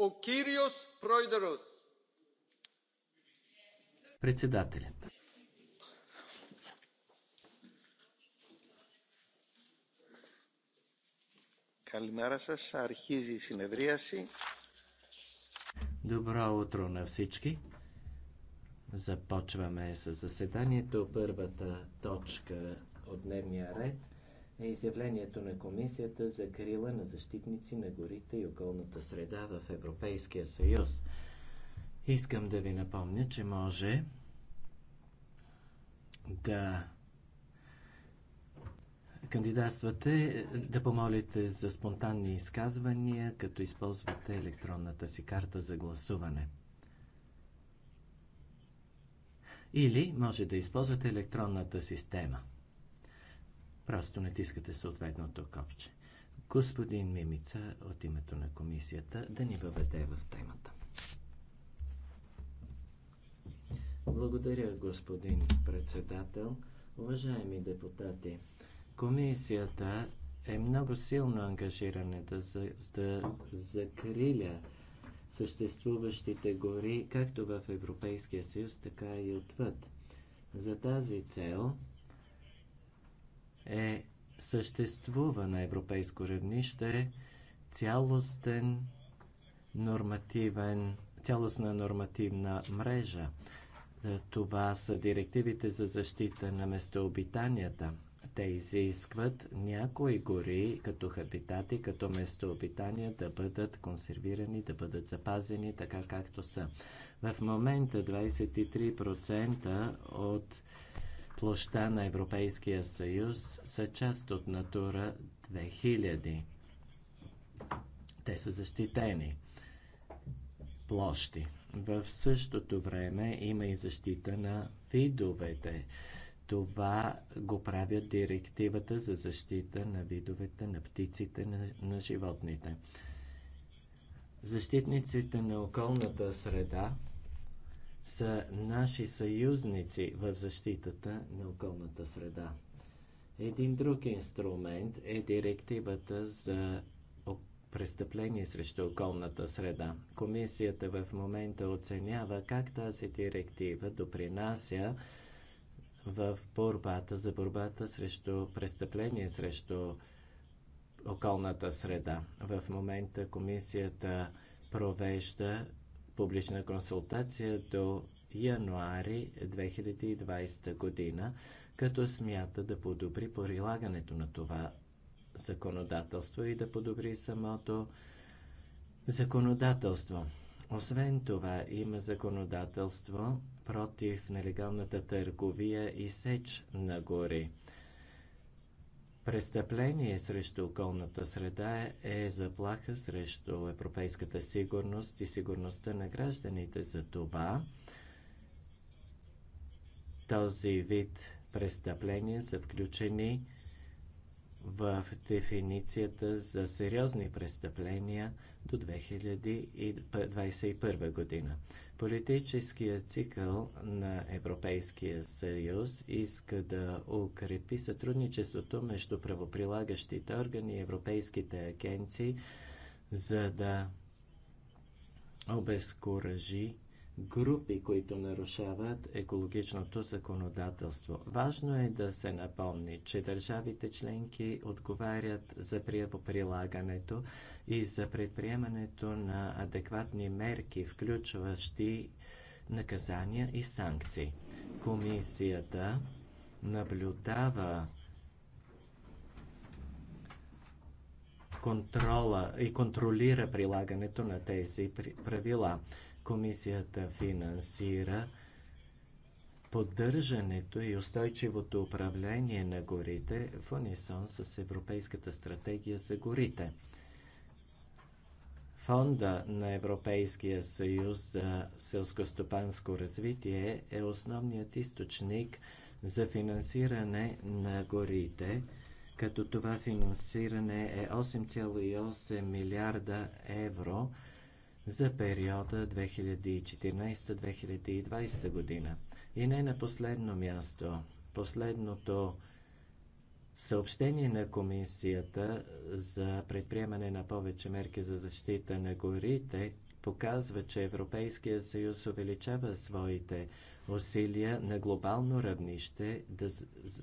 Ο κύριος Πρόεδρος. Председателят. Καλημέρα σας. Αρχίζει η συνεδρίαση. Добро утро на всички. Започваме с заседанието. Първата точка от дневния ред – е изявлението на Комисията за крила на защитници на горите и околната среда в Европейския съюз. Искам да ви напомня, че може да кандидатствате, да помолите за спонтанни изказвания, като използвате електронната си карта за гласуване. Или може да използвате електронната система. Просто натискате съответното копче. Господин Мимица от името на комисията да ни въведе в темата. Благодаря, господин председател. Уважаеми депутати, комисията е много силно ангажирана да, за, да закриля съществуващите гори както в Европейския съюз, така и отвъд. За тази цел е съществува на европейско равнище цялостен нормативен, цялостна нормативна мрежа. Е, това са директивите за защита на местообитанията. Те изискват някои гори като хабитати, като местообитания да бъдат консервирани, да бъдат запазени така както са. В момента 23% от Площта на Европейския съюз са част от Натура 2000. Те са защитени площи. В същото време има и защита на видовете. Това го правят директивата за защита на видовете, на птиците, на, на животните. Защитниците на околната среда са наши съюзници в защитата на околната среда. Един друг инструмент е директивата за престъпление срещу околната среда. Комисията в момента оценява как тази директива допринася в борбата за борбата срещу престъпление срещу околната среда. В момента комисията провежда публична консултация до януари 2020 година, като смята да подобри прилагането на това законодателство и да подобри самото законодателство. Освен това, има законодателство против нелегалната търговия и сеч на гори. Престъпление срещу околната среда е заплаха срещу европейската сигурност и сигурността на гражданите. За това този вид престъпления са включени в дефиницията за сериозни престъпления до 2021 година. Политическият цикъл на Европейския съюз иска да укрепи сътрудничеството между правоприлагащите органи и европейските агенции, за да обезкуражи групи, които нарушават екологичното законодателство. Важно е да се напомни, че държавите членки отговарят за прилагането и за предприемането на адекватни мерки, включващи наказания и санкции. Комисията наблюдава контрола и контролира прилагането на тези правила. Комисията финансира поддържането и устойчивото управление на горите в унисон с Европейската стратегия за горите. Фонда на Европейския съюз за селскостопанско развитие е основният източник за финансиране на горите, като това финансиране е 8,8 милиарда евро – за периода 2014-2020 година. И не на последно място, последното съобщение на Комисията за предприемане на повече мерки за защита на горите показва, че Европейския съюз увеличава своите усилия на глобално равнище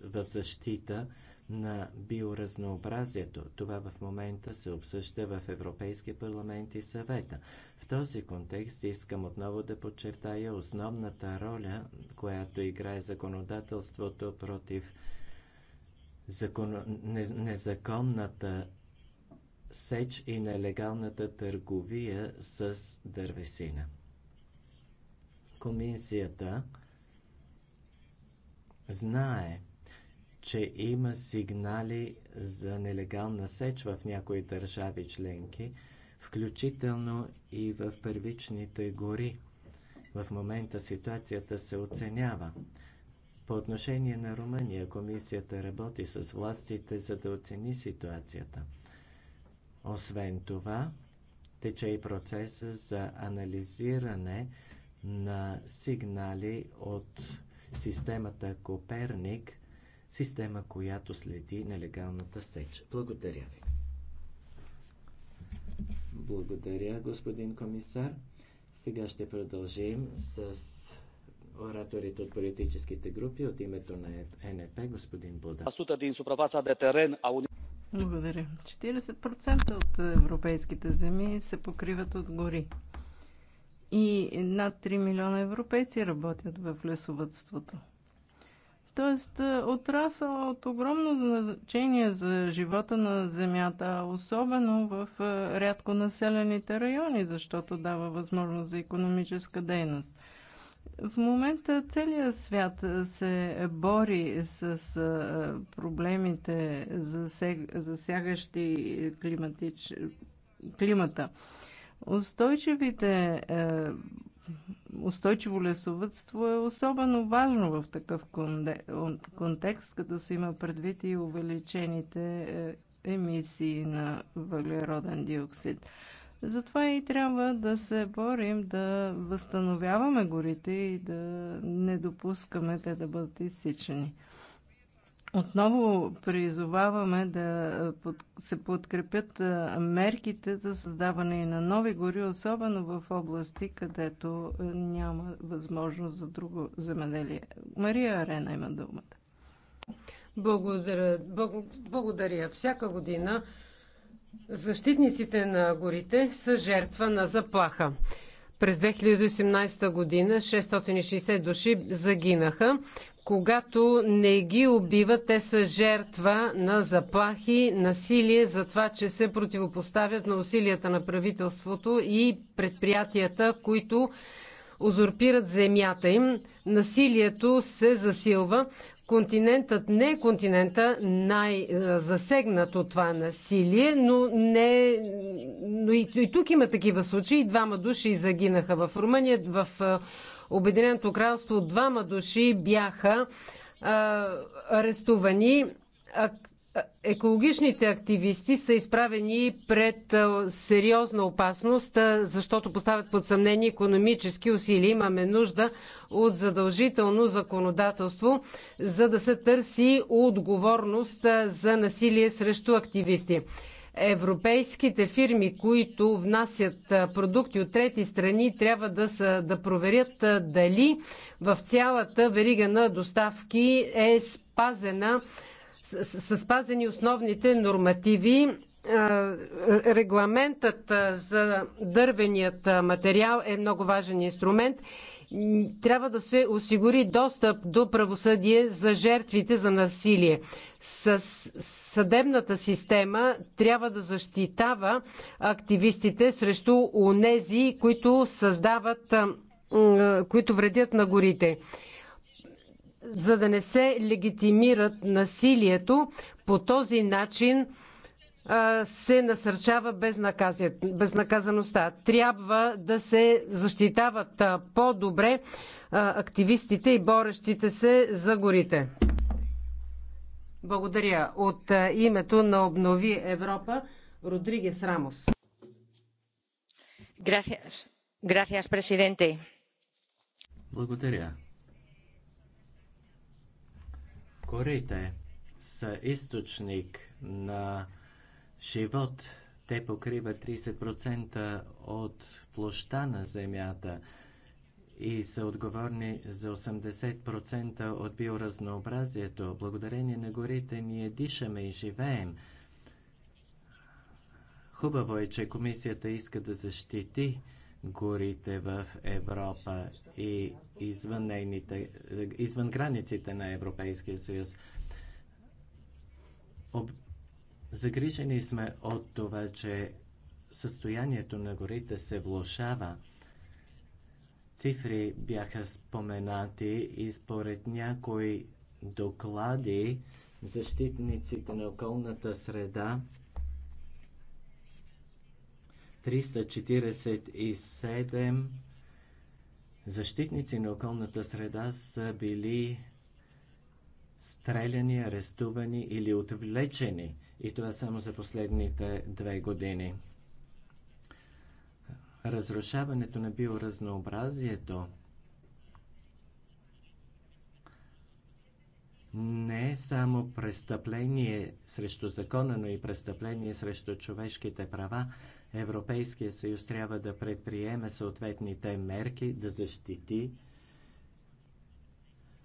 в защита на биоразнообразието. Това в момента се обсъжда в Европейския парламент и съвета. В този контекст искам отново да подчертая основната роля, която играе законодателството против закон... незаконната сеч и нелегалната търговия с дървесина. Комисията знае, че има сигнали за нелегална сеч в някои държави членки, включително и в първичните гори. В момента ситуацията се оценява. По отношение на Румъния, комисията работи с властите, за да оцени ситуацията. Освен това, тече и процеса за анализиране на сигнали от системата Коперник – система, която следи нелегалната сеч. Благодаря ви. Благодаря, господин комисар. Сега ще продължим с ораторите от политическите групи от името на е НП, господин Буда. Благодаря. 40% от европейските земи се покриват от гори. И над 3 милиона европейци работят в лесовътството. Тоест, е, отрасъл от огромно значение за живота на земята, особено в е, рядко населените райони, защото дава възможност за економическа дейност. В момента целият свят е, се бори с проблемите, засягащи климатич... климата. Устойчивите устойчиво лесовътство е особено важно в такъв контекст, като се има предвид и увеличените е, емисии на въглероден диоксид. Затова и трябва да се борим да възстановяваме горите и да не допускаме те да бъдат изсичани. Отново призоваваме да се подкрепят мерките за създаване на нови гори, особено в области, където няма възможност за друго земеделие. Мария Арена има думата. Благодаря. Благодаря. Всяка година защитниците на горите са жертва на заплаха. През 2018 година 660 души загинаха, когато не ги убиват, те са жертва на заплахи, насилие за това, че се противопоставят на усилията на правителството и предприятията, които узурпират земята им. Насилието се засилва. Континентът не е континента най-засегнат от това насилие, но, не, но и, и тук има такива случаи. Двама души загинаха в Румъния, в Обединеното кралство двама души бяха а, арестувани. А, екологичните активисти са изправени пред сериозна опасност, защото поставят под съмнение економически усилия. Имаме нужда от задължително законодателство, за да се търси отговорност за насилие срещу активисти европейските фирми, които внасят продукти от трети страни, трябва да, са, да проверят дали в цялата верига на доставки е спазена са спазени основните нормативи. Регламентът за дървеният материал е много важен инструмент. Трябва да се осигури достъп до правосъдие за жертвите за насилие с съдебната система трябва да защитава активистите срещу онези, които създават, които вредят на горите. За да не се легитимират насилието, по този начин се насърчава безнаказаността. Трябва да се защитават по-добре активистите и борещите се за горите. Благодаря. От е, името на Обнови Европа, Родригес Рамос. Gracias. Gracias, presidente. Благодаря. Корите са източник на живот. Те покриват 30% от площа на Земята и са отговорни за 80% от биоразнообразието. Благодарение на горите ние дишаме и живеем. Хубаво е, че комисията иска да защити горите в Европа и извън, нейните, извън границите на Европейския съюз. Об... Загрижени сме от това, че състоянието на горите се влошава цифри бяха споменати и според някои доклади защитниците на околната среда 347 защитници на околната среда са били стреляни, арестувани или отвлечени. И това е само за последните две години разрушаването на биоразнообразието не е само престъпление срещу закона, но и престъпление срещу човешките права. Европейския съюз трябва да предприеме съответните мерки да защити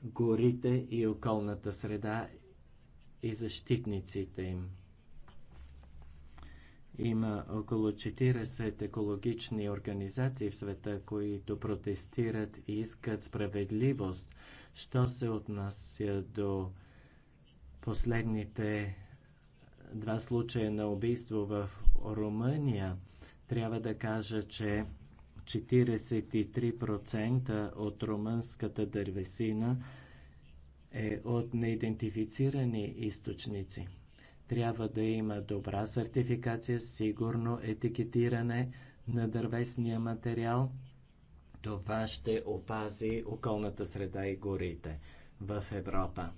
горите и околната среда и защитниците им. Има около 40 екологични организации в света, които протестират и искат справедливост. Що се отнася до последните два случая на убийство в Румъния, трябва да кажа, че 43% от румънската дървесина е от неидентифицирани източници. Трябва да има добра сертификация, сигурно етикетиране на дървесния материал. Това ще опази околната среда и горите в Европа.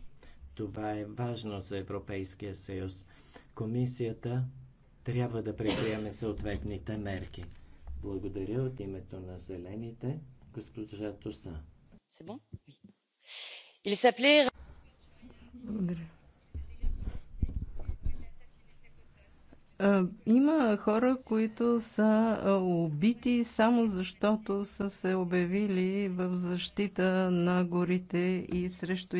Това е важно за Европейския съюз. Комисията трябва да предприеме съответните мерки. Благодаря от името на зелените, госпожа Туса. Благодаря. Е, има хора, които са е, убити само защото са се обявили в защита на горите и срещу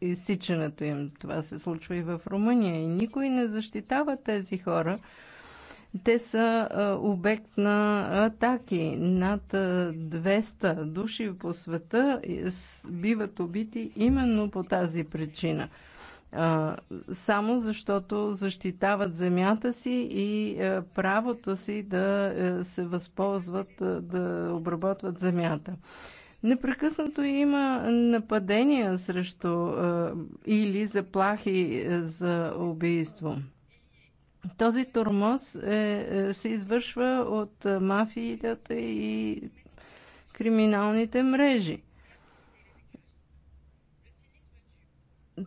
изсичането им. Това се случва и в Румъния. И никой не защитава тези хора. Те са е, обект на атаки. Над 200 души по света биват убити именно по тази причина – само защото защитават земята си и правото си да е, се възползват, да обработват земята. Непрекъснато има нападения срещу или заплахи е, за убийство. Този тормоз е, е се извършва от мафията и криминалните мрежи.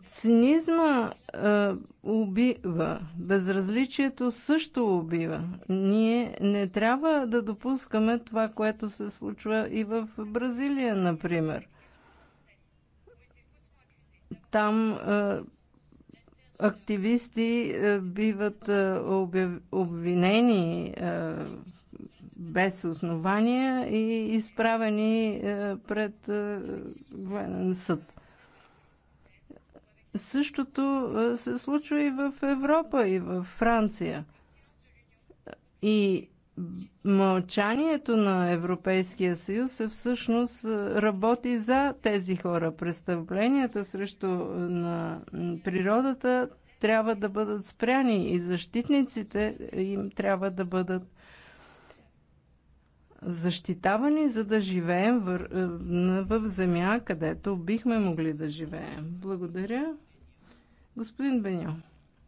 Цинизма а, е, убива, безразличието също убива. Ние не трябва да допускаме това, което се случва и в Бразилия, например. Там а, е, активисти а, е, биват е, обвинени а, без основания и изправени а, пред а, военен съд. Същото се случва и в Европа, и в Франция. И мълчанието на Европейския съюз е всъщност работи за тези хора. Престъпленията срещу на природата трябва да бъдат спряни и защитниците им трябва да бъдат защитавани, за да живеем в, е, в земя, където бихме могли да живеем. Благодаря. Господин Беньо.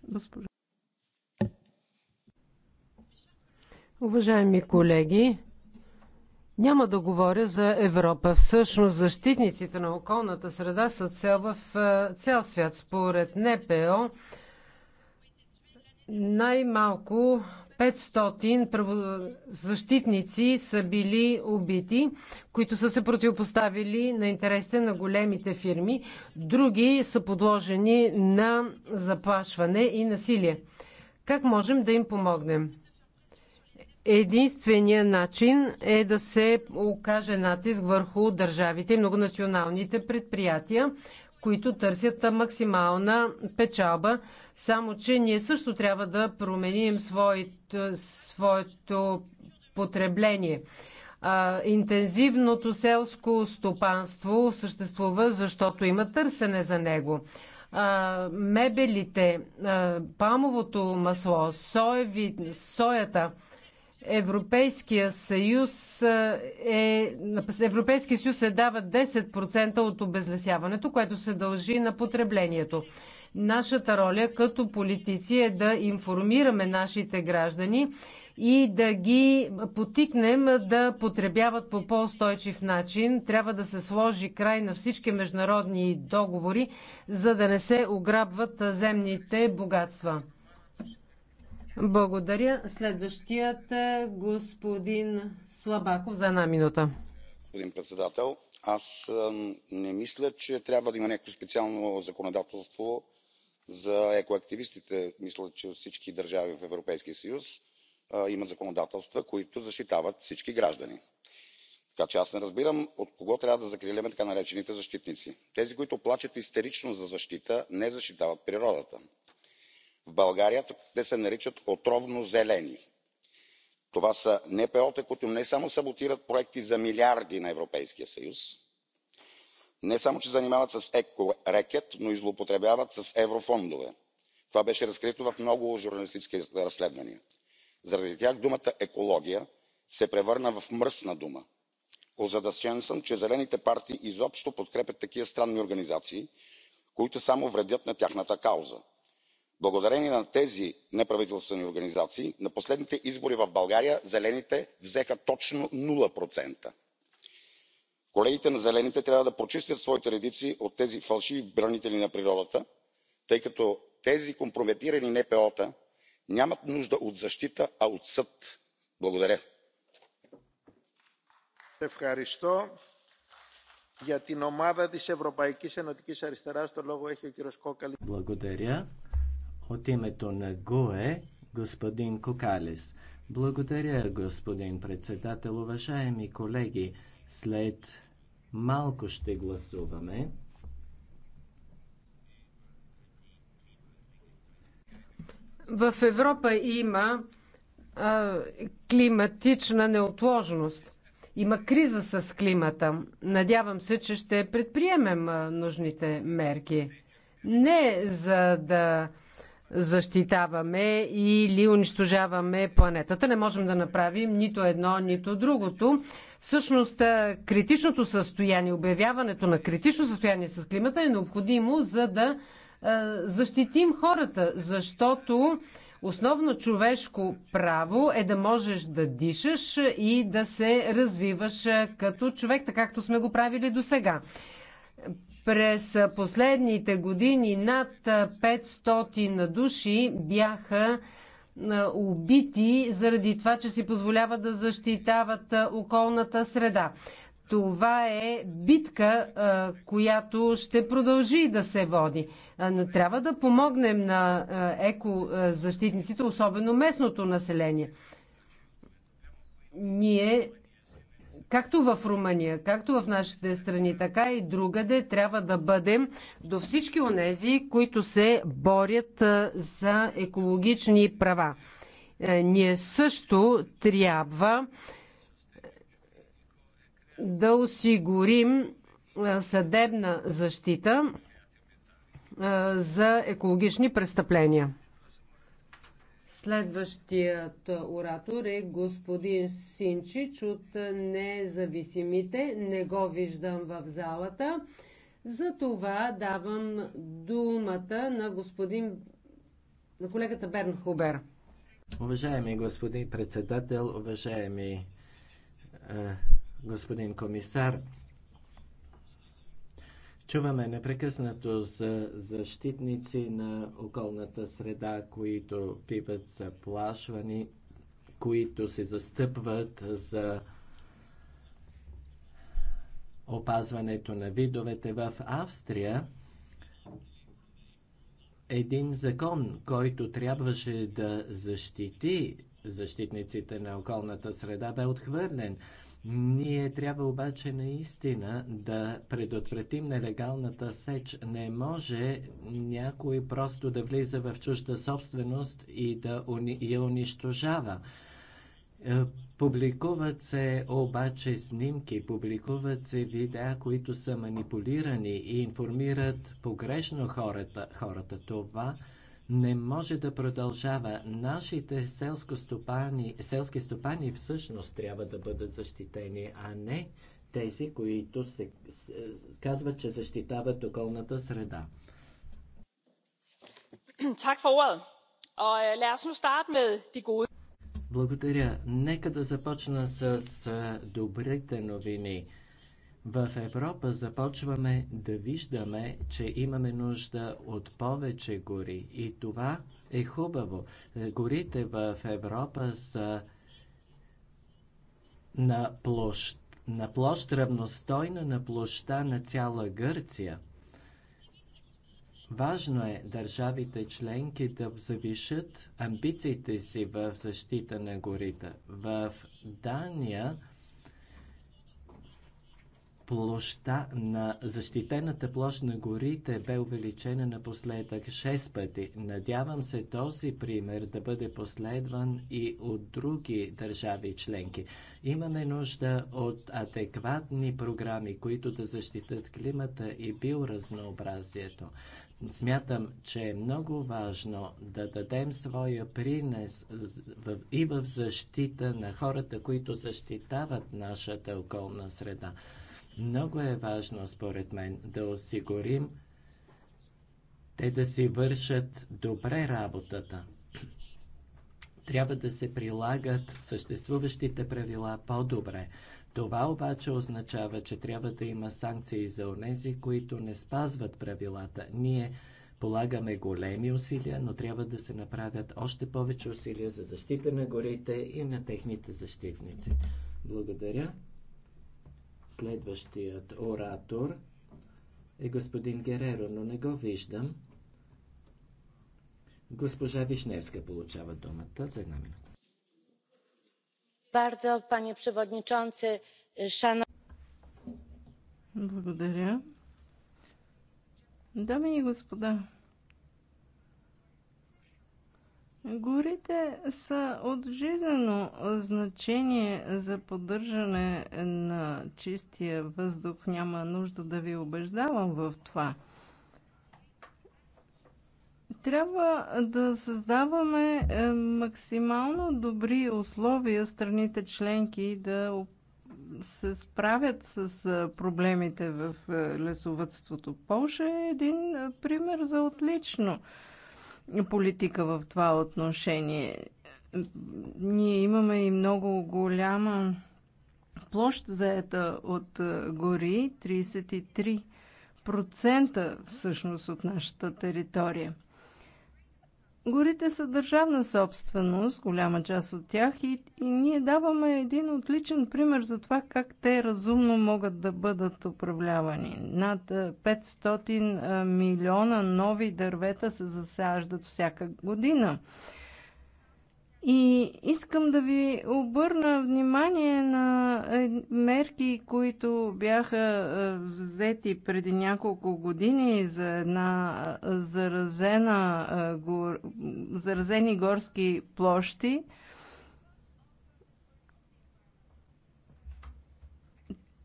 Госпожа. Уважаеми колеги, няма да говоря за Европа. Всъщност защитниците на околната среда са цел в е, цял свят. Според НПО най-малко 500 защитници са били убити, които са се противопоставили на интересите на големите фирми. Други са подложени на заплашване и насилие. Как можем да им помогнем? Единственият начин е да се окаже натиск върху държавите и многонационалните предприятия, които търсят максимална печалба. Само, че ние също трябва да променим своето, своето потребление. интензивното селско стопанство съществува, защото има търсене за него. мебелите, палмовото масло, соеви, соята – Европейския съюз е, Европейския съюз се дава 10% от обезлесяването, което се дължи на потреблението. Нашата роля като политици е да информираме нашите граждани и да ги потикнем да потребяват по по-устойчив начин. Трябва да се сложи край на всички международни договори, за да не се ограбват земните богатства. Благодаря. Следващият е господин Слабаков за една минута. Господин председател, аз не мисля, че трябва да има някакво специално законодателство за екоактивистите. Мисля, че всички държави в Европейския съюз имат законодателства, които защитават всички граждани. Така че аз не разбирам от кого трябва да закриляме така наречените защитници. Тези, които плачат истерично за защита, не защитават природата в България те се наричат отровно зелени. Това са НПО-та, които не само саботират проекти за милиарди на Европейския съюз, не само че занимават с екорекет, но и злоупотребяват с еврофондове. Това беше разкрито в много журналистически разследвания. Заради тях думата екология се превърна в мръсна дума. Озадачен съм, че зелените партии изобщо подкрепят такива странни организации, които само вредят на тяхната кауза благодарение на тези неправителствени организации на последните избори в българя зелените взеха точно нула процента. колегите на зелените трябва да почистят своите редици от тези фалшиви бранители на природата тъй като тези компрометирани нпо та нямат нужда от защита а от съд. благодаря. благодаря. От името на ГОЕ господин Кокалис. Благодаря, господин председател. Уважаеми колеги, след малко ще гласуваме. В Европа има а, климатична неотложност. Има криза с климата. Надявам се, че ще предприемем нужните мерки. Не за да защитаваме или унищожаваме планетата. Не можем да направим нито едно, нито другото. Всъщност, критичното състояние, обявяването на критично състояние с климата е необходимо, за да защитим хората, защото основно човешко право е да можеш да дишаш и да се развиваш като човек, така както сме го правили до сега. През последните години над 500 души бяха убити заради това, че си позволяват да защитават околната среда. Това е битка, която ще продължи да се води. Но Трябва да помогнем на екозащитниците, особено местното население. Ние както в Румъния, както в нашите страни, така и другаде, трябва да бъдем до всички онези, които се борят за екологични права. Е, ние също трябва е, да осигурим е, съдебна защита за екологични престъпления. Следващият оратор е господин Синчич от независимите. Не го виждам в залата. За това давам думата на господин на колегата Берн Хубер. Уважаеми господин председател, уважаеми е, господин комисар, Чуваме непрекъснато за защитници на околната среда, които биват заплашвани, които се застъпват за опазването на видовете в Австрия. Един закон, който трябваше да защити защитниците на околната среда, бе отхвърлен. Ние трябва обаче наистина да предотвратим нелегалната сеч. Не може някой просто да влиза в чужда собственост и да я унищожава. Е, публикуват се обаче снимки, публикуват се видеа, които са манипулирани и информират погрешно хората. хората. Това не може да продължава. Нашите стопани, селски стопани всъщност трябва да бъдат защитени, а не тези, които се казват, че защитават околната среда. Благодаря. Нека да започна с добрите новини. В Европа започваме да виждаме, че имаме нужда от повече гори и това е хубаво. Е, горите в Европа са на площ, на площ равностойна на площа на цяла Гърция. Важно е държавите членки да завишат амбициите си в защита на горите. В Дания площа на защитената площ на горите бе увеличена напоследък 6 пъти. Надявам се този пример да бъде последван и от други държави членки. Имаме нужда от адекватни програми, които да защитат климата и биоразнообразието. Смятам, че е много важно да дадем своя принес и в защита на хората, които защитават нашата околна среда. Много е важно, според мен, да осигурим те да си вършат добре работата. Трябва да се прилагат съществуващите правила по-добре. Това обаче означава, че трябва да има санкции за онези, които не спазват правилата. Ние полагаме големи усилия, но трябва да се направят още повече усилия за защита на горите и на техните защитници. Благодаря. Следващият оратор е господин Гереро, но не го виждам. Госпожа Вишневска получава думата за една минута. Bardzo, panie przewodniczący, szanowni... Благодаря. Дами и господа, Горите са от жизнено значение за поддържане на чистия въздух. Няма нужда да ви убеждавам в това. Трябва да създаваме е, максимално добри условия страните членки да се справят с е, проблемите в е, лесовътството. Полша е един пример за отлично политика в това отношение. Ние имаме и много голяма площ заета от е, гори 33% всъщност от нашата територия. Горите са държавна собственост, голяма част от тях, и, и ние даваме един отличен пример за това как те разумно могат да бъдат управлявани. Над 500 милиона нови дървета се засаждат всяка година. И искам да ви обърна внимание на е, мерки, които бяха е, взети преди няколко години за една е, заразена, гор, заразени горски площи.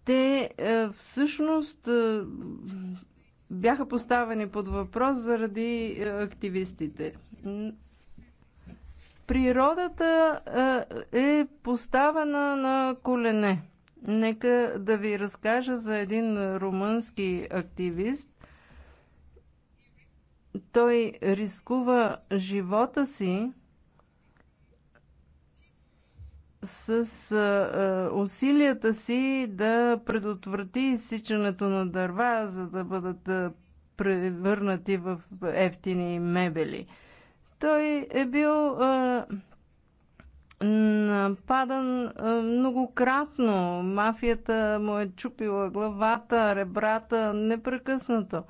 Те всъщност бяха поставени под въпрос заради активистите. Природата е поставена на колене. Нека да ви разкажа за един румънски активист. Той рискува живота си с а, усилията си да предотврати изсичането на дърва, за да бъдат превърнати в ефтини мебели. Той е бил а, нападан а, многократно. Мафията му е чупила главата, ребрата, непрекъснато.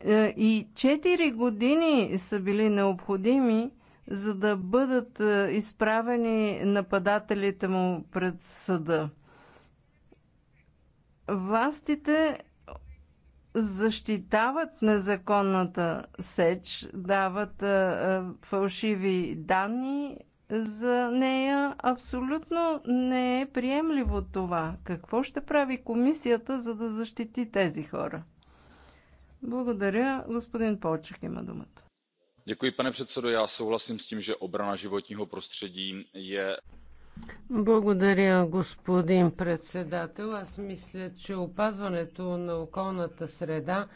Е, и 4 години са били необходими, за да бъдат изправени нападателите му пред съда. Властите защитават незаконната сеч, дават фалшиви данни за нея. Абсолютно не е приемливо това. Какво ще прави комисията, за да защити тези хора? Благодаря. Господин Полчек има думата. Děkuji, pane předsedo. Já souhlasím s tím, že obrana životního prostředí je благодаря, господин председател. Аз мисля, че опазването на околната среда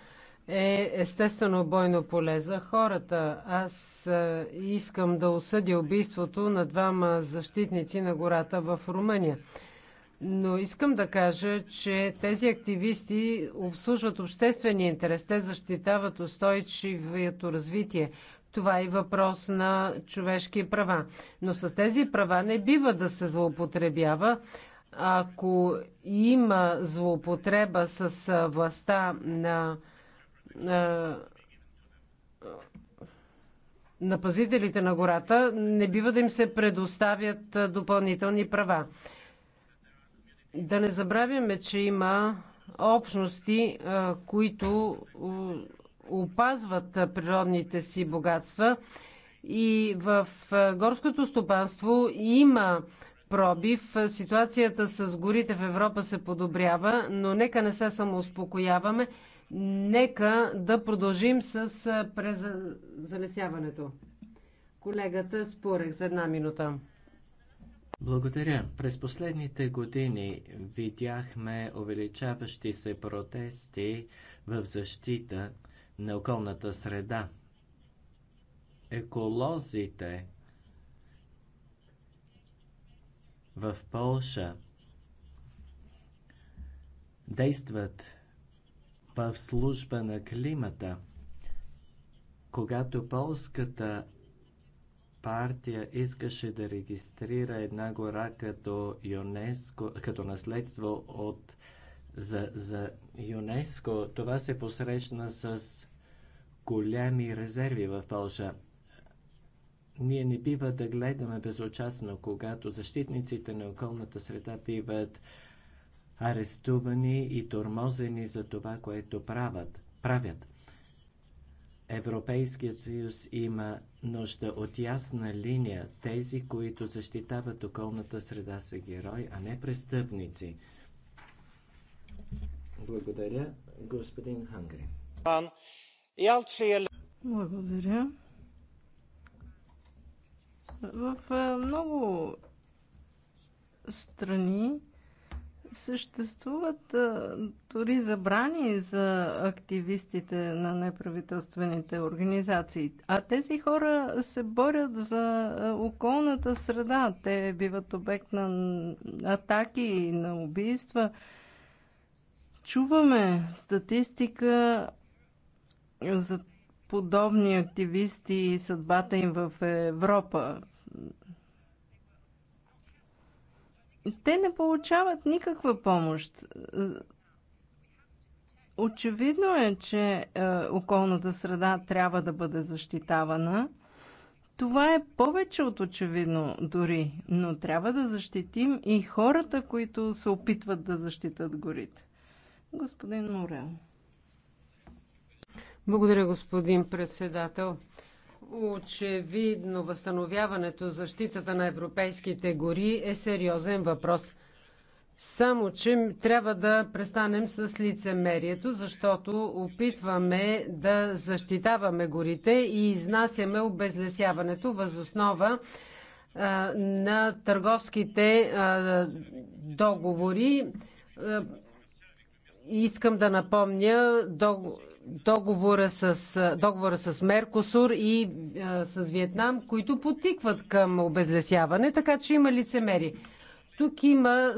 е естествено бойно поле за хората. Аз искам да осъдя убийството на двама защитници на гората в Румъния. Но искам да кажа, че тези активисти обслужват обществения интерес. Те защитават устойчивото развитие. Това е въпрос на човешки права. Но с тези права не бива да се злоупотребява. Ако има злоупотреба с властта на, на, на пазителите на гората, не бива да им се предоставят допълнителни права. Да не забравяме, че има общности, които опазват природните си богатства. И в горското стопанство има пробив. Ситуацията с горите в Европа се подобрява, но нека не се самоуспокояваме. Нека да продължим с презалесяването. Колегата Спорех за една минута. Благодаря. През последните години видяхме увеличаващи се протести в защита на околната среда. Еколозите в Полша действат в служба на климата. Когато полската партия искаше да регистрира една гора като, ЮНЕСКО, като наследство от, за, за ЮНЕСКО, това се посрещна с големи резерви в Польша. Ние не бива да гледаме безучастно, когато защитниците на околната среда биват арестувани и тормозени за това, което правят. правят. Европейският съюз има нужда от ясна линия. Тези, които защитават околната среда, са герои, а не престъпници. Благодаря, господин Хангри. И allt fler... Е Благодаря. В много страни съществуват дори забрани за активистите на неправителствените организации. А тези хора се борят за околната среда. Те биват обект на атаки и на убийства. Чуваме статистика за подобни активисти и съдбата им в Европа. Те не получават никаква помощ. Очевидно е, че е, околната среда трябва да бъде защитавана. Това е повече от очевидно дори, но трябва да защитим и хората, които се опитват да защитат горите. Господин Морел. Благодаря, господин председател. Очевидно, възстановяването, защитата на европейските гори е сериозен въпрос. Само, че трябва да престанем с лицемерието, защото опитваме да защитаваме горите и изнасяме обезлесяването възоснова а, на търговските а, договори. А, искам да напомня договори договора с, договора с Меркосур и а, с Виетнам, които потикват към обезлесяване, така че има лицемери. Тук има,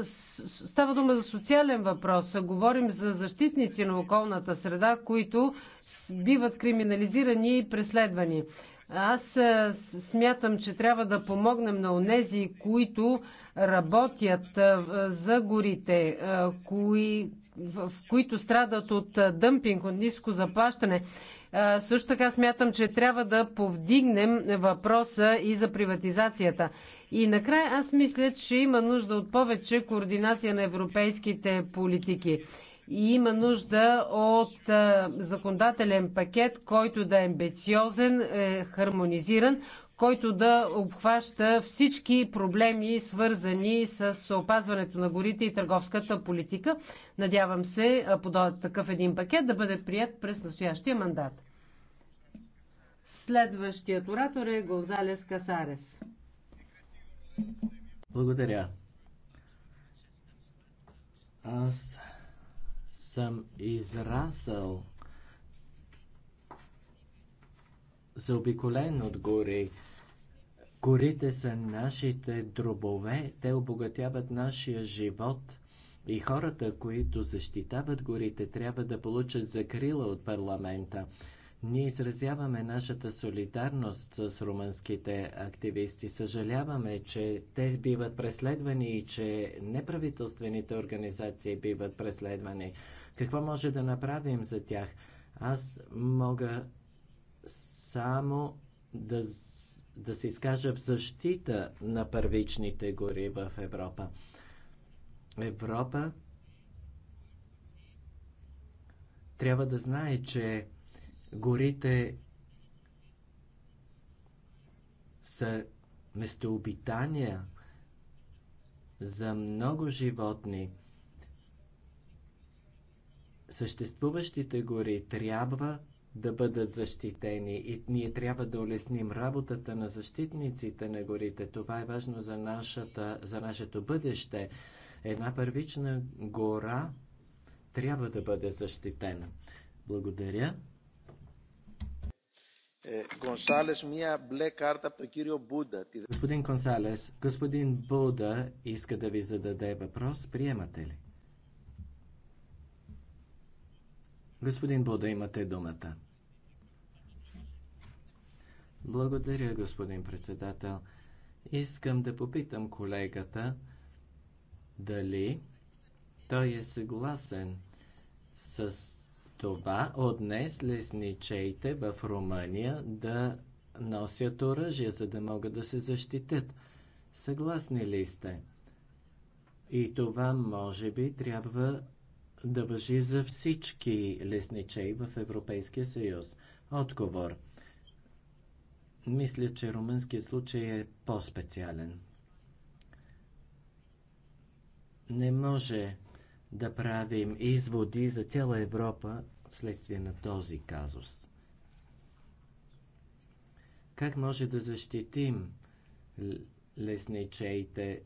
става дума за социален въпрос. Говорим за защитници на околната среда, които биват криминализирани и преследвани. Аз смятам, че трябва да помогнем на онези, които работят за горите, кои, в които страдат от дъмпинг, от ниско заплащане. Също така смятам, че трябва да повдигнем въпроса и за приватизацията. И накрая аз мисля, че има нужда от повече координация на европейските политики. И има нужда от законодателен пакет, който да е амбициозен, е хармонизиран, който да обхваща всички проблеми, свързани с опазването на горите и търговската политика. Надявам се такъв един пакет да бъде прият през настоящия мандат. Следващият оратор е Гонзалес Касарес. Благодаря. Аз съм израсъл заобиколен от гори. Горите са нашите дробове, те обогатяват нашия живот и хората, които защитават горите, трябва да получат закрила от парламента. Ние изразяваме нашата солидарност с румънските активисти. Съжаляваме, че те биват преследвани и че неправителствените организации биват преследвани. Какво може да направим за тях? Аз мога само да да се изкажа в защита на първичните гори в Европа. Европа трябва да знае, че горите са местообитания за много животни. Съществуващите гори трябва да бъдат защитени и ние трябва да улесним работата на защитниците на горите. Това е важно за, нашата, за нашето бъдеще. Една първична гора трябва да бъде защитена. Благодаря. Е, Гонсалес, мия бле карта από кирио Буда. Господин Консалес, господин Буда иска да ви зададе въпрос. Приемате ли? Господин Буда, имате думата. Благодаря, господин председател. Искам да попитам колегата дали той е съгласен с това отнес днес лесничеите в Румъния да носят оръжие, за да могат да се защитят. Съгласни ли сте? И това може би трябва да въжи за всички лесничеи в Европейския съюз? Отговор. Мисля, че румънският случай е по-специален. Не може да правим изводи за цяла Европа вследствие на този казус. Как може да защитим лесничеите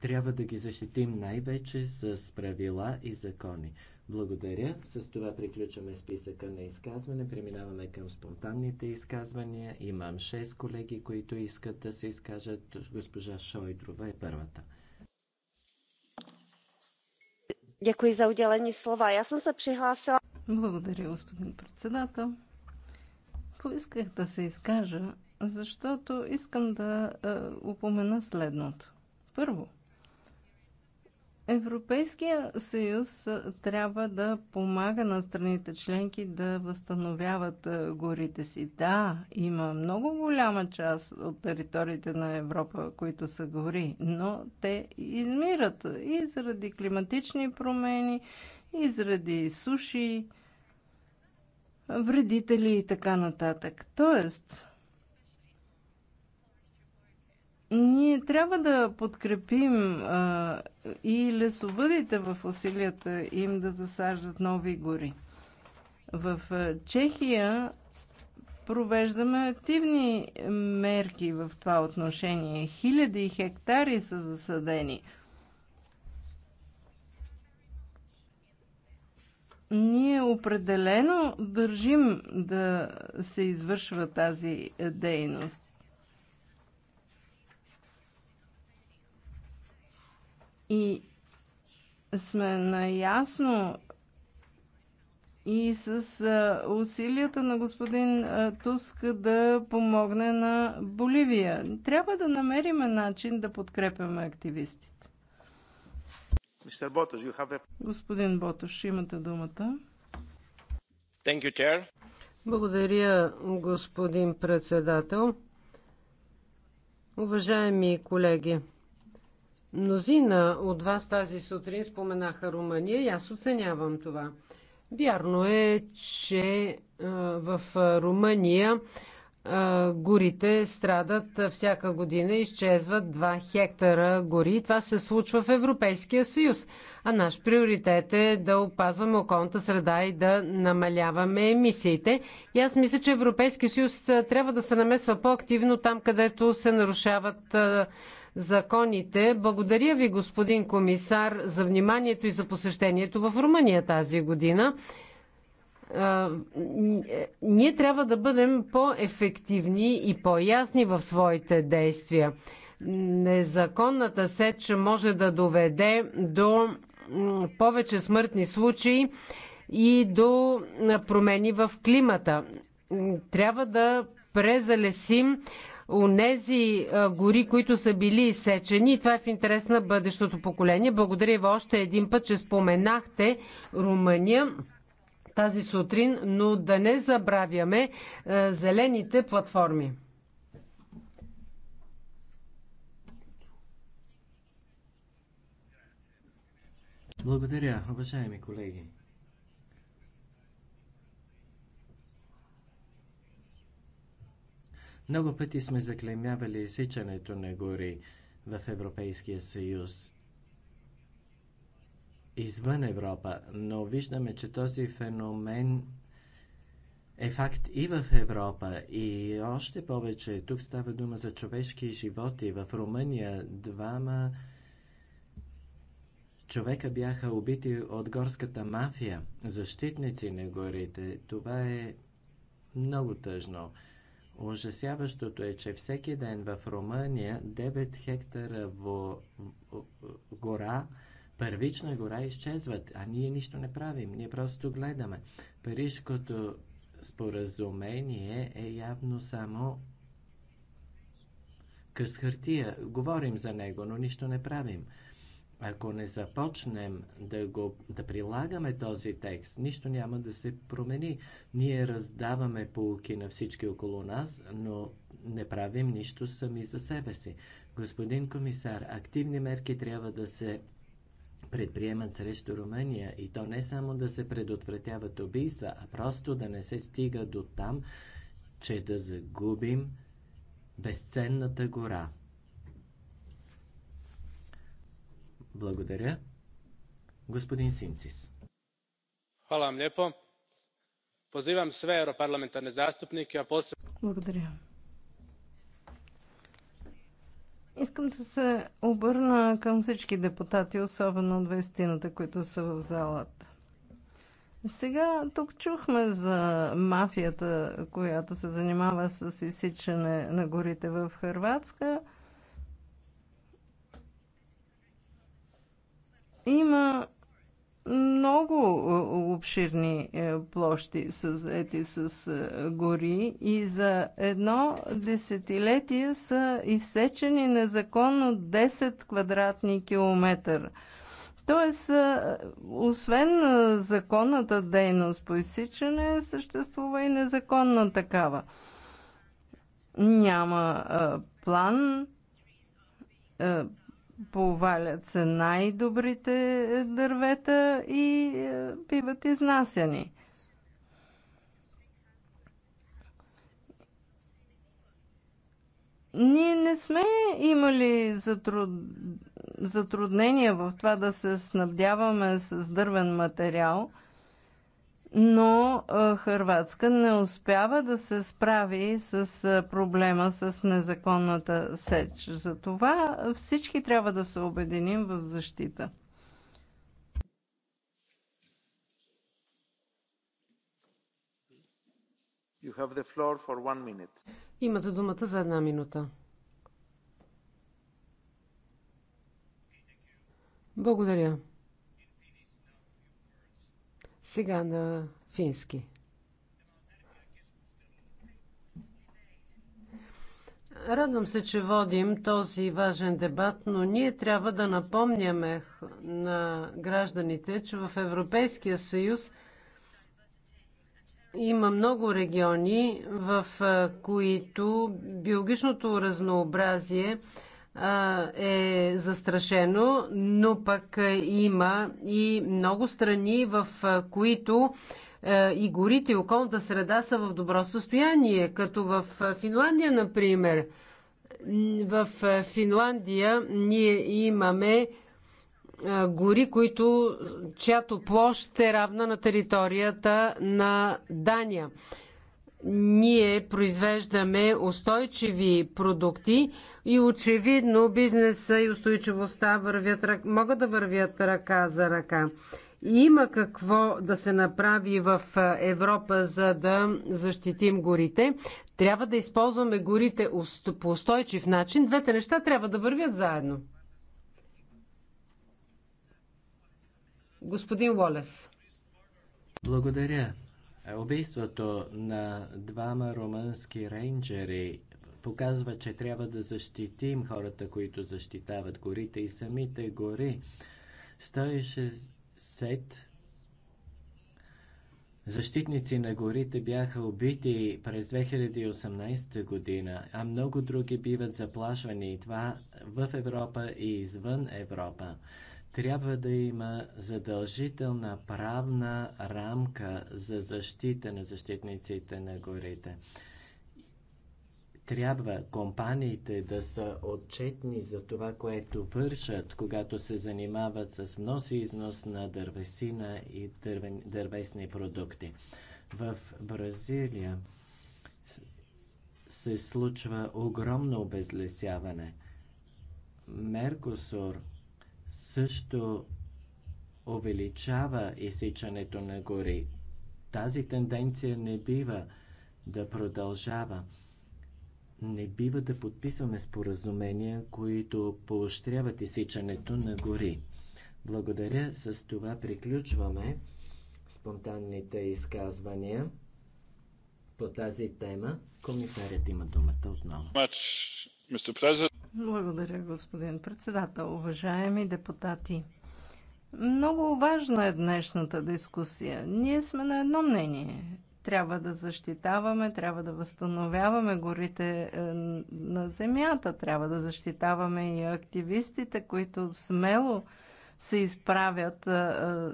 трябва да ги защитим най-вече с правила и закони. Благодаря. С това приключваме списъка на изказване. Преминаваме към спонтанните изказвания. Имам 6 колеги, които искат да се изкажат. Госпожа Шойдрова е първата. Дякую за отделени слова. Аз съм се přihlásila. Благодаря, господин председател. Поисках да се изкажа, защото искам да е, упомена следното. Първо, Европейския съюз трябва да помага на страните членки да възстановяват горите си. Да, има много голяма част от териториите на Европа, които са гори, но те измират и заради климатични промени, и заради суши, вредители и така нататък. Тоест, ние трябва да подкрепим а, и лесовъдите в усилията им да засаждат нови гори. В Чехия провеждаме активни мерки в това отношение. Хиляди хектари са засадени. Ние определено държим да се извършва тази е, дейност. И сме наясно и с усилията на господин Туск да помогне на Боливия. Трябва да намерим начин да подкрепяме активистите. Господин Ботош, имате думата. Благодаря, господин председател. Уважаеми колеги, Мнозина от вас тази сутрин споменаха Румъния и аз оценявам това. Вярно е, че в Румъния горите страдат всяка година, изчезват 2 хектара гори. Това се случва в Европейския съюз. А наш приоритет е да опазваме околната среда и да намаляваме емисиите. И аз мисля, че Европейския съюз трябва да се намесва по-активно там, където се нарушават законите. Благодаря ви, господин комисар, за вниманието и за посещението в Румъния тази година. Ние трябва да бъдем по-ефективни и по-ясни в своите действия. Незаконната сеч може да доведе до повече смъртни случаи и до промени в климата. Трябва да презалесим онези гори, които са били изсечени. И това е в интерес на бъдещото поколение. Благодаря ви още един път, че споменахте Румъния тази сутрин, но да не забравяме зелените платформи. Благодаря, уважаеми колеги. Много пъти сме заклемявали изсичането на гори в Европейския съюз извън Европа, но виждаме, че този феномен е факт и в Европа. И още повече, тук става дума за човешки животи. В Румъния двама човека бяха убити от горската мафия, защитници на горите. Това е много тъжно. Ужасяващото е, че всеки ден в Румъния 9 хектара во, гора, първична гора, изчезват, а ние нищо не правим, ние просто гледаме. Парижкото споразумение е явно само къс хартия. Говорим за него, но нищо не правим. Ако не започнем да, го, да прилагаме този текст, нищо няма да се промени. Ние раздаваме полуки на всички около нас, но не правим нищо сами за себе си. Господин комисар, активни мерки трябва да се предприемат срещу Румъния и то не само да се предотвратяват убийства, а просто да не се стига до там, че да загубим безценната гора. Благодаря. Господин Синцис. Hvala vam lijepo. Pozivam sve europarlamentarne zastupnike, a posebno... Благодаря. Искам да се обърна към всички депутати, особено от двестината, които са в залата. Сега тук чухме за мафията, която се занимава с изсичане на горите в Хрватска. Има много е, обширни е, площи са с е, гори и за едно десетилетие са изсечени незаконно 10 квадратни километър. Тоест, освен законната дейност по изсичане, съществува и незаконна такава. Няма план, повалят се най-добрите е, дървета и е, биват изнасяни. Ние не сме имали затруд... затруднения в това да се снабдяваме с дървен материал – но Хърватска не успява да се справи с проблема с незаконната сеч. Затова всички трябва да се обединим в защита. You have the floor for one minute. Имате думата за една минута. Благодаря. Сега на фински. Радвам се, че водим този важен дебат, но ние трябва да напомняме на гражданите, че в Европейския съюз има много региони, в които биологичното разнообразие е застрашено, но пък има и много страни, в които и горите и околната среда са в добро състояние, като в Финландия, например. В Финландия ние имаме гори, които, чиято площ е равна на територията на Дания. Ние произвеждаме устойчиви продукти, и очевидно бизнеса и устойчивостта вървят, могат да вървят ръка за ръка. Има какво да се направи в Европа, за да защитим горите. Трябва да използваме горите по устойчив начин. Двете неща трябва да вървят заедно. Господин Уолес. Благодаря. Убийството на двама румънски рейнджери показва, че трябва да защитим хората, които защитават горите и самите гори. 160 защитници на горите бяха убити през 2018 година, а много други биват заплашвани и това в Европа и извън Европа трябва да има задължителна правна рамка за защита на защитниците на горите трябва компаниите да са отчетни за това, което вършат, когато се занимават с внос и износ на дървесина и дървен, дървесни продукти. В Бразилия се случва огромно обезлесяване. Меркосур също увеличава изсичането на гори. Тази тенденция не бива да продължава. Не бива да подписваме споразумения, които поощряват изсичането на гори. Благодаря. С това приключваме спонтанните изказвания по тази тема. Комисарят има думата отново. Благодаря, господин председател. Уважаеми депутати, много важна е днешната дискусия. Ние сме на едно мнение. Трябва да защитаваме, трябва да възстановяваме горите е, на земята, трябва да защитаваме и активистите, които смело се изправят е, е,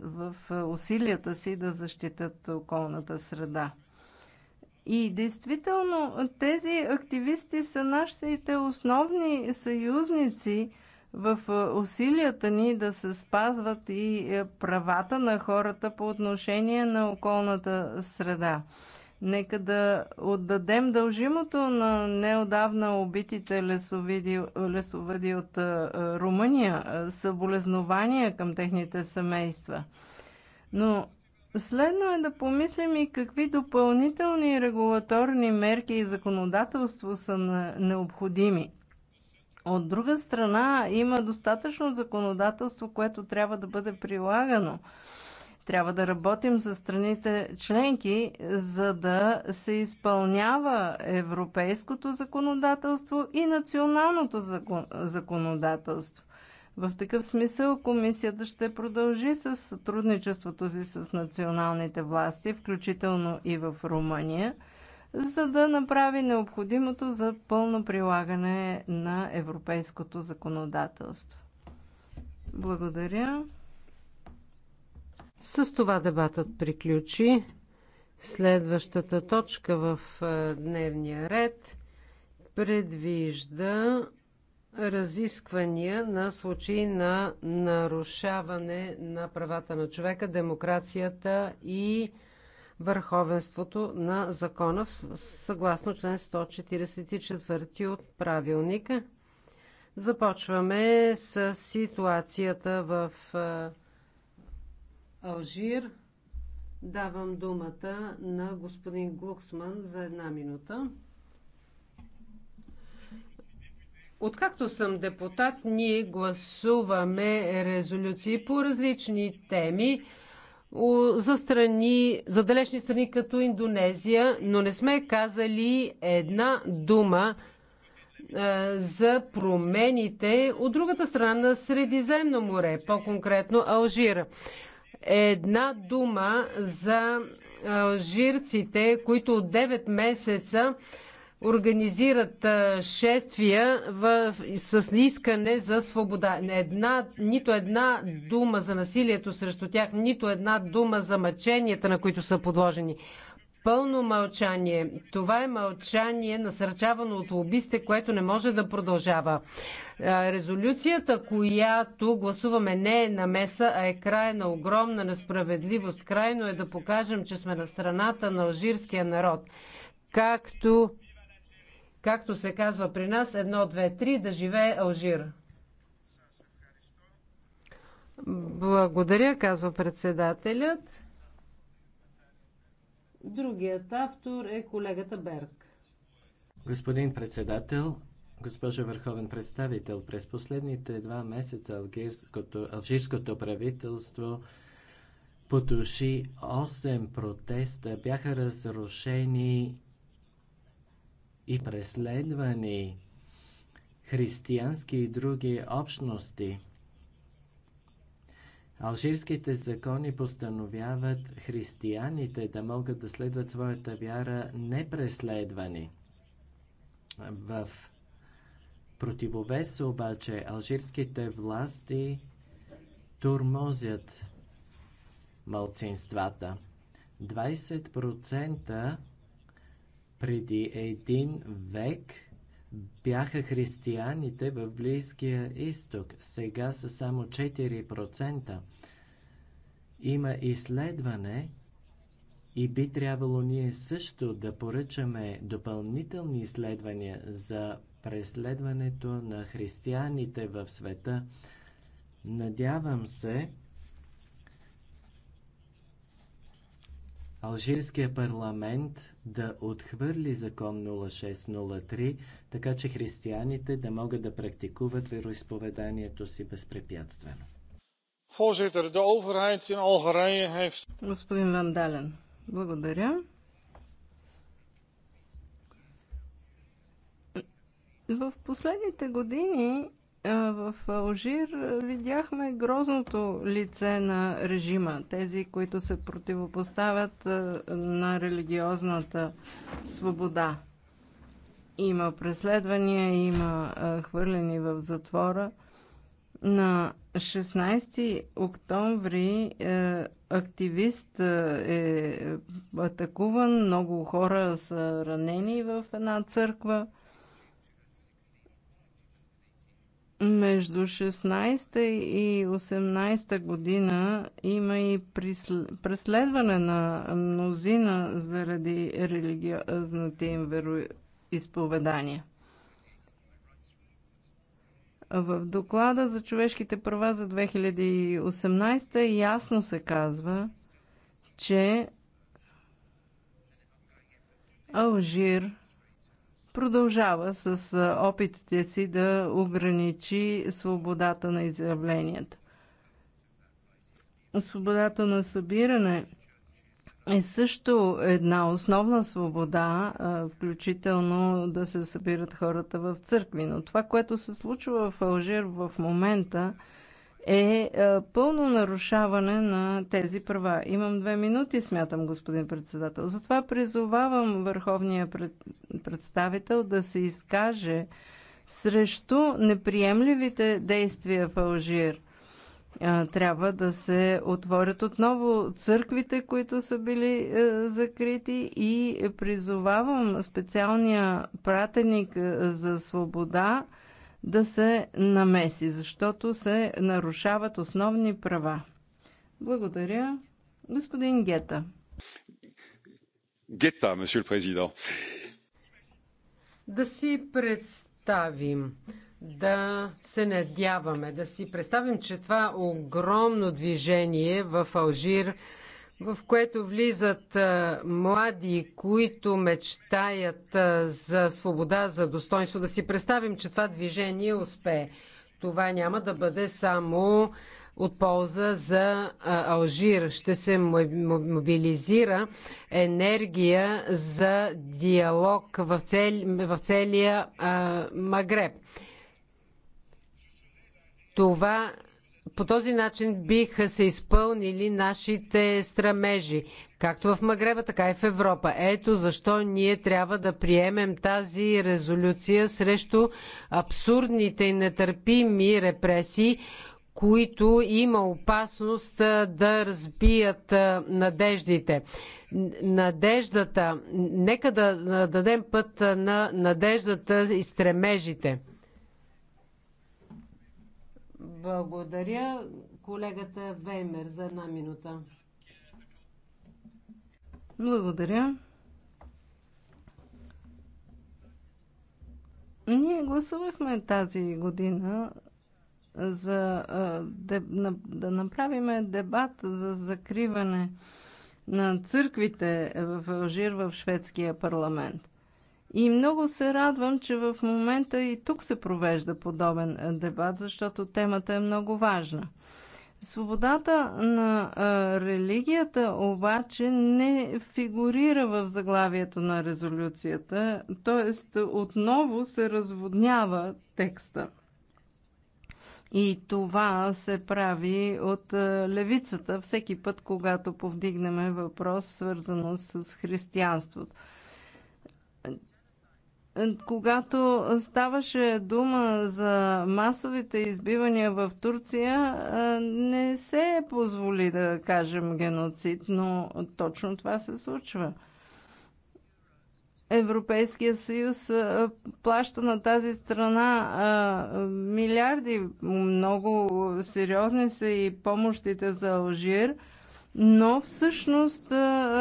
в усилията си да защитат околната среда. И действително тези активисти са нашите основни съюзници – в е, усилията ни да се спазват и е, правата на хората по отношение на околната среда. Нека да отдадем дължимото на неодавна убитите лесовиди, лесовиди от е, Румъния, съболезнования към техните семейства. Но Следно е да помислим и какви допълнителни регулаторни мерки и законодателство са необходими. От друга страна, има достатъчно законодателство, което трябва да бъде прилагано. Трябва да работим за страните членки, за да се изпълнява европейското законодателство и националното законодателство. В такъв смисъл комисията ще продължи с сътрудничеството си с националните власти, включително и в Румъния – за да направи необходимото за пълно прилагане на европейското законодателство. Благодаря. С това дебатът приключи. Следващата точка в е, дневния ред предвижда разисквания на случаи на нарушаване на правата на човека, демокрацията и върховенството на закона съгласно член 144 от правилника. Започваме с ситуацията в Алжир. Давам думата на господин Глуксман за една минута. Откакто съм депутат, ние гласуваме резолюции по различни теми за страни, за далечни страни като Индонезия, но не сме казали една дума е, за промените от другата страна на Средиземно море, по-конкретно Алжир. Една дума за алжирците, които от 9 месеца организират шествия в, с искане за свобода. Не една, нито една дума за насилието срещу тях, нито една дума за мъченията, на които са подложени. Пълно мълчание. Това е мълчание, насърчавано от лобисте, което не може да продължава. Резолюцията, която гласуваме, не е намеса, а е край на огромна несправедливост. Крайно е да покажем, че сме на страната на алжирския народ. Както както се казва при нас, едно, две, три, да живее Алжир. Благодаря, казва председателят. Другият автор е колегата Берг. Господин председател, госпожа Върховен представител, през последните два месеца алжирското, алжирското правителство потуши 8 протеста, бяха разрушени и преследвани християнски и други общности. Алжирските закони постановяват християните да могат да следват своята вяра непреследвани. В противовес обаче алжирските власти турмозят малцинствата. 20% преди един век бяха християните в Близкия изток, сега са само 4%. Има изследване и би трябвало ние също да поръчаме допълнителни изследвания за преследването на християните в света. Надявам се, Алжирския парламент да отхвърли закон 0603, така че християните да могат да практикуват вероисповеданието си безпрепятствено. Господин Вандален, благодаря. В последните години в Алжир видяхме грозното лице на режима. Тези, които се противопоставят на религиозната свобода. Има преследвания, има хвърлени в затвора. На 16 октомври активист е атакуван, много хора са ранени в една църква. между 16-та и 18-та година има и преследване на мнозина заради религиозната им вероисповедания. В доклада за човешките права за 2018 ясно се казва, че Алжир продължава с опитите си да ограничи свободата на изявлението. Свободата на събиране е също една основна свобода, включително да се събират хората в църкви. Но това, което се случва в Алжир в момента, е, е пълно нарушаване на тези права. Имам две минути, смятам, господин председател. Затова призовавам върховния представител да се изкаже срещу неприемливите действия в Алжир. Е, трябва да се отворят отново църквите, които са били е, закрити и призовавам специалния пратеник за свобода – да се намеси, защото се нарушават основни права. Благодаря. Господин Гета. Гета, месье президент. Да си представим, да се надяваме, да си представим, че това огромно движение в Алжир – в което влизат млади, които мечтаят за свобода, за достоинство. Да си представим, че това движение успее. Това няма да бъде само от полза за Алжир. Ще се мобилизира енергия за диалог в, цели, в целия а, Магреб. Това по този начин биха се изпълнили нашите страмежи, както в Магреба, така и в Европа. Ето защо ние трябва да приемем тази резолюция срещу абсурдните и нетърпими репресии, които има опасност да разбият надеждите. Надеждата, нека да дадем път на надеждата и стремежите. Благодаря колегата Веймер за една минута. Благодаря. Ние гласувахме тази година за да, направиме направим дебат за закриване на църквите в Алжир в шведския парламент. И много се радвам, че в момента и тук се провежда подобен е, дебат, защото темата е много важна. Свободата на е, религията обаче не фигурира в заглавието на резолюцията, т.е. отново се разводнява текста. И това се прави от е, левицата всеки път, когато повдигнем въпрос, свързано с християнството. Когато ставаше дума за масовите избивания в Турция, не се позволи да кажем геноцид, но точно това се случва. Европейския съюз плаща на тази страна милиарди. Много сериозни са и помощите за Алжир – но всъщност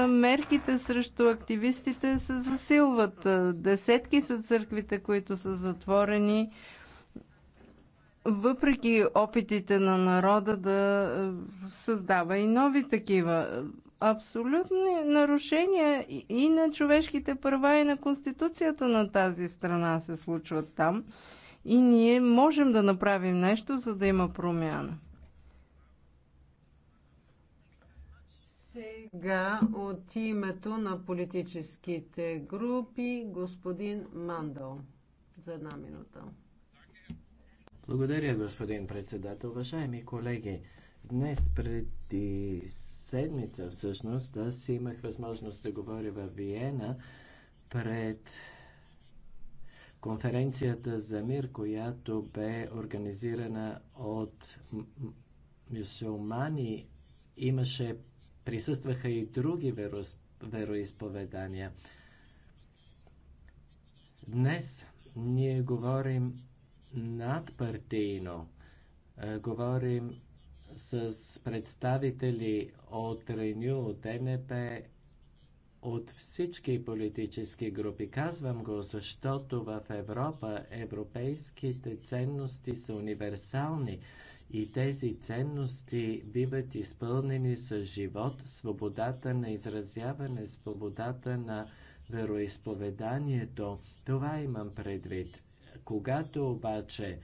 мерките срещу активистите се засилват. Десетки са църквите, които са затворени, въпреки опитите на народа да създава и нови такива. Абсолютни нарушения и на човешките права, и на конституцията на тази страна се случват там. И ние можем да направим нещо, за да има промяна. Сега от името на политическите групи господин Мандал за една минута. Благодаря, господин председател. Уважаеми колеги, днес преди седмица всъщност си имах възможност да говоря в Виена пред конференцията за мир, която бе организирана от мюсюлмани. Имаше присъстваха и други верос, вероисповедания. Днес ние говорим надпартийно, е, говорим с представители от Реню, от е НП, от всички политически групи. Казвам го, защото в Европа европейските ценности са универсални. И тези ценности биват изпълнени с живот, свободата на изразяване, свободата на вероисповеданието. Това имам предвид. Когато обаче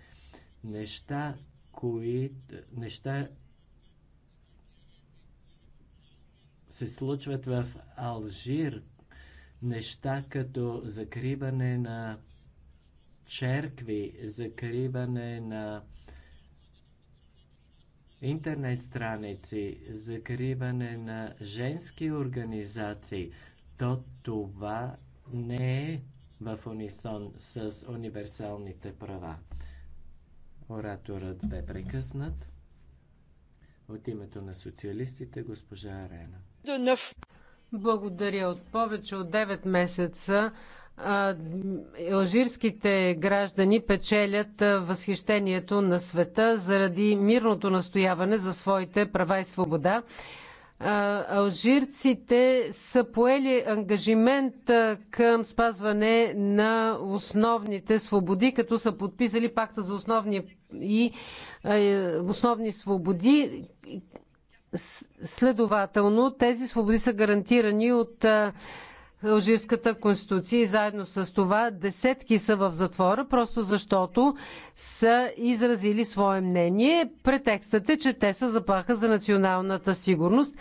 неща, кои, неща се случват в Алжир, неща като закриване на черкви, закриване на интернет страници, закриване на женски организации, то това не е в унисон с универсалните права. Ораторът бе прекъснат. От името на социалистите госпожа Арена. Благодаря. От повече от 9 месеца алжирските граждани печелят възхищението на света заради мирното настояване за своите права и свобода. Алжирците са поели ангажимент към спазване на основните свободи, като са подписали пакта за основни и е, основни свободи. Следователно, тези свободи са гарантирани от Алжирската конституция и заедно с това десетки са в затвора, просто защото са изразили свое мнение. Претекстът е, че те са заплаха за националната сигурност.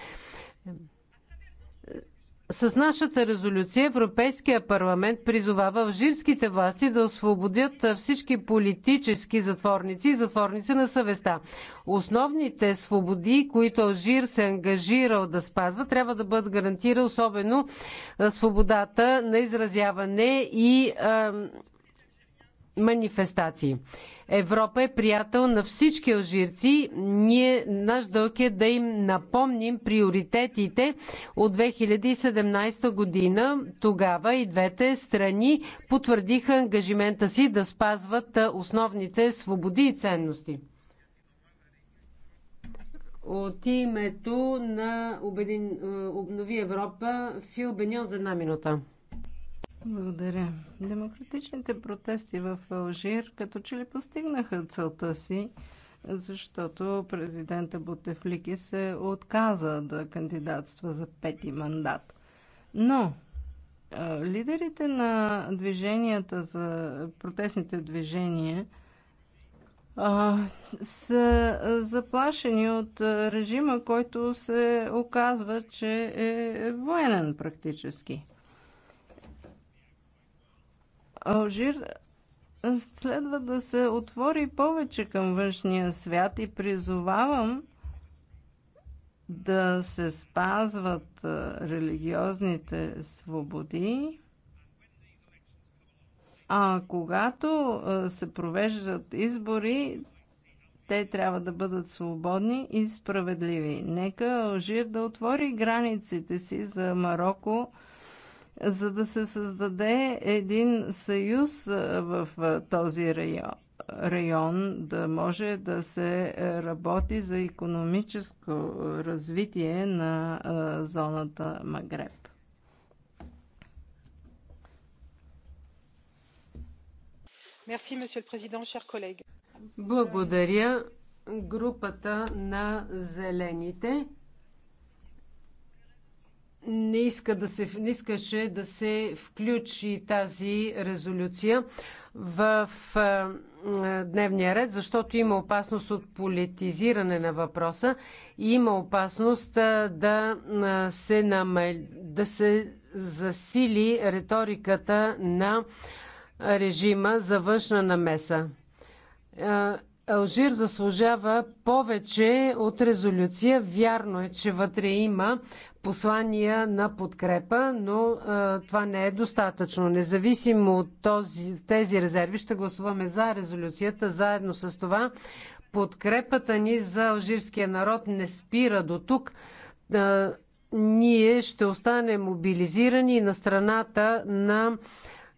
С нашата резолюция Европейския парламент призовава алжирските власти да освободят всички политически затворници и затворници на съвестта. Основните свободи, които Алжир се е ангажирал да спазва, трябва да бъдат гарантира особено свободата на изразяване и е, манифестации. Европа е приятел на всички алжирци. Ние, наш дълг е да им напомним приоритетите от 2017 година. Тогава и двете страни потвърдиха ангажимента си да спазват основните свободи и ценности. От името на Обнови Европа Фил Бенион за една минута. Благодаря. Демократичните протести в Алжир като че ли постигнаха целта си, защото президента Бутефлики се отказа да кандидатства за пети мандат. Но лидерите на движенията за протестните движения а, са заплашени от режима, който се оказва, че е военен практически. Алжир следва да се отвори повече към външния свят и призовавам да се спазват религиозните свободи. А когато се провеждат избори, те трябва да бъдат свободни и справедливи. Нека Алжир да отвори границите си за Марокко за да се създаде един съюз в този район район да може да се е, работи за економическо развитие на зоната Магреб. Благодаря групата на зелените не, иска да се, не искаше да се включи тази резолюция в дневния ред, защото има опасност от политизиране на въпроса и има опасност да се, намал... да се засили риториката на режима за външна намеса. Алжир заслужава повече от резолюция. Вярно е, че вътре има послания на подкрепа, но а, това не е достатъчно. Независимо от този, тези резерви, ще гласуваме за резолюцията. Заедно с това подкрепата ни за алжирския народ не спира до тук. А, ние ще останем мобилизирани на страната на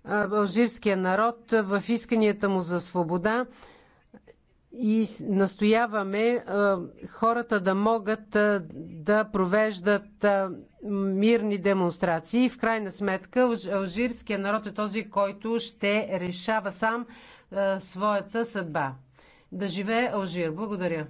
алжирския народ в исканията му за свобода и настояваме хората да могат да провеждат мирни демонстрации. В крайна сметка, алжирският народ е този, който ще решава сам своята съдба. Да живее Алжир! Благодаря.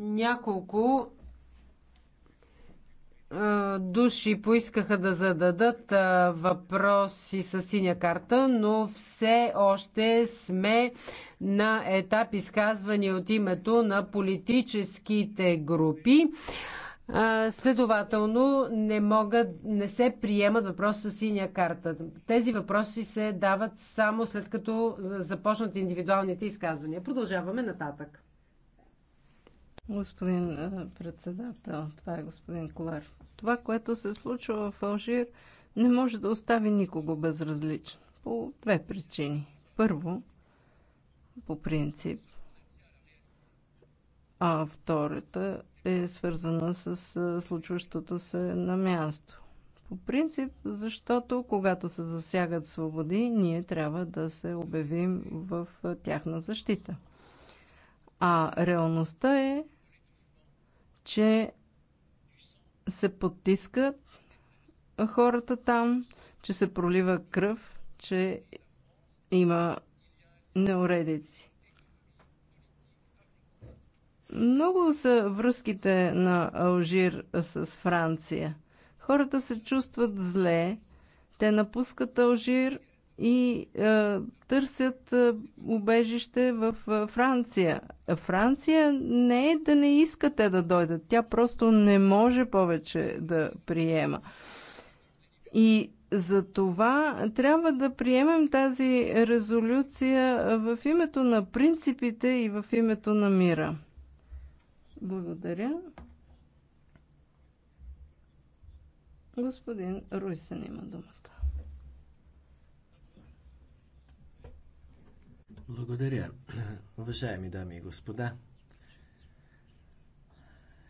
няколко души поискаха да зададат въпроси с синя карта, но все още сме на етап изказвания от името на политическите групи. Следователно не могат, не се приемат въпроси с синя карта. Тези въпроси се дават само след като започнат индивидуалните изказвания. Продължаваме нататък. Господин е, председател, това е господин Колар. Това, което се случва в Алжир, не може да остави никого безразличен. По две причини. Първо, по принцип, а втората е свързана с е, случващото се на място. По принцип, защото когато се засягат свободи, ние трябва да се обявим в е, тяхна защита. А реалността е, че се потиска хората там, че се пролива кръв, че има неуредици. Много са връзките на Алжир с Франция. Хората се чувстват зле, те напускат Алжир и е, търсят е, убежище в е, Франция. Франция не е да не иска те да дойдат. Тя просто не може повече да приема. И за това трябва да приемем тази резолюция в името на принципите и в името на мира. Благодаря. Господин Руйсен има думата. Благодаря, уважаеми дами и господа.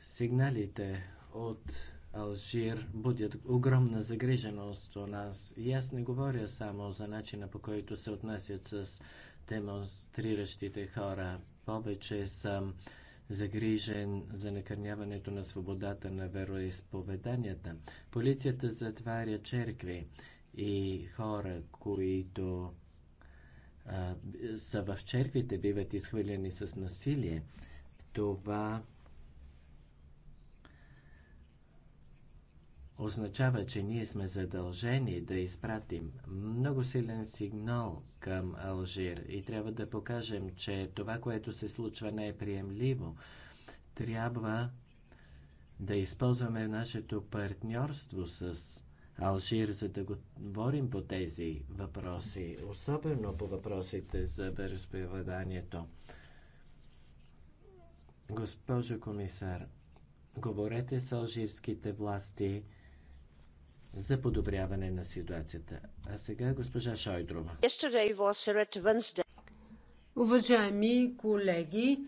Сигналите от Алжир будят огромна загриженост у нас. И аз не говоря само за начина по който се отнасят с демонстриращите хора. Повече съм загрижен за накърняването на свободата на вероисповеданията. Полицията затваря черкви и хора, които са в черквите, биват изхвърлени с насилие. Това означава, че ние сме задължени да изпратим много силен сигнал към Алжир и трябва да покажем, че това, което се случва, не е приемливо. Трябва да използваме нашето партньорство с Алжир, за да говорим по тези въпроси, особено по въпросите за вероисповеданието. Госпожо комисар, говорете с алжирските власти за подобряване на ситуацията. А сега госпожа Шойдрова. Уважаеми колеги,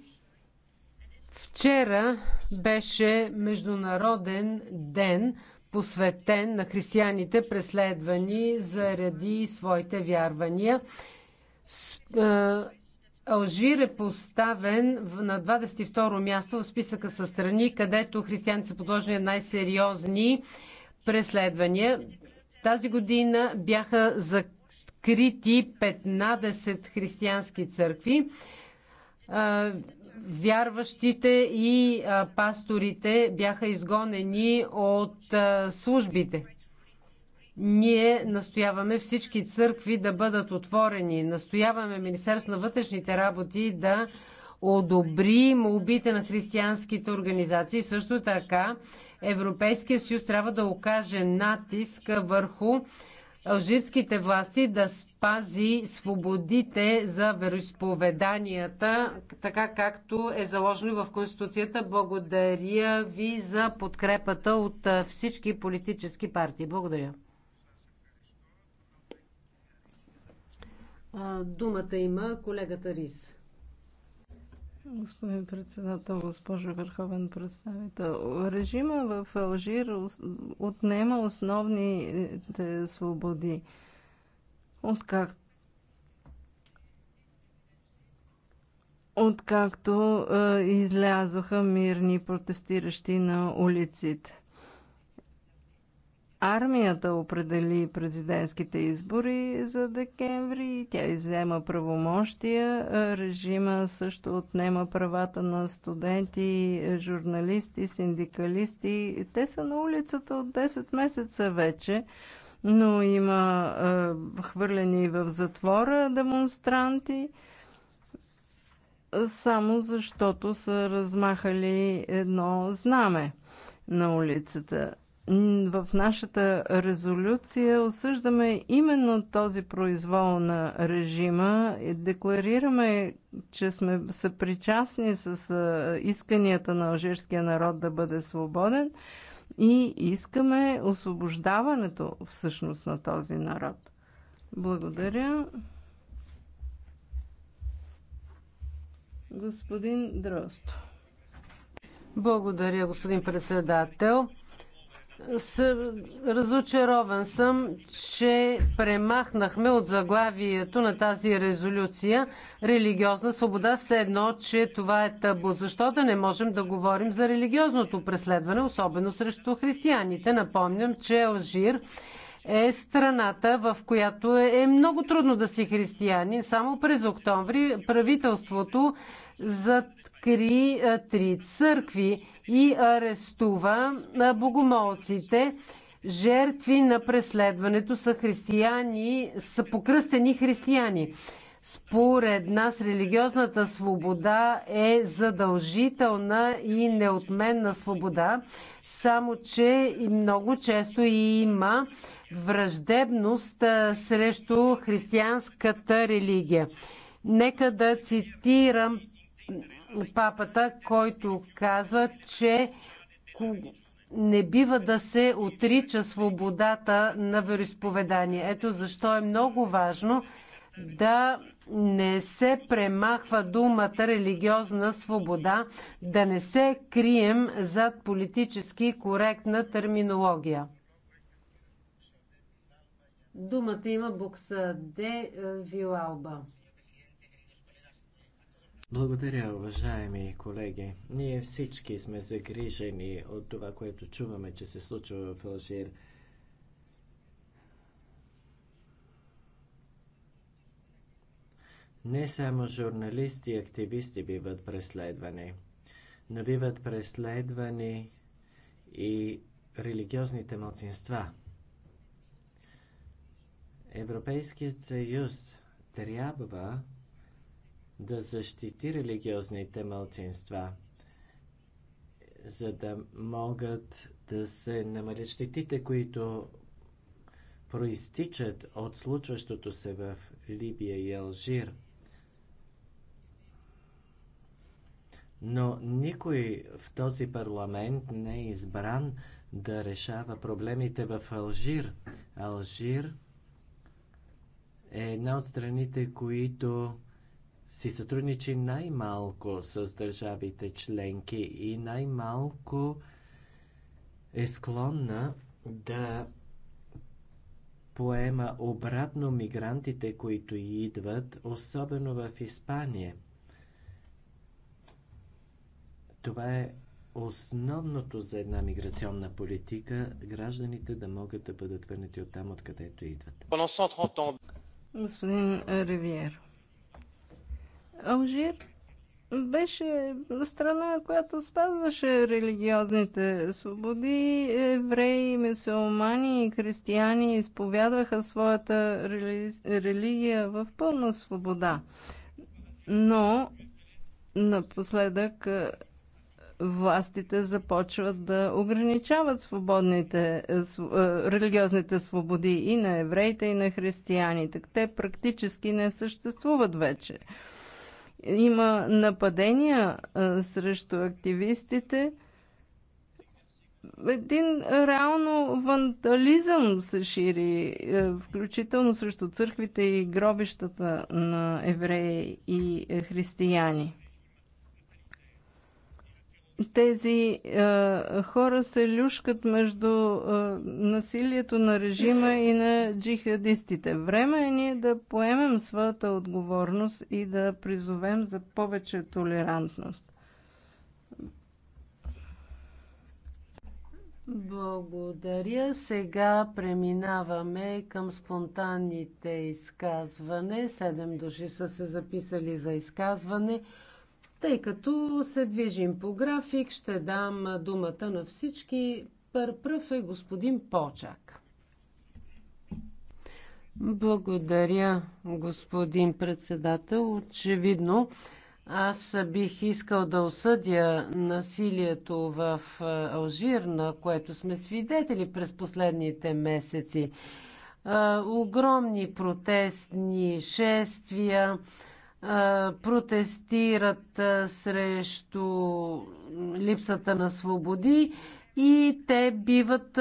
вчера беше Международен ден – посветен на християните, преследвани заради своите вярвания. Алжир е поставен на 22-ро място в списъка с страни, където християните са подложени най-сериозни преследвания. Тази година бяха закрити 15 християнски църкви вярващите и пасторите бяха изгонени от службите. Ние настояваме всички църкви да бъдат отворени. Настояваме Министерство на вътрешните работи да одобри молбите на християнските организации. Също така Европейския съюз трябва да окаже натиск върху алжирските власти да спази свободите за вероисповеданията, така както е заложено в Конституцията. Благодаря ви за подкрепата от всички политически партии. Благодаря. Думата има колегата Рис. Господин председател, госпожо върховен представител, режима в Алжир отнема основните свободи. Откакто откакто е, излязоха мирни протестиращи на улиците армията определи президентските избори за декември и тя иззема правомощия. Е, режима също отнема правата на студенти, журналисти, синдикалисти. Те са на улицата от 10 месеца вече, но има е, хвърлени в затвора демонстранти само защото са размахали едно знаме на улицата в нашата резолюция осъждаме именно този произвол на режима. Декларираме, че сме съпричастни с исканията на алжирския народ да бъде свободен и искаме освобождаването всъщност на този народ. Благодаря. Господин Дросто. Благодаря, господин председател разочарован съм, че премахнахме от заглавието на тази резолюция религиозна свобода, все едно, че това е табу. Защо да не можем да говорим за религиозното преследване, особено срещу християните? Напомням, че Алжир е страната, в която е, е много трудно да си християнин. Само през октомври правителството за откри три църкви и арестува богомолците. Жертви на преследването са християни, са покръстени християни. Според нас религиозната свобода е задължителна и неотменна свобода, само че и много често има враждебност срещу християнската религия. Нека да цитирам папата, който казва, че не бива да се отрича свободата на вероисповедание. Ето защо е много важно да не се премахва думата религиозна свобода, да не се крием зад политически коректна терминология. Думата има букса Де Вилалба. Благодаря, уважаеми колеги. Ние всички сме загрижени от това, което чуваме, че се случва в Алжир. Не само журналисти и активисти биват преследвани, но биват преследвани и религиозните младсинства. Европейският съюз трябва да защити религиозните мълцинства, за да могат да се намалят щетите, които проистичат от случващото се в Либия и Алжир. Но никой в този парламент не е избран да решава проблемите в Алжир. Алжир е една от страните, които си сътрудничи най-малко с държавите членки и най-малко е склонна да поема обратно мигрантите, които идват, особено в Испания. Това е основното за една миграционна политика гражданите да могат да бъдат върнати от там, откъдето идват. Господин Ривиер, Алжир беше страна, която спазваше религиозните свободи. Евреи, мусулмани и християни изповядваха своята рели... религия в пълна свобода. Но напоследък властите започват да ограничават свободните, религиозните свободи и на евреите, и на християните. Те практически не съществуват вече. Има нападения а, срещу активистите. Един реално вандализъм се шири, включително срещу църквите и гробищата на евреи и е, християни тези е, хора се люшкат между е, насилието на режима и на джихадистите. Време е ние да поемем своята отговорност и да призовем за повече толерантност. Благодаря. Сега преминаваме към спонтанните изказване. Седем души са се записали за изказване. Тъй като се движим по график, ще дам думата на всички. Пър пръв е господин Почак. Благодаря, господин председател. Очевидно, аз бих искал да осъдя насилието в Алжир, на което сме свидетели през последните месеци. Огромни протестни шествия, протестират срещу липсата на свободи и те биват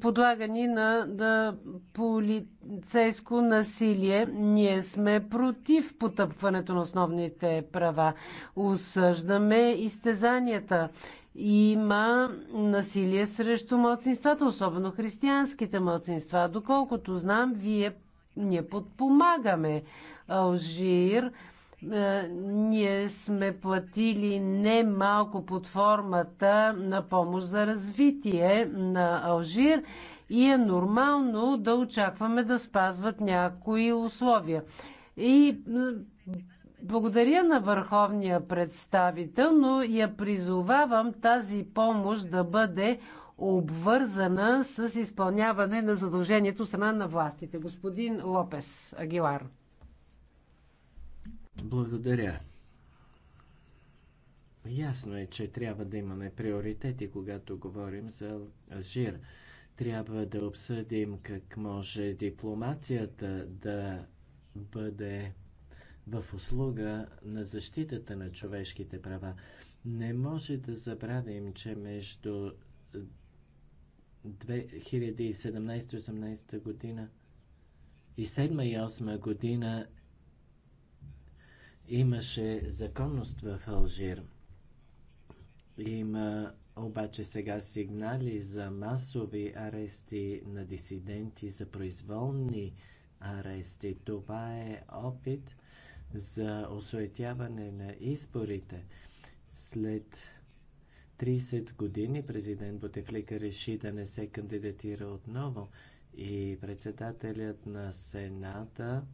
подлагани на, да полицейско насилие. Ние сме против потъпването на основните права. Осъждаме изтезанията. Има насилие срещу младсинствата, особено християнските младсинства. Доколкото знам, вие ние подпомагаме Алжир. Е, ние сме платили немалко под формата на помощ за развитие на Алжир и е нормално да очакваме да спазват някои условия. И благодаря на върховния представител, но я призовавам тази помощ да бъде обвързана с изпълняване на задължението страна на властите. Господин Лопес Агилар. Благодаря. Ясно е, че трябва да имаме приоритети, когато говорим за Алжир. Трябва да обсъдим как може дипломацията да бъде в услуга на защитата на човешките права. Не може да забравим, че между 2017 2018 година и 2007 и 8 година Имаше законност в Алжир. Има обаче сега сигнали за масови арести на дисиденти, за произволни арести. Това е опит за осуетяване на изборите. След 30 години президент Бутефлика реши да не се кандидатира отново и председателят на Сената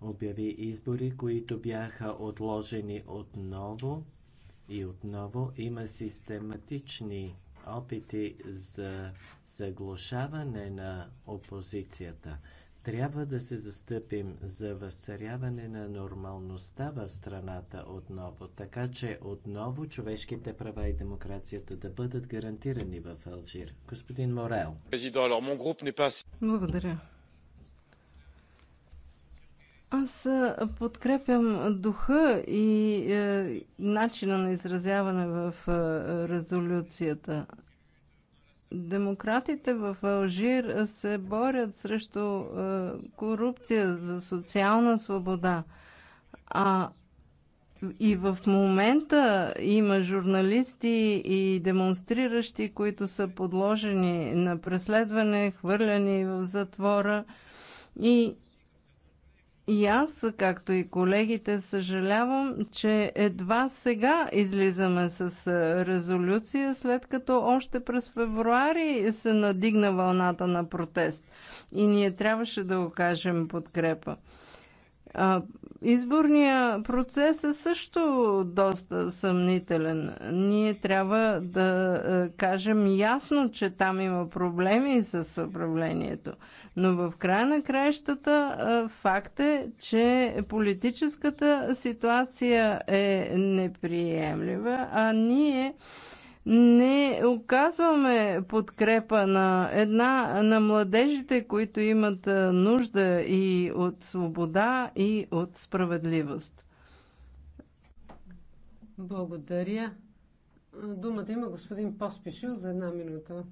обяви избори, които бяха отложени отново и отново. Има систематични опити за заглушаване на опозицията. Трябва да се застъпим за възцаряване на нормалността в страната отново, така че отново човешките права и демокрацията да бъдат гарантирани в Алжир. Господин Морел. Благодаря. Аз подкрепям духа и е, начина на изразяване в е, резолюцията. Демократите в Алжир е, се борят срещу е, корупция за социална свобода. А и в момента има журналисти и демонстриращи, които са подложени на преследване, хвърляни в затвора и и аз, както и колегите, съжалявам, че едва сега излизаме с резолюция, след като още през февруари се надигна вълната на протест. И ние трябваше да окажем подкрепа. А, изборния процес е също доста съмнителен. Ние трябва да е, кажем ясно, че там има проблеми с управлението. Но в края на краищата е, факт е, че политическата ситуация е неприемлива, а ние не оказваме подкрепа на една на младежите, които имат нужда и от свобода, и от справедливост. Благодаря. Думата има господин Поспишил за една минута.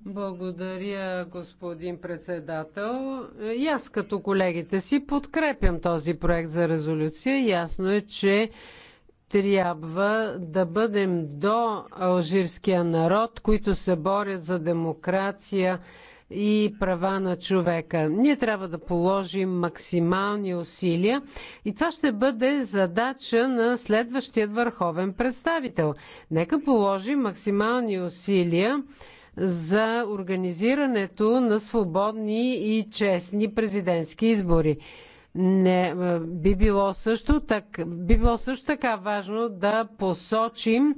Благодаря, господин председател. И аз като колегите си подкрепям този проект за резолюция. Ясно е, че трябва да бъдем до алжирския народ, които се борят за демокрация и права на човека. Ние трябва да положим максимални усилия и това ще бъде задача на следващият върховен представител. Нека положим максимални усилия за организирането на свободни и честни президентски избори не, е, би, било също так, би било също така важно да посочим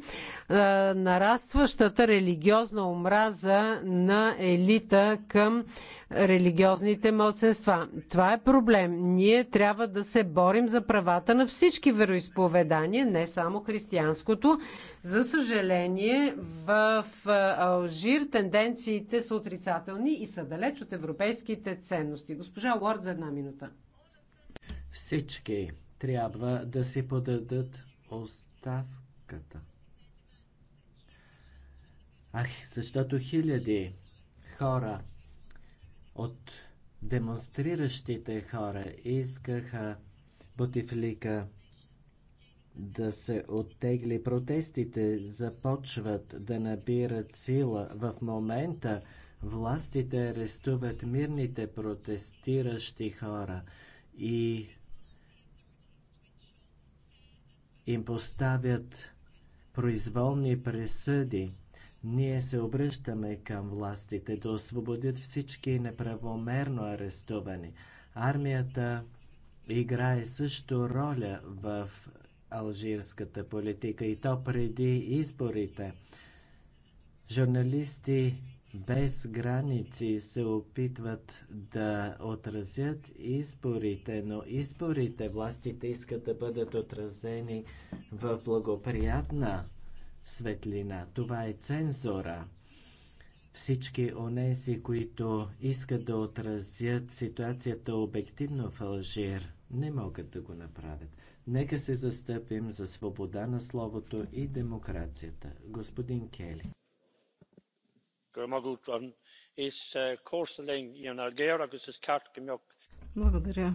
е, нарастващата религиозна омраза на елита към религиозните младсенства. Това е проблем. Ние трябва да се борим за правата на всички вероисповедания, не само християнското. За съжаление, в е, Алжир тенденциите са отрицателни и са далеч от европейските ценности. Госпожа Лорд за една минута. Всички трябва да си подадат оставката. Ах, защото хиляди хора от демонстриращите хора искаха Бутифлика да се оттегли. Протестите започват да набират сила. В момента властите арестуват мирните протестиращи хора и им поставят произволни пресъди. Ние се обръщаме към властите да освободят всички неправомерно арестувани. Армията играе също роля в алжирската политика и то преди изборите. Журналисти без граници се опитват да отразят изборите, но изборите властите искат да бъдат отразени в благоприятна светлина. Това е цензора. Всички онези, които искат да отразят ситуацията обективно в Алжир, не могат да го направят. Нека се застъпим за свобода на словото и демокрацията. Господин Кели. Eh, Благодаря.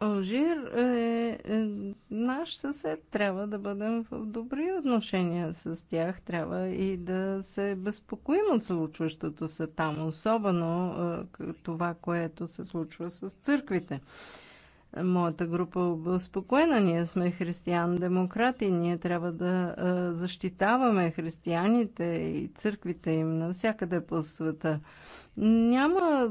Алжир е, е наш съсед. Трябва да бъдем в добри отношения с тях. Трябва и да се безпокоим от случващото се там. Особено е, това, което се случва с църквите моята група е успокоена. Ние сме християн-демократи, ние трябва да защитаваме християните и църквите им навсякъде по света. Няма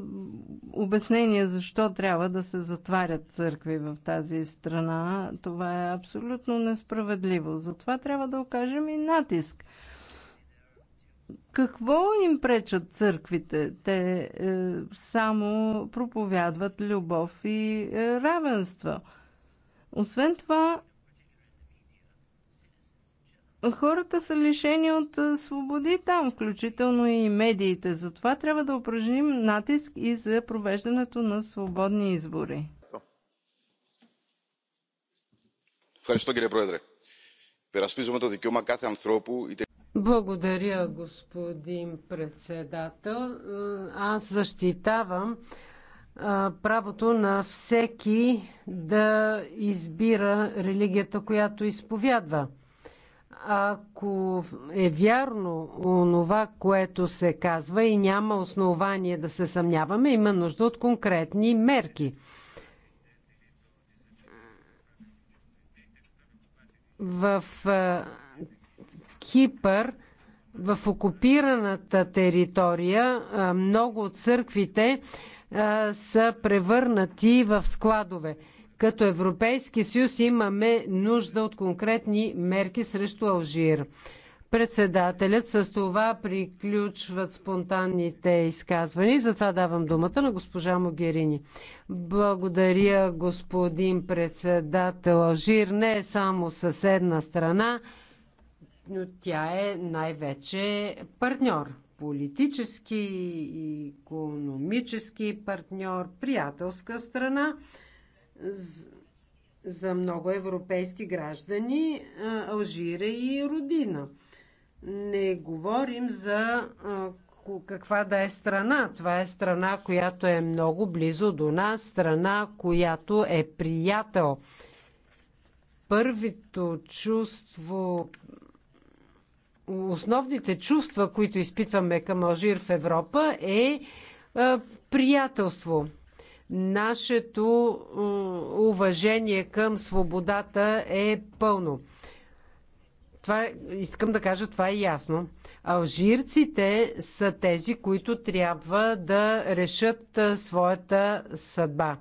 обяснение защо трябва да се затварят църкви в тази страна. Това е абсолютно несправедливо. Затова трябва да окажем и натиск – какво им пречат църквите? Те е, само проповядват любов и е, равенство. Освен това, хората са лишени от е, свободи там, включително и медиите. Затова трябва да упражним натиск и за провеждането на свободни избори. Благодаря, κύριε благодаря, господин председател. Аз защитавам правото на всеки да избира религията, която изповядва. Ако е вярно онова, което се казва и няма основание да се съмняваме, има нужда от конкретни мерки. В Кипър в окупираната територия много от църквите са превърнати в складове. Като Европейски съюз имаме нужда от конкретни мерки срещу Алжир. Председателят с това приключват спонтанните изказвания. Затова давам думата на госпожа Могерини. Благодаря, господин председател. Алжир не е само съседна страна но тя е най-вече партньор. Политически, економически партньор, приятелска страна за много европейски граждани Алжира и родина. Не говорим за каква да е страна. Това е страна, която е много близо до нас, страна, която е приятел. Първито чувство основните чувства, които изпитваме към Алжир в Европа е, е приятелство. Нашето уважение към свободата е пълно. Това искам да кажа, това е ясно. Алжирците са тези, които трябва да решат своята съдба.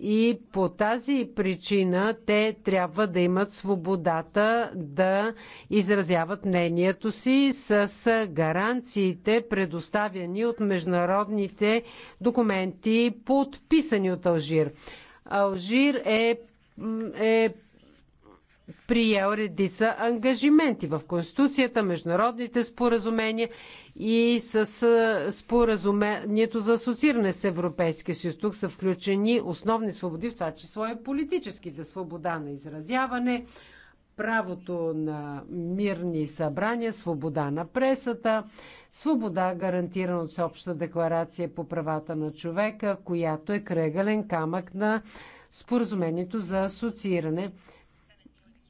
И по тази причина те трябва да имат свободата да изразяват мнението си с гаранциите, предоставяни от международните документи, подписани от Алжир. Алжир е, е приел редица ангажименти в Конституцията, международните споразумения и с споразумението за асоцииране с Европейския съюз. Тук са включени основни свободи, в това число е политическите свобода на изразяване, правото на мирни събрания, свобода на пресата, свобода гарантирана от Съобща декларация по правата на човека, която е крегален камък на споразумението за асоцииране.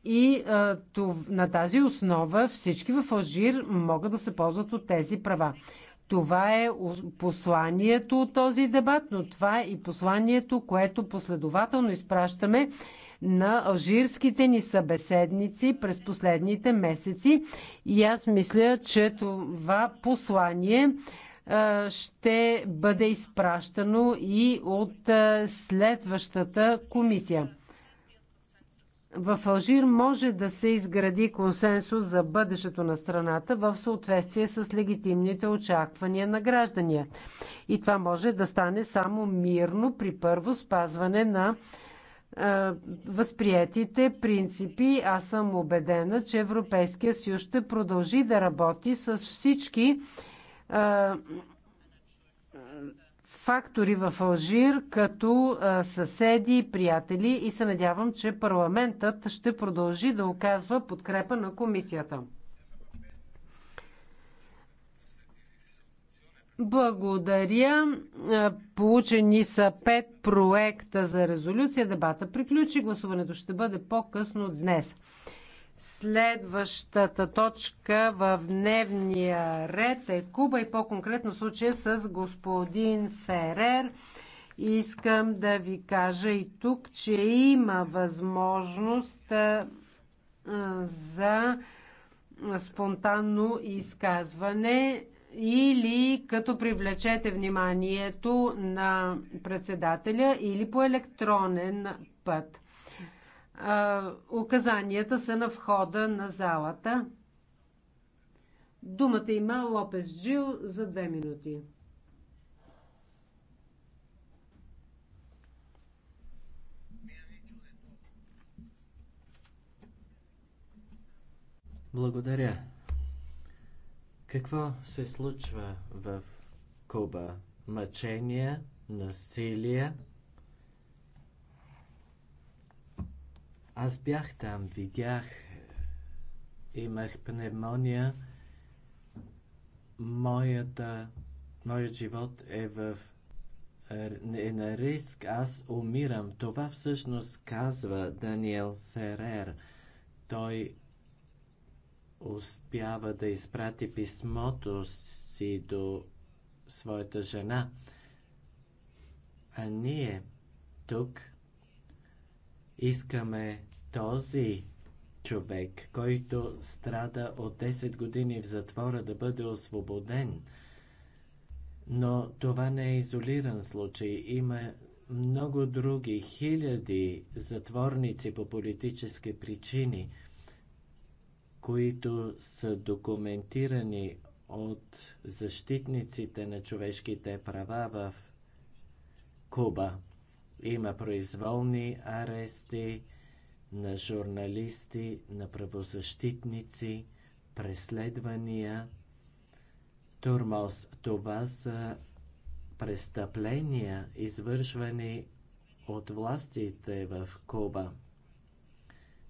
И а, тов, на тази основа всички в Алжир могат да се ползват от тези права. Това е посланието от този дебат, но това е и посланието, което последователно изпращаме на алжирските ни събеседници през последните месеци. И аз мисля, че това послание ще бъде изпращано и от следващата комисия в Алжир може да се изгради консенсус за бъдещето на страната в съответствие с легитимните очаквания на граждания. И това може да стане само мирно при първо спазване на възприятите принципи. Аз съм убедена, че Европейския съюз ще продължи да работи с всички фактори в Алжир като съседи, приятели и се надявам, че парламентът ще продължи да оказва подкрепа на комисията. Благодаря. Получени са пет проекта за резолюция. Дебата приключи. Гласуването ще бъде по-късно днес. Следващата точка в дневния ред е Куба и по-конкретно случая с господин Ферер. Искам да ви кажа и тук, че има възможност за спонтанно изказване или като привлечете вниманието на председателя или по електронен път указанията са на входа на залата. Думата има Лопес Джил за две минути. Благодаря. Какво се случва в Куба? Мъчения, насилие, Аз бях там, видях, имах пневмония. Моята, моят живот е в е, е на риск, аз умирам. Това всъщност казва Даниел Ферер. Той успява да изпрати писмото си до своята жена. А ние тук Искаме този човек, който страда от 10 години в затвора, да бъде освободен. Но това не е изолиран случай. Има много други хиляди затворници по политически причини, които са документирани от защитниците на човешките права в Куба. Има произволни арести на журналисти, на правозащитници, преследвания, турмоз. Това са престъпления, извършвани от властите в Куба.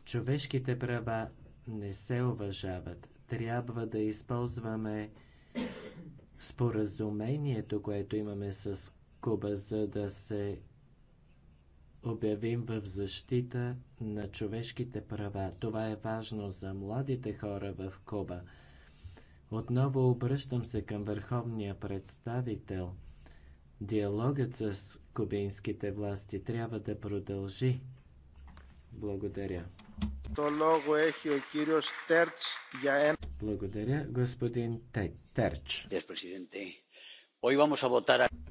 Човешките права не се уважават. Трябва да използваме споразумението, което имаме с Куба, за да се обявим в защита на човешките права. Това е важно за младите хора в Куба. Отново обръщам се към върховния представител. Диалогът с кубинските власти трябва да продължи. Благодаря. Благодаря, господин Терч.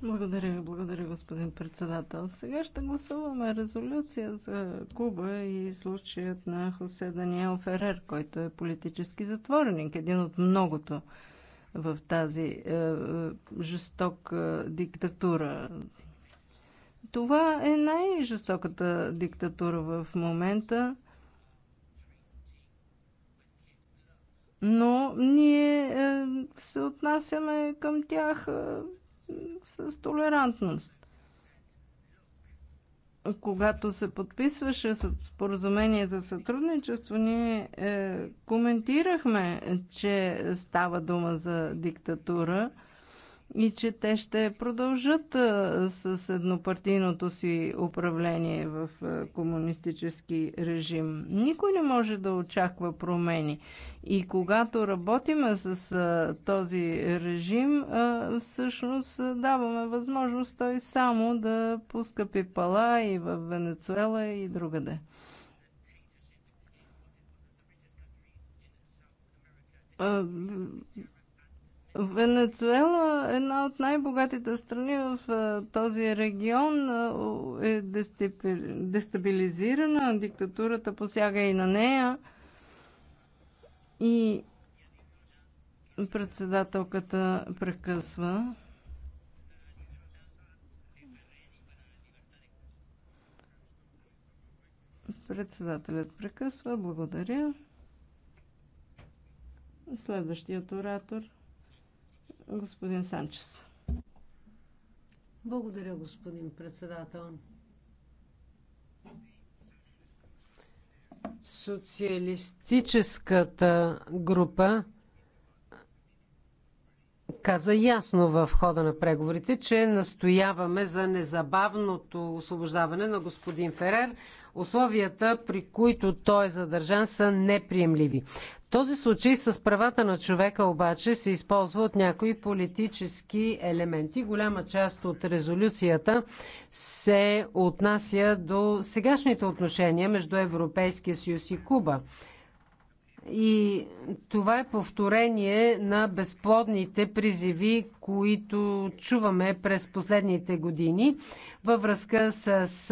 Благодаря, благодаря, господин председател. Сега ще гласуваме резолюция за Куба и случаят на Хосе Даниел Ферер, който е политически затворник, един от многото в тази е, жесток е, диктатура. Това е най-жестоката диктатура в момента. но ние е, се отнасяме към тях с толерантност. Когато се подписваше споразумение за сътрудничество, ние е, коментирахме, че става дума за диктатура – и че те ще продължат с еднопартийното си управление в комунистически режим. Никой не може да очаква промени. И когато работиме с този режим, всъщност даваме възможност той само да пуска пипала и в Венецуела и другаде. Венецуела, една от най-богатите страни в този регион, е дестабилизирана, диктатурата посяга и на нея. И председателката прекъсва. Председателят прекъсва. Благодаря. Следващият оратор господин Санчес. Благодаря, господин председател. Социалистическата група каза ясно в хода на преговорите, че настояваме за незабавното освобождаване на господин Ферер, Условията, при които той е задържан, са неприемливи. Този случай с правата на човека обаче се използва от някои политически елементи. Голяма част от резолюцията се отнася до сегашните отношения между Европейския съюз и Куба. И това е повторение на безплодните призиви, които чуваме през последните години във връзка с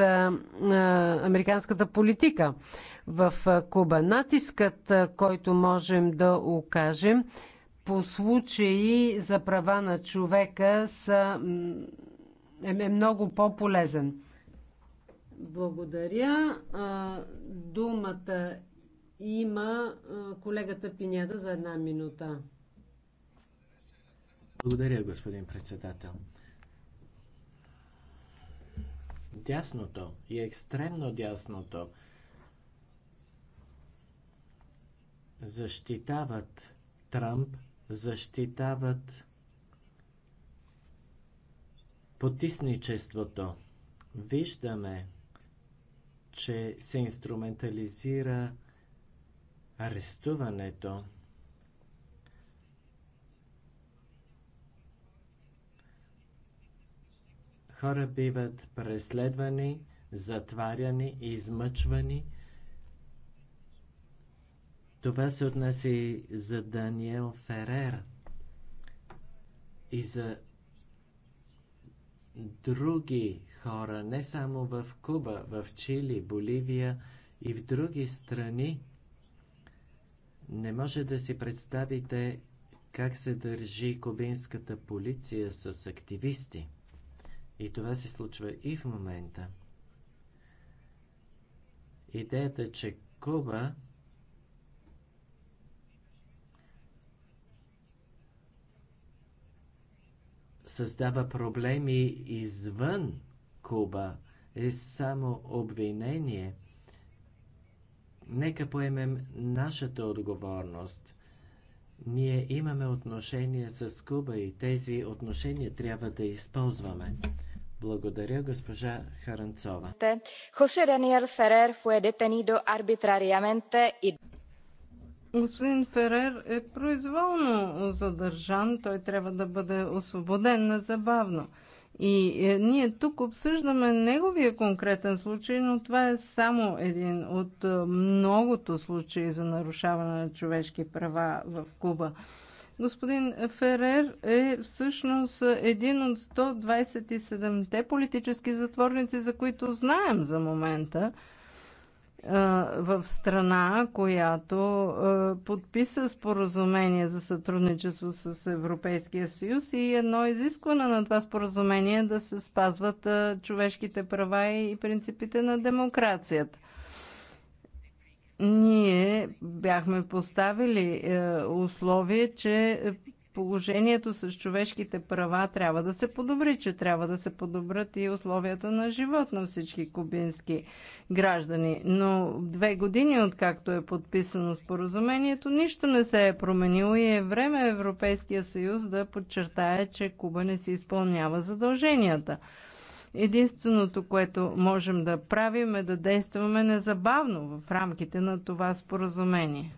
американската политика в Куба. Натискът, който можем да окажем по случаи за права на човека са, е, е много по-полезен. Благодаря. Думата има колегата Пиняда за една минута. Благодаря, господин председател. Дясното и екстремно дясното защитават Трамп, защитават потисничеството. Виждаме, че се инструментализира арестуването хора биват преследвани, затваряни, измъчвани. Това се отнася и за Даниел Ферер и за други хора, не само в Куба, в Чили, Боливия и в други страни. Не може да си представите как се държи кубинската полиция с активисти. И това се случва и в момента. Идеята, че Куба създава проблеми извън Куба, е само обвинение. Нека поемем нашата отговорност. Ние имаме отношение с Куба и тези отношения трябва да използваме. Благодаря, госпожа Харанцова. Хосе Даниел Ферер фуе детенидо арбитрариаменте и... Господин Ферер е произволно задържан. Той трябва да бъде освободен незабавно. забавно. И е, ние тук обсъждаме неговия конкретен случай, но това е само един от е, многото случаи за нарушаване на човешки права в Куба. Господин Ферер е всъщност един от 127-те политически затворници, за които знаем за момента в страна, която подписа споразумение за сътрудничество с Европейския съюз и едно изискване на това споразумение да се спазват човешките права и принципите на демокрацията. Ние бяхме поставили е, условие, че положението с човешките права трябва да се подобри, че трябва да се подобрят и условията на живот на всички кубински граждани. Но две години, откакто е подписано споразумението, нищо не се е променило и е време Европейския съюз да подчертае, че Куба не си изпълнява задълженията. Единственото, което можем да правим е да действаме незабавно в рамките на това споразумение.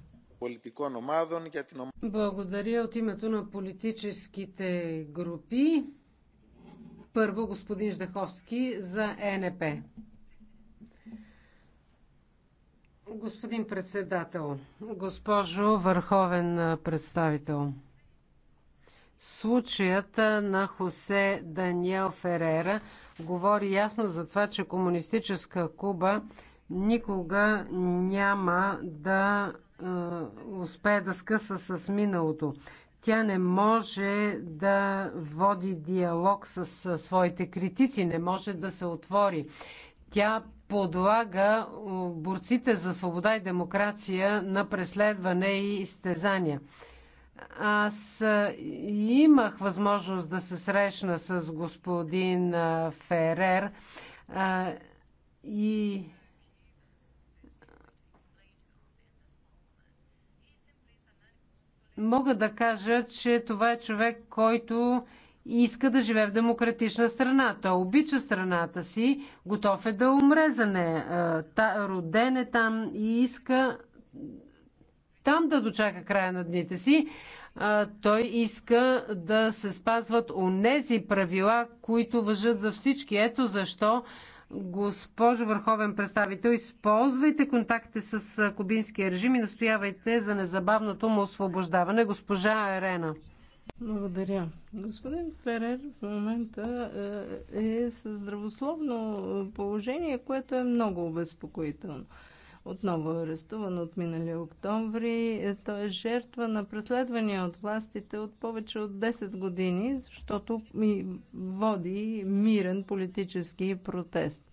Благодаря от името на политическите групи. Първо господин Ждаховски за ЕНП. Господин председател, госпожо върховен представител, случаят на Хосе Даниел Ферера говори ясно за това, че комунистическа Куба никога няма да успее да скъса с миналото. Тя не може да води диалог с своите критици, не може да се отвори. Тя подлага борците за свобода и демокрация на преследване и изтезания. Аз имах възможност да се срещна с господин Ферер и мога да кажа, че това е човек, който иска да живее в демократична страна. Той обича страната си, готов е да умре за нея. роден е там и иска там да дочака края на дните си. той иска да се спазват онези правила, които въжат за всички. Ето защо Госпожо Върховен представител, използвайте контакти с кубинския режим и настоявайте за незабавното му освобождаване. Госпожа Ерена. Благодаря. Господин Ферер в момента е, е със здравословно положение, което е много обезпокоително отново арестуван от миналия октомври. Е, той е жертва на преследвания от властите от повече от 10 години, защото води мирен политически протест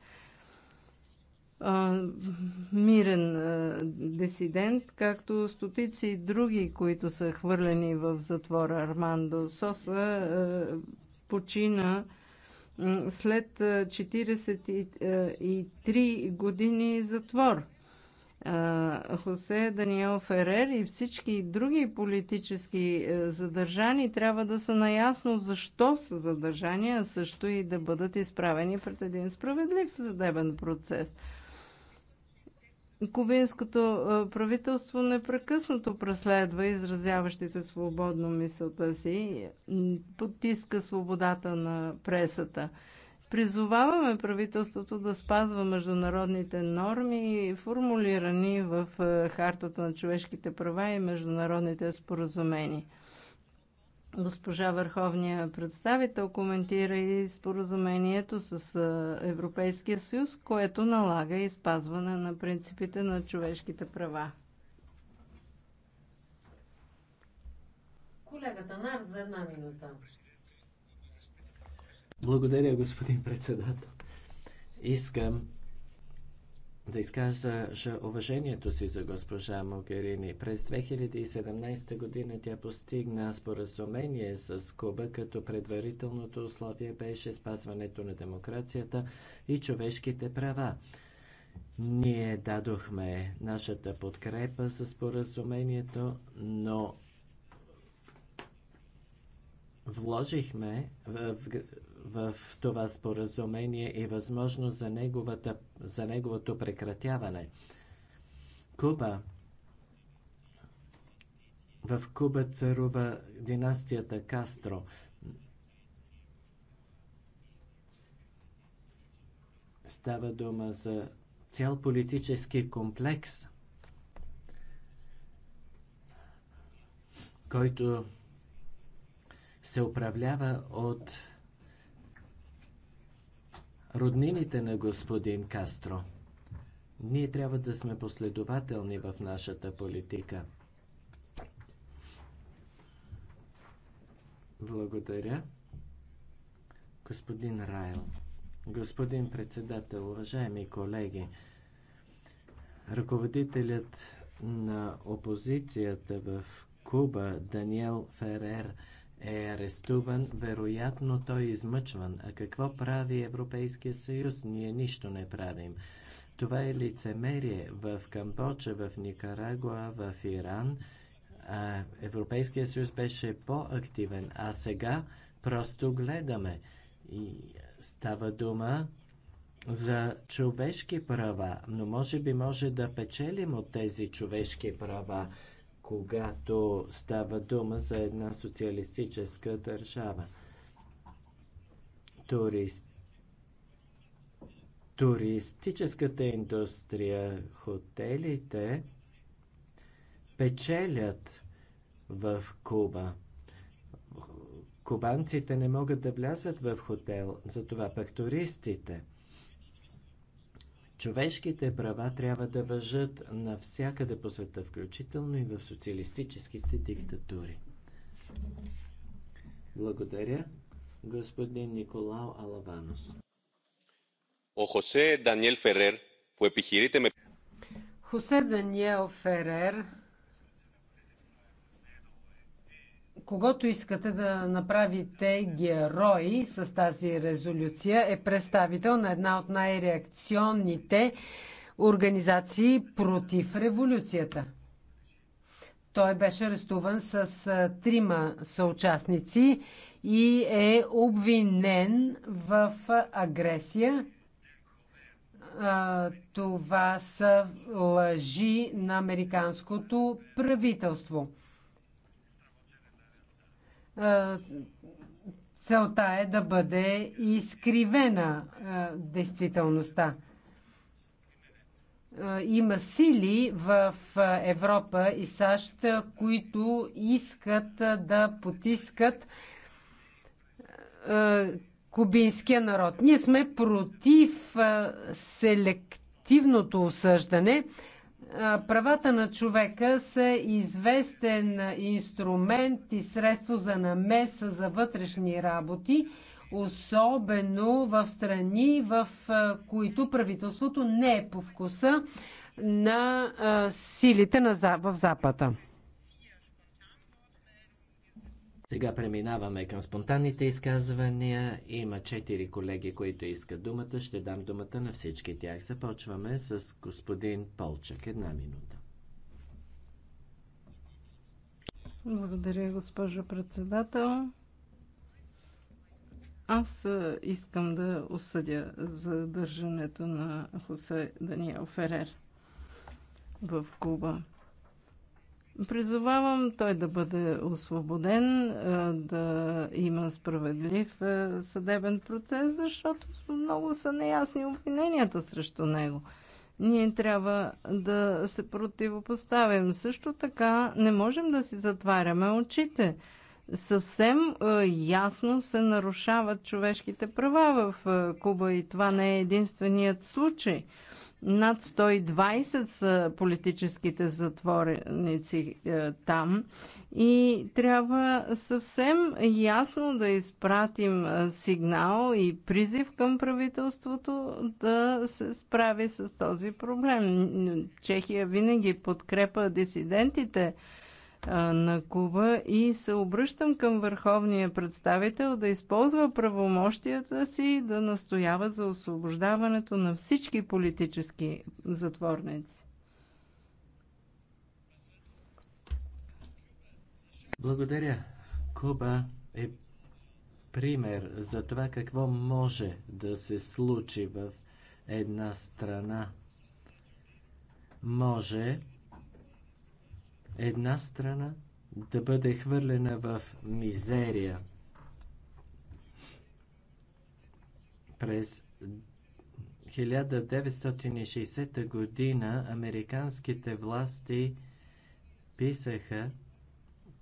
мирен дисидент, както стотици и други, които са хвърлени в затвора. Армандо Соса почина след 43 години затвор. Хосе Даниел Ферер и всички други политически е, задържани трябва да са наясно защо са задържани, а също и да бъдат изправени пред един справедлив съдебен процес. Кубинското е, правителство непрекъснато преследва изразяващите свободно мисълта си, потиска свободата на пресата. Призоваваме правителството да спазва международните норми, формулирани в е, Хартата на човешките права и международните споразумения. Госпожа Върховния представител коментира и споразумението с е, Европейския съюз, което налага и спазване на принципите на човешките права. Колегата Нарт за една минута. Благодаря, господин председател. Искам да изкажа уважението си за госпожа Могерини. През 2017 година тя постигна споразумение с Куба, като предварителното условие беше спазването на демокрацията и човешките права. Ние дадохме нашата подкрепа за споразумението, но вложихме, в това споразумение и възможност за, неговата, за неговото прекратяване. Куба в Куба царува династията Кастро. Става дума за цял политически комплекс, който се управлява от роднините на господин Кастро. Ние трябва да сме последователни в нашата политика. Благодаря. Господин Райл, господин председател, уважаеми колеги, ръководителят на опозицията в Куба Даниел Ферер – е арестуван, вероятно той е измъчван. А какво прави Европейския съюз? Ние нищо не правим. Това е лицемерие в Камбоджа, в Никарагуа, в Иран. Европейският Европейския съюз беше по-активен, а сега просто гледаме. И става дума за човешки права, но може би може да печелим от тези човешки права когато става дума за една социалистическа държава. Турист туристическата индустрия, хотелите печелят в Куба. Кубанците не могат да влязат в хотел, затова пък туристите. Човешките права трябва да въжат навсякъде по света, включително и в социалистическите диктатури. Благодаря, господин Николао Алаванос. О Хосе Даниел Ферер, по епихирите ме... Хосе Даниел Ферер, Когато искате да направите герои с тази резолюция, е представител на една от най-реакционните организации против революцията. Той беше арестуван с трима съучастници и е обвинен в агресия. Това са лъжи на американското правителство. Е, целта е да бъде изкривена е, действителността. Е, има сили в Европа и САЩ, които искат да потискат кубинския народ. Ние сме против селективното осъждане правата на човека са известен инструмент и средство за намеса за вътрешни работи, особено в страни, в които правителството не е по вкуса на силите в Запада. Сега преминаваме към спонтанните изказвания. Има четири колеги, които искат думата. Ще дам думата на всички тях. Започваме с господин Полчак. Една минута. Благодаря, госпожо председател. Аз искам да осъдя задържането на Хосе Даниел Ферер в Куба. Призовавам той да бъде освободен, да има справедлив съдебен процес, защото много са неясни обвиненията срещу него. Ние трябва да се противопоставим. Също така не можем да си затваряме очите. Съвсем ясно се нарушават човешките права в Куба и това не е единственият случай – над 120 са политическите затворници е, там и трябва съвсем ясно да изпратим е, сигнал и призив към правителството да се справи с този проблем. Чехия винаги подкрепа дисидентите на Куба и се обръщам към върховния представител да използва правомощията си да настоява за освобождаването на всички политически затворници. Благодаря. Куба е пример за това какво може да се случи в една страна. Може една страна да бъде хвърлена в мизерия през 1960 година американските власти писаха,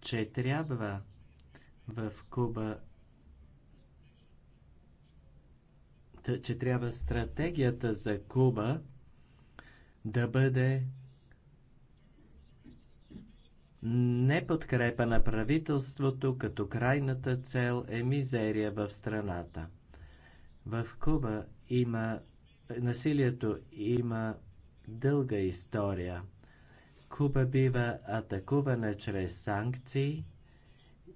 че трябва в Куба че трябва стратегията за Куба да бъде Неподкрепа на правителството като крайната цел е мизерия в страната. В Куба има насилието има дълга история. Куба бива атакувана чрез санкции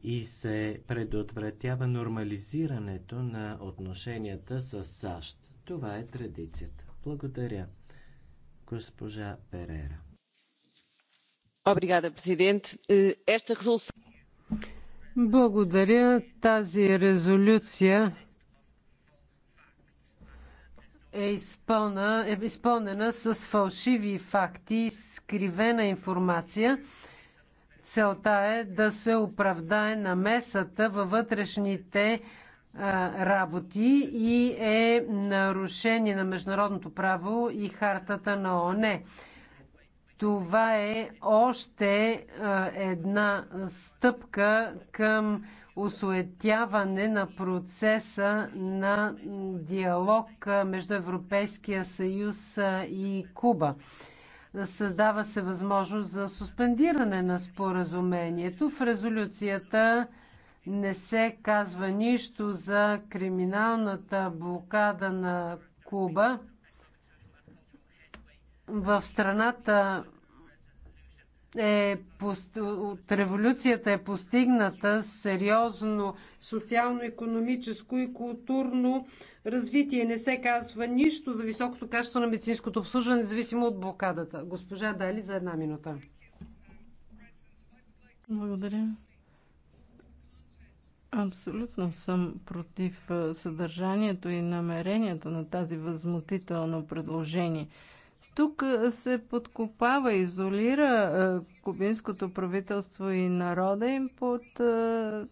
и се предотвратява нормализирането на отношенията с САЩ. Това е традицията. Благодаря, госпожа Перера. Eh, Благодаря. Тази резолюция е, е, изпълнена с фалшиви факти, скривена информация. Целта е да се оправдае намесата във вътрешните работи и е нарушение на международното право и хартата на ОНЕ. Това е още една стъпка към осуетяване на процеса на диалог между Европейския съюз и Куба. Създава се възможност за суспендиране на споразумението. В резолюцията не се казва нищо за криминалната блокада на Куба. В страната е, от революцията е постигната сериозно социално-економическо и културно развитие. Не се казва нищо за високото качество на медицинското обслужване, независимо от блокадата. Госпожа Дали за една минута. Благодаря. Абсолютно съм против съдържанието и намерението на тази възмутително предложение – тук се подкопава, изолира кубинското правителство и народа им под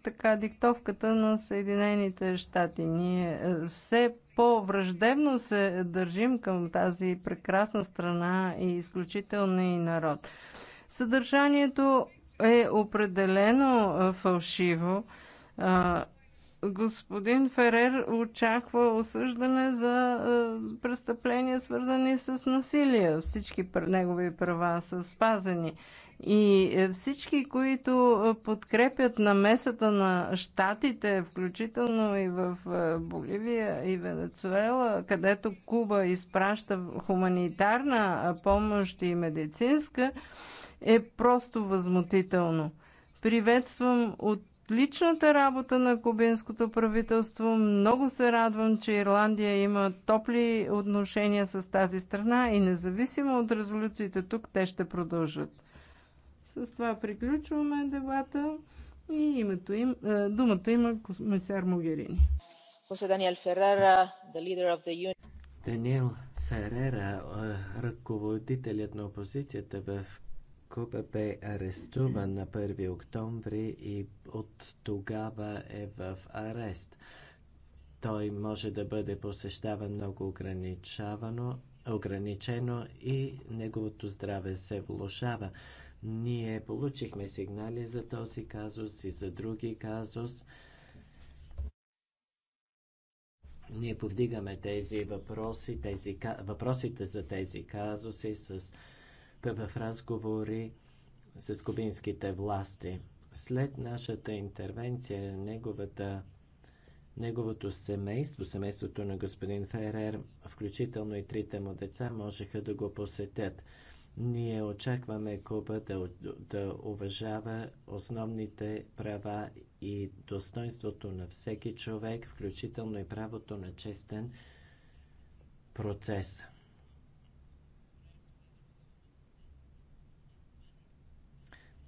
така диктовката на Съединените щати. Ние все по-враждебно се държим към тази прекрасна страна и изключителни народ. Съдържанието е определено фалшиво господин Ферер очаква осъждане за е, престъпления, свързани с насилие. Всички негови права са спазени. И е, всички, които е, подкрепят намесата на щатите, включително и в Боливия и Венецуела, където Куба изпраща хуманитарна помощ и медицинска, е просто възмутително. Приветствам от отличната работа на кубинското правителство. Много се радвам, че Ирландия има топли отношения с тази страна и независимо от резолюциите тук, те ще продължат. С това приключваме дебата и името им, е, думата има комисар Могерини. Даниел Ферера, the leader of the union. Даниел Ферера, ръководителят на опозицията в Куба бе арестуван на 1 октомври и от тогава е в арест. Той може да бъде посещаван много ограничавано, ограничено и неговото здраве се влушава. Ние получихме сигнали за този казус и за други казус. Ние повдигаме тези въпроси, тези, въпросите за тези казуси с в разговори с кубинските власти. След нашата интервенция, неговата, неговото семейство, семейството на господин Ферер, включително и трите му деца, можеха да го посетят. Ние очакваме Куба да, да уважава основните права и достоинството на всеки човек, включително и правото на честен процес.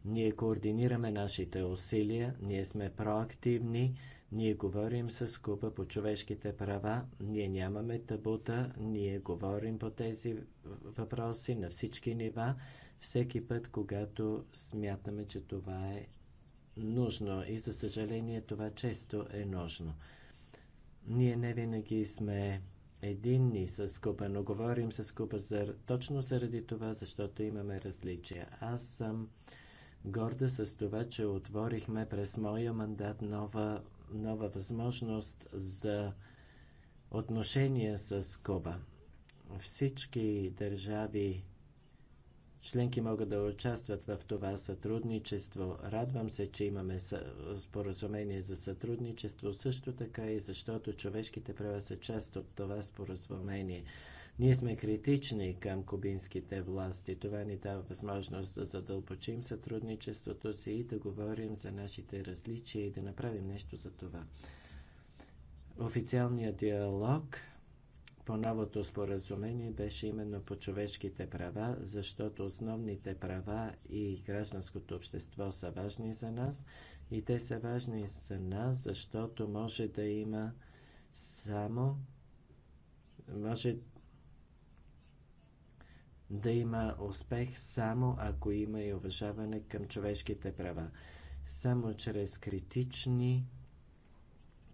Ние координираме нашите усилия, ние сме проактивни, ние говорим с Куба по човешките права, ние нямаме табута, ние говорим по тези въпроси на всички нива, всеки път, когато смятаме, че това е нужно и за съжаление това често е нужно. Ние не винаги сме единни с Куба, но говорим с Куба за, точно заради това, защото имаме различия. Аз съм горда с това, че отворихме през моя мандат нова, нова възможност за отношения с Куба. Всички държави членки могат да участват в това сътрудничество. Радвам се, че имаме споразумение за сътрудничество също така и защото човешките права са част от това споразумение. Ние сме критични към кубинските власти. Това ни дава възможност да задълбочим сътрудничеството си и да говорим за нашите различия и да направим нещо за това. Официалният диалог по новото споразумение беше именно по човешките права, защото основните права и гражданското общество са важни за нас и те са важни за нас, защото може да има само може да има успех само ако има и уважаване към човешките права. Само чрез критични,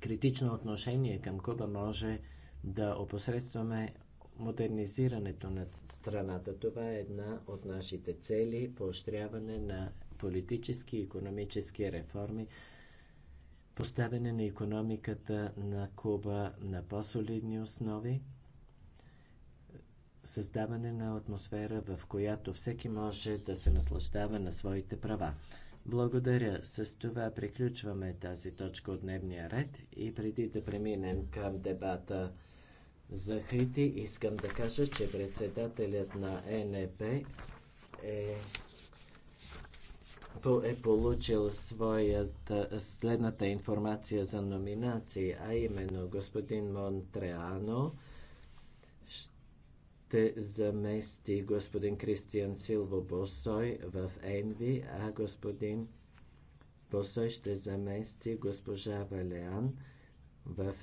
критично отношение към Куба може да опосредстваме модернизирането на страната. Това е една от нашите цели поощряване на политически и економически реформи, поставяне на економиката на Куба на по-солидни основи създаване на атмосфера, в която всеки може да се наслаждава на своите права. Благодаря. С това приключваме тази точка от дневния ред и преди да преминем към дебата за Хити, искам да кажа, че председателят на НЕП е, е, е получил своята, следната информация за номинации, а именно господин Монтреано, ще замести господин Кристиан Силво Босой в Енви, а господин Босой ще замести госпожа Валеан в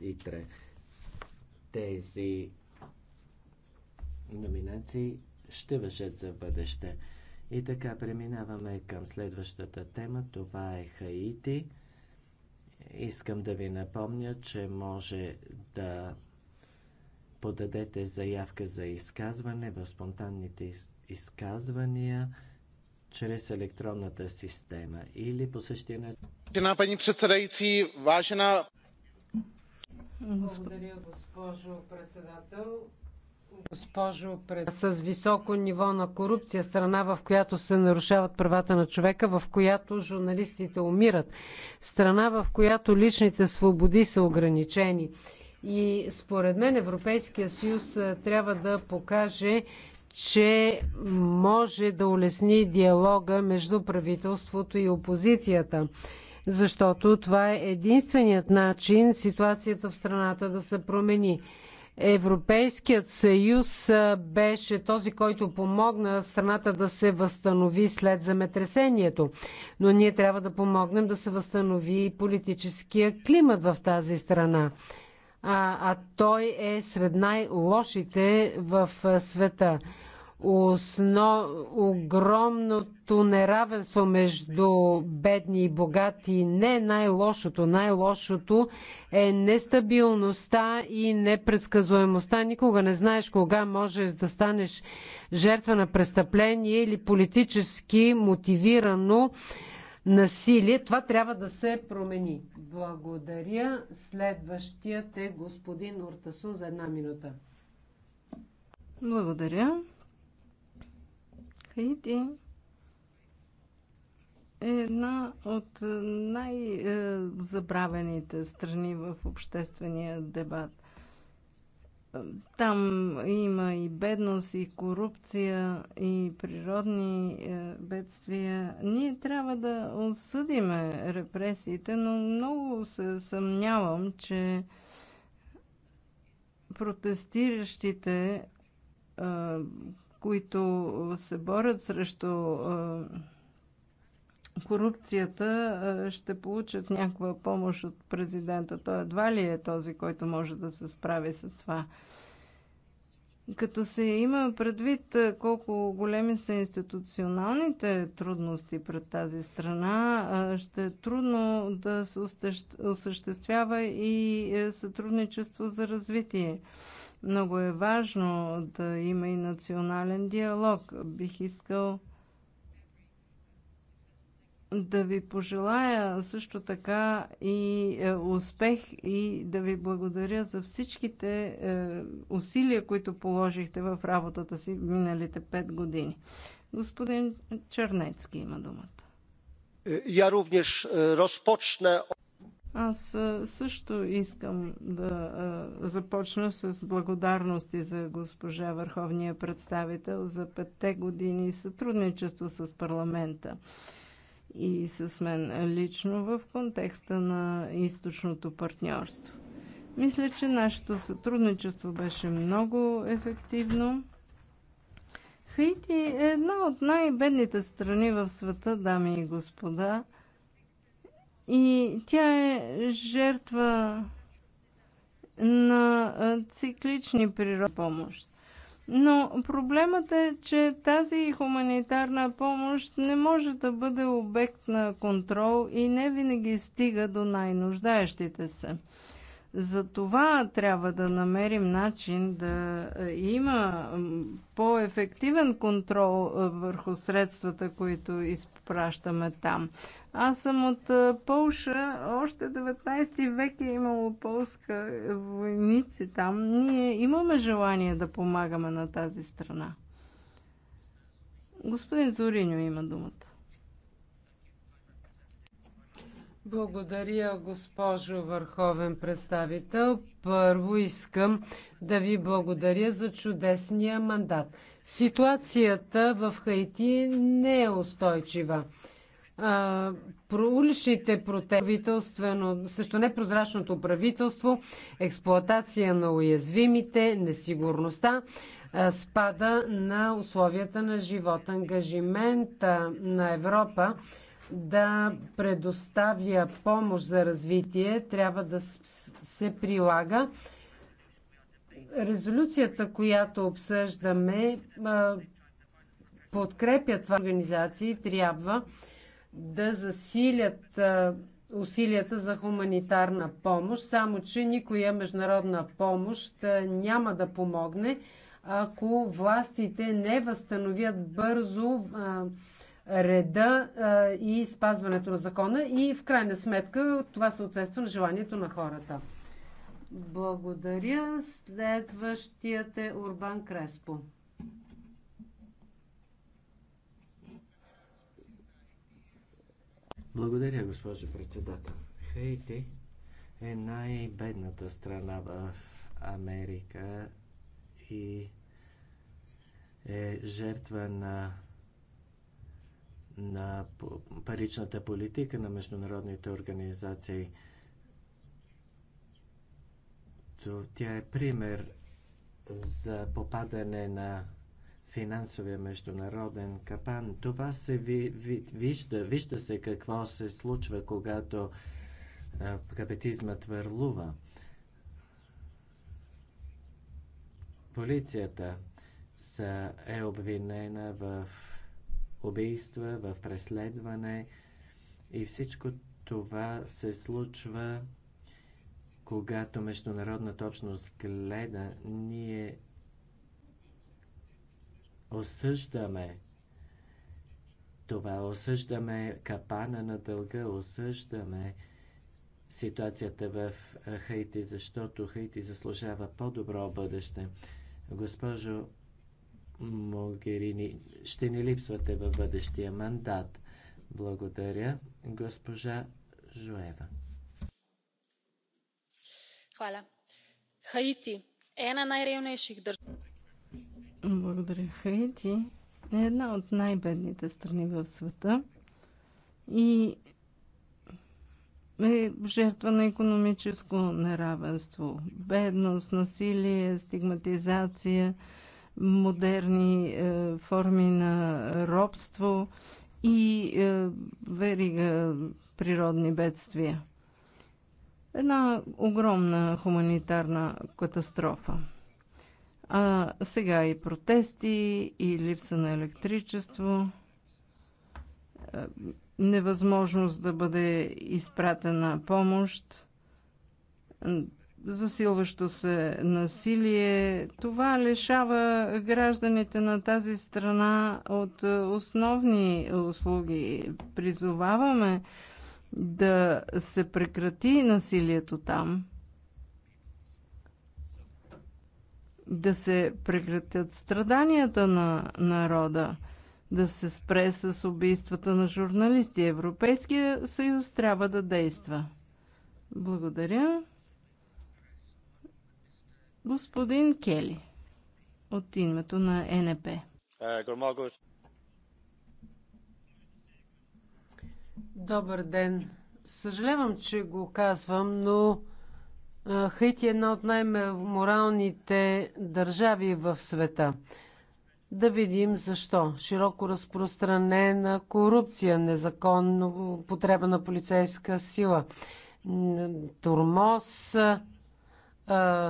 Итре. Тези номинации ще въжат за бъдеще. И така преминаваме към следващата тема. Това е Хаити. Искам да ви напомня, че може да подадете заявка за изказване в спонтанните из изказвания чрез електронната система или по същия начин. Vážená Благодаря, госпожо председател. Госпожо пред... С високо ниво на корупция, страна в която се нарушават правата на човека, в която журналистите умират, страна в която личните свободи са ограничени и според мен Европейския съюз трябва да покаже, че може да улесни диалога между правителството и опозицията. Защото това е единственият начин ситуацията в страната да се промени. Европейският съюз беше този, който помогна страната да се възстанови след земетресението. Но ние трябва да помогнем да се възстанови и политическия климат в тази страна а, а той е сред най-лошите в света. Осно, огромното неравенство между бедни и богати не е най-лошото. Най-лошото е нестабилността и непредсказуемостта. Никога не знаеш кога можеш да станеш жертва на престъпление или политически мотивирано насилие. Това трябва да се промени. Благодаря. Следващият е господин Ортасун за една минута. Благодаря. Хаити е една от най-забравените е, страни в обществения дебат. Там има и бедност, и корупция, и природни е, бедствия. Ние трябва да осъдиме репресиите, но много се съмнявам, че протестиращите, е, които се борят срещу е, корупцията ще получат някаква помощ от президента. Той едва ли е този, който може да се справи с това. Като се има предвид колко големи са институционалните трудности пред тази страна, ще е трудно да се осъществява и е, сътрудничество за развитие. Много е важно да има и национален диалог. Бих искал да ви пожелая също така и е, успех и да ви благодаря за всичките е, усилия, които положихте в работата си миналите пет години. Господин Чернецки има думата. Е, я również rozpocznę. Аз също искам да започна с благодарности за госпожа Върховния представител за петте години сътрудничество с парламента и с мен лично в контекста на източното партньорство. Мисля, че нашето сътрудничество беше много ефективно. Хаити е една от най-бедните страни в света, дами и господа. И тя е жертва на циклични природни помощи. Но проблемът е, че тази хуманитарна помощ не може да бъде обект на контрол и не винаги стига до най-нуждаещите се. За това трябва да намерим начин да е, има по-ефективен контрол е, върху средствата, които изпълняваме пращаме там. Аз съм от Полша. Още 19 век е имало полска войници там. Ние имаме желание да помагаме на тази страна. Господин Зориньо има думата. Благодаря, госпожо Върховен представител. Първо искам да ви благодаря за чудесния мандат. Ситуацията в Хаити не е устойчива. А, про уличните правителствено, също непрозрачното правителство, експлоатация на уязвимите, несигурността а, спада на условията на живот. Ангажимента на Европа да предоставя помощ за развитие трябва да се прилага Резолюцията, която обсъждаме, подкрепя това организации, трябва да засилят усилията за хуманитарна помощ, само че никоя международна помощ няма да помогне, ако властите не възстановят бързо реда и спазването на закона и в крайна сметка това съответства на желанието на хората. Благодаря. Следващият е Урбан Креспо. Благодаря, госпожо председател. Хейти е най-бедната страна в Америка и е жертва на, на паричната политика на международните организации – защото тя е пример за попадане на финансовия международен капан. Това се ви, ви, вижда, вижда се какво се случва, когато а, капетизмът върлува. Полицията са, е обвинена в убийства, в преследване и всичко това се случва когато международната общност гледа, ние осъждаме това, осъждаме капана на дълга, осъждаме ситуацията в Хаити, защото Хаити заслужава по-добро бъдеще. Госпожо Могерини, ще ни липсвате във бъдещия мандат. Благодаря, госпожа Жоева. Хаити е една най-ревнейших държав. Благодаря. Хаити е една от най-бедните страни в света и е жертва на економическо неравенство, бедност, насилие, стигматизация, модерни е, форми на робство и е, верига природни бедствия. Една огромна хуманитарна катастрофа. А сега и протести, и липса на електричество, е, невъзможност да бъде изпратена помощ, засилващо се насилие. Това лишава гражданите на тази страна от е, основни услуги. Призоваваме да се прекрати насилието там, да се прекратят страданията на народа, да се спре с убийствата на журналисти. Европейския съюз трябва да действа. Благодаря. Господин Кели от името на НП. Добър ден. Съжалявам, че го казвам, но Хаити е една от най-моралните държави в света. Да видим защо. Широко разпространена корупция, незаконно потреба на полицейска сила, турмоз,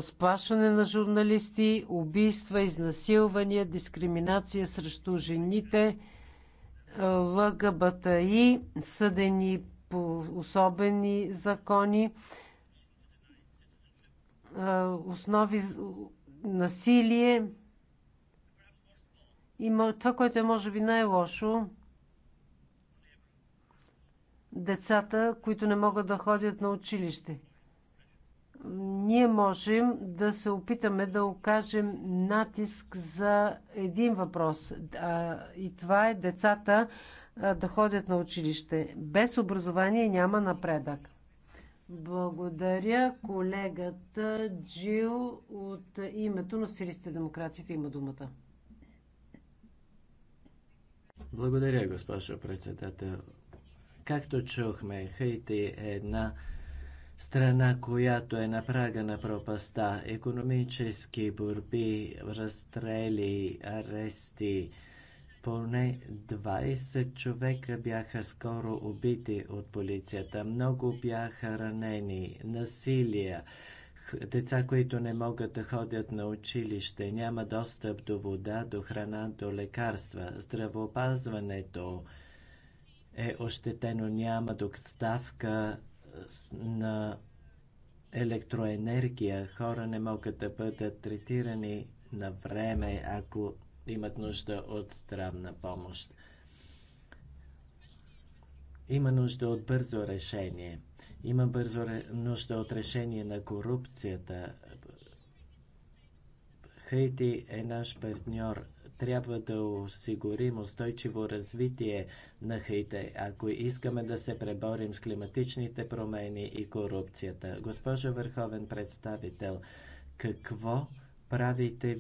сплашване на журналисти, убийства, изнасилвания, дискриминация срещу жените – ЛГБТИ, съдени по особени закони, основи насилие. И това, което е може би най-лошо, децата, които не могат да ходят на училище ние можем да се опитаме да окажем натиск за един въпрос. И това е децата да ходят на училище. Без образование няма напредък. Благодаря колегата Джил от името на Сирийските демократите има думата. Благодаря, госпожо председател. Както чухме, Хейти е една страна, която е на прага на пропаста, економически борби, разстрели, арести. Поне 20 човека бяха скоро убити от полицията, много бяха ранени, насилие, деца, които не могат да ходят на училище, няма достъп до вода, до храна, до лекарства, здравоопазването е ощетено, няма доставка на електроенергия. Хора не могат да бъдат третирани на време, ако имат нужда от здравна помощ. Има нужда от бързо решение. Има бързо ре... нужда от решение на корупцията. Хейти е наш партньор трябва да осигурим устойчиво развитие на Хаити, ако искаме да се преборим с климатичните промени и корупцията. Госпожо Върховен представител, какво правите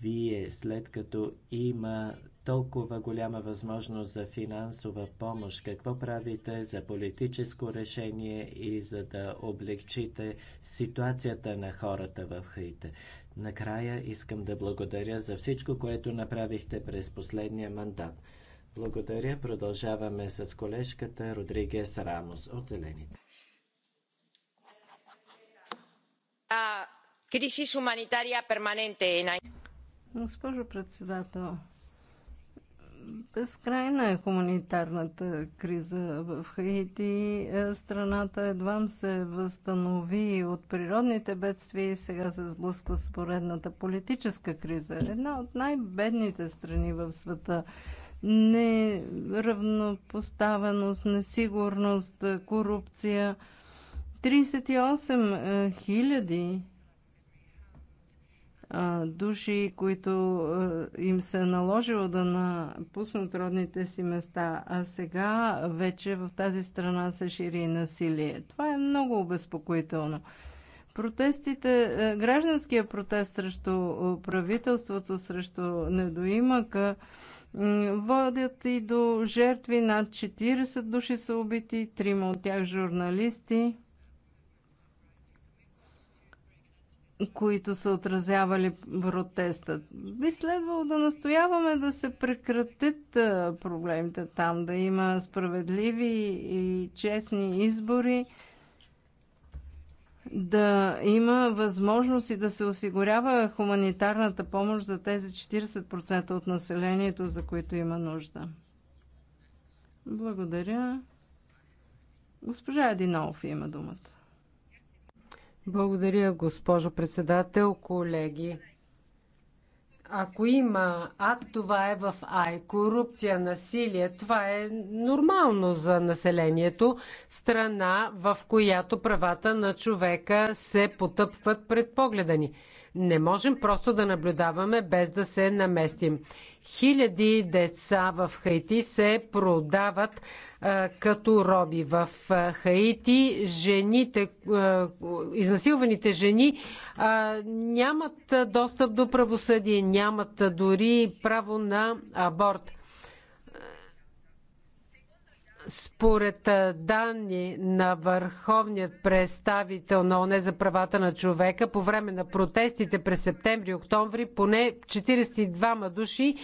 вие след като има толкова голяма възможност за финансова помощ? Какво правите за политическо решение и за да облегчите ситуацията на хората в Хаите? Накрая искам да благодаря за всичко, което направихте през последния мандат. Благодаря. Продължаваме с колежката Родригес Рамос от Зелените. Госпожо председател, Безкрайна е хуманитарната криза в Хаити. Е, страната едва се възстанови от природните бедствия и сега се сблъсква с поредната политическа криза. Една от най-бедните страни в света. Неравнопоставеност, несигурност, корупция. 38 е, хиляди 000 души, които им се е наложило да напуснат родните си места, а сега вече в тази страна се шири и насилие. Това е много обезпокоително. Протестите, гражданския протест срещу правителството, срещу недоимъка, водят и до жертви. Над 40 души са убити, трима от тях журналисти. които са отразявали протеста. Би следвало да настояваме да се прекратят проблемите там, да има справедливи и честни избори, да има възможност и да се осигурява хуманитарната помощ за тези 40% от населението, за които има нужда. Благодаря. Госпожа Адинов има думата. Благодаря, госпожо председател, колеги. Ако има ад, това е в Ай. Корупция, насилие, това е нормално за населението. Страна, в която правата на човека се потъпват пред погледа ни. Не можем просто да наблюдаваме без да се наместим. Хиляди деца в Хаити се продават а, като роби. В а, Хаити жените, а, изнасилваните жени а, нямат достъп до правосъдие, нямат дори право на аборт. Според данни на върховният представител на ОНЕ за правата на човека, по време на протестите през септември и октомври поне 42 души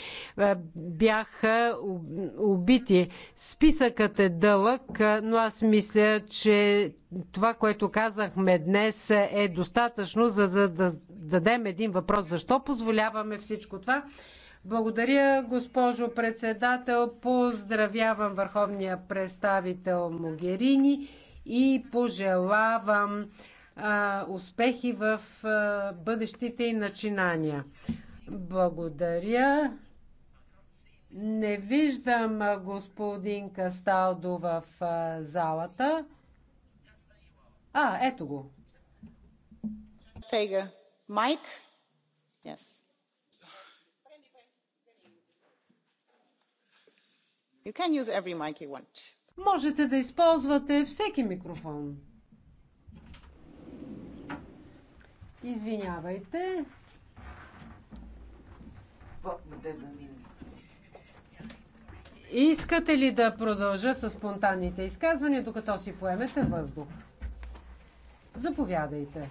бяха убити. Списъкът е дълъг, но аз мисля, че това, което казахме днес е достатъчно, за да дадем един въпрос. Защо позволяваме всичко това? Благодаря, госпожо председател. Поздравявам върховния представител Могерини и пожелавам а, успехи в а, бъдещите и начинания. Благодаря. Не виждам господин Касталдо в а, залата. А, ето го. Майк? Yes. You can use every mic you want. Можете да използвате всеки микрофон. Извинявайте. Искате ли да продължа с спонтанните изказвания, докато си поемете въздух? Заповядайте.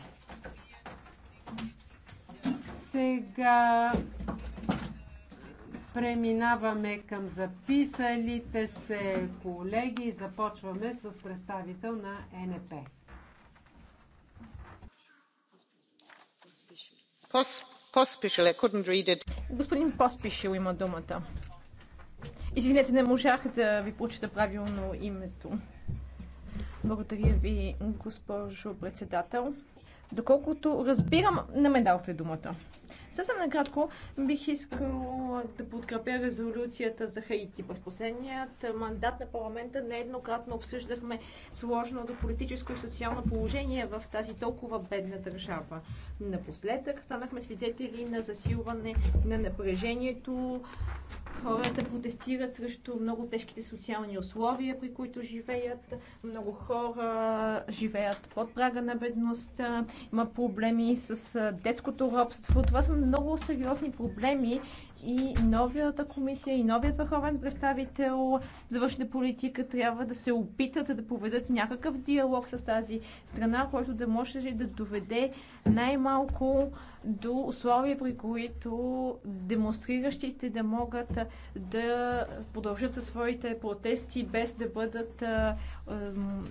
Сега Преминаваме към записалите се колеги започваме с представител на НП. Е, Господин Поспишил има думата. Извинете, не можах да ви получите правилно името. Благодаря ви, госпожо председател. Доколкото разбирам, не ме давате думата. Съвсем накратко бих искала да подкрепя резолюцията за Хаити. През последният мандат на парламента нееднократно обсъждахме сложното политическо и социално положение в тази толкова бедна държава. Напоследък станахме свидетели на засилване на напрежението. Хората протестират срещу много тежките социални условия, при които живеят. Много хора живеят под прага на бедността. Има проблеми с детското робство. Това са много сериозни проблеми и новията комисия, и новият върховен представител за външна политика трябва да се опитат да поведат някакъв диалог с тази страна, който да може да доведе най-малко до условия, при които демонстриращите да могат да продължат със своите протести без да бъдат а, а,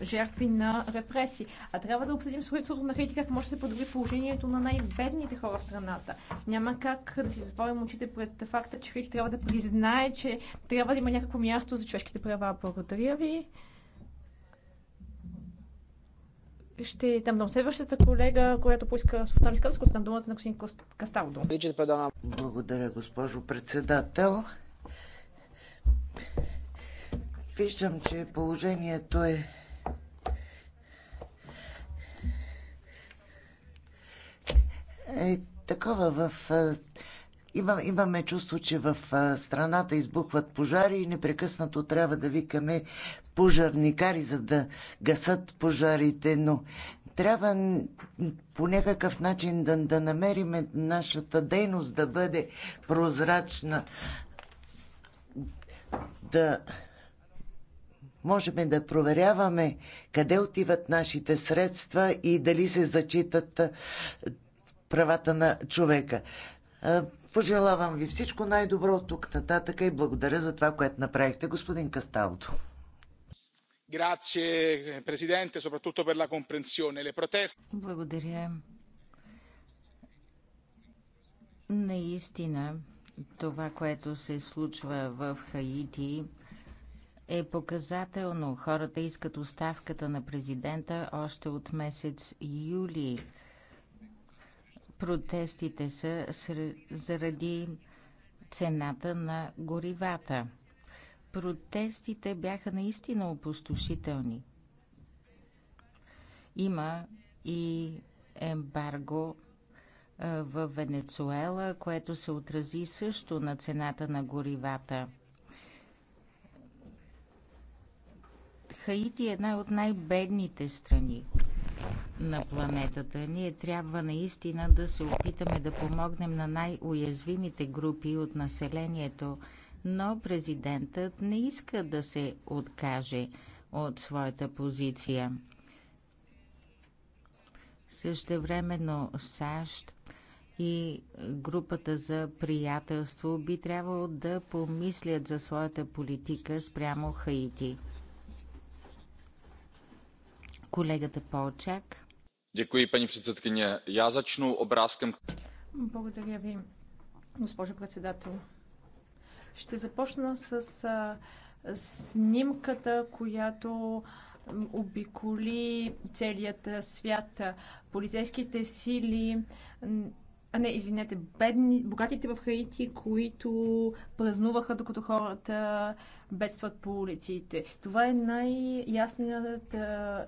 жертви на репресии. А трябва да обсъдим строителството на Хейти, как може да се подобри положението на най-бедните хора в страната. Няма как да си затворим очите пред факта, че Хрити трябва да признае, че трябва да има някакво място за човешките права. Благодаря ви. Ще дам е дом следващата колега, която поиска спонтанно изказване, дам думата на господин Касталдо. Благодаря, госпожо председател. Виждам, че положението е е такова в... Има, имаме чувство, че в страната избухват пожари и непрекъснато трябва да викаме пожарникари, за да гасат пожарите, но трябва по някакъв начин да, да намерим нашата дейност да бъде прозрачна, да можем да проверяваме къде отиват нашите средства и дали се зачитат правата на човека. Пожелавам ви всичко най-добро от тук нататък и благодаря за това, което направихте, господин Касталто. Grazie, президенте, soprattutto per la comprensione. Le proteste... Благодаря. Наистина, това, което се случва в Хаити, е показателно. Хората искат оставката на президента още от месец юли. Протестите са заради цената на горивата – Протестите бяха наистина опустошителни. Има и ембарго в Венецуела, което се отрази също на цената на горивата. Хаити е една от най-бедните страни на планетата. Ние трябва наистина да се опитаме да помогнем на най-уязвимите групи от населението – но президентът не иска да се откаже от своята позиция. Същевременно САЩ и групата за приятелство би трябвало да помислят за своята политика спрямо Хаити. Колегата Полчак. Děkuji, paní předsedkyně. Já začnu obrázkem. Благодаря ви, госпожо председател. Ще започна с а, снимката, която обиколи целият свят. Полицейските сили а не, извинете, бедни, богатите в Хаити, които празнуваха, докато хората бедстват по улиците. Това е най-ясният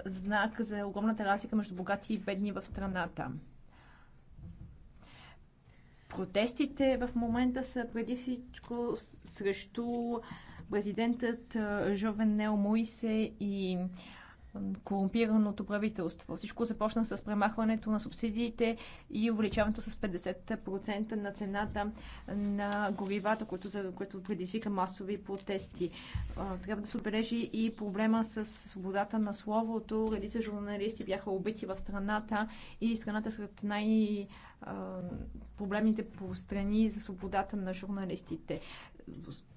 знак за огромната разлика между богати и бедни в страната. Протестите в момента са преди всичко срещу президентът Жовен Нел Моисе и корумпираното правителство. Всичко започна с премахването на субсидиите и увеличаването с 50% на цената на горивата, което, за, което предизвика масови протести. Трябва да се отбележи и проблема с свободата на словото. Редица журналисти бяха убити в страната и страната е сред най- проблемните по страни за свободата на журналистите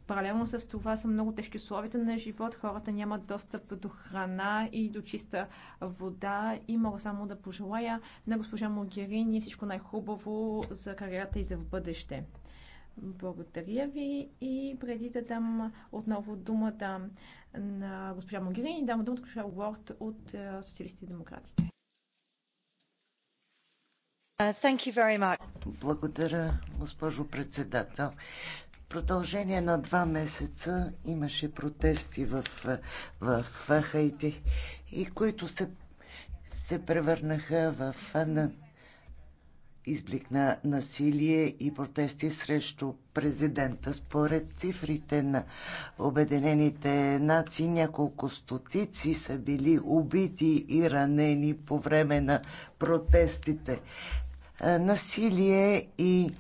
Паралелно с това са много тежки условията на живот. Хората нямат достъп до храна и до чиста вода. И мога само да пожелая на госпожа Могерини всичко най-хубаво за кариерата и за в бъдеще. Благодаря ви и преди да дам отново думата на госпожа Могерини, дам думата госпожа Уорд от е, Социалистите и демократите. Uh, Благодаря, госпожо председател продължение на два месеца имаше протести в, в, в Хаити и които се, се превърнаха в на, изблик на насилие и протести срещу президента. Според цифрите на Обединените нации, няколко стотици са били убити и ранени по време на протестите. Е, насилие и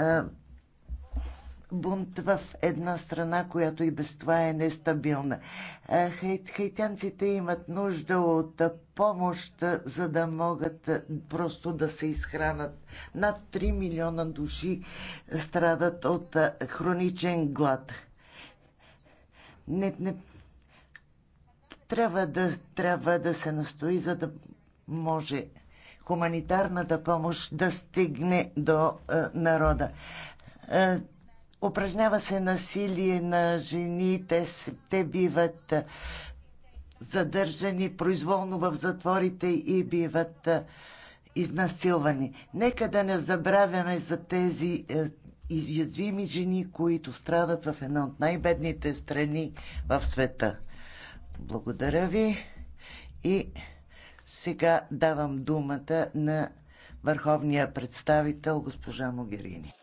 е, бунт в една страна, която и без това е нестабилна. Е, Хаитянците имат нужда от помощ, за да могат просто да се изхранат. Над 3 милиона души страдат от е, хроничен глад. Не, не, трябва, да, трябва да се настои, за да може хуманитарната помощ да стигне до е, народа. Е, упражнява се насилие на жените, те биват задържани произволно в затворите и биват изнасилвани. Нека да не забравяме за тези е, уязвими жени, които страдат в една от най-бедните страни в света. Благодаря ви и сега давам думата на върховния представител госпожа Могерини.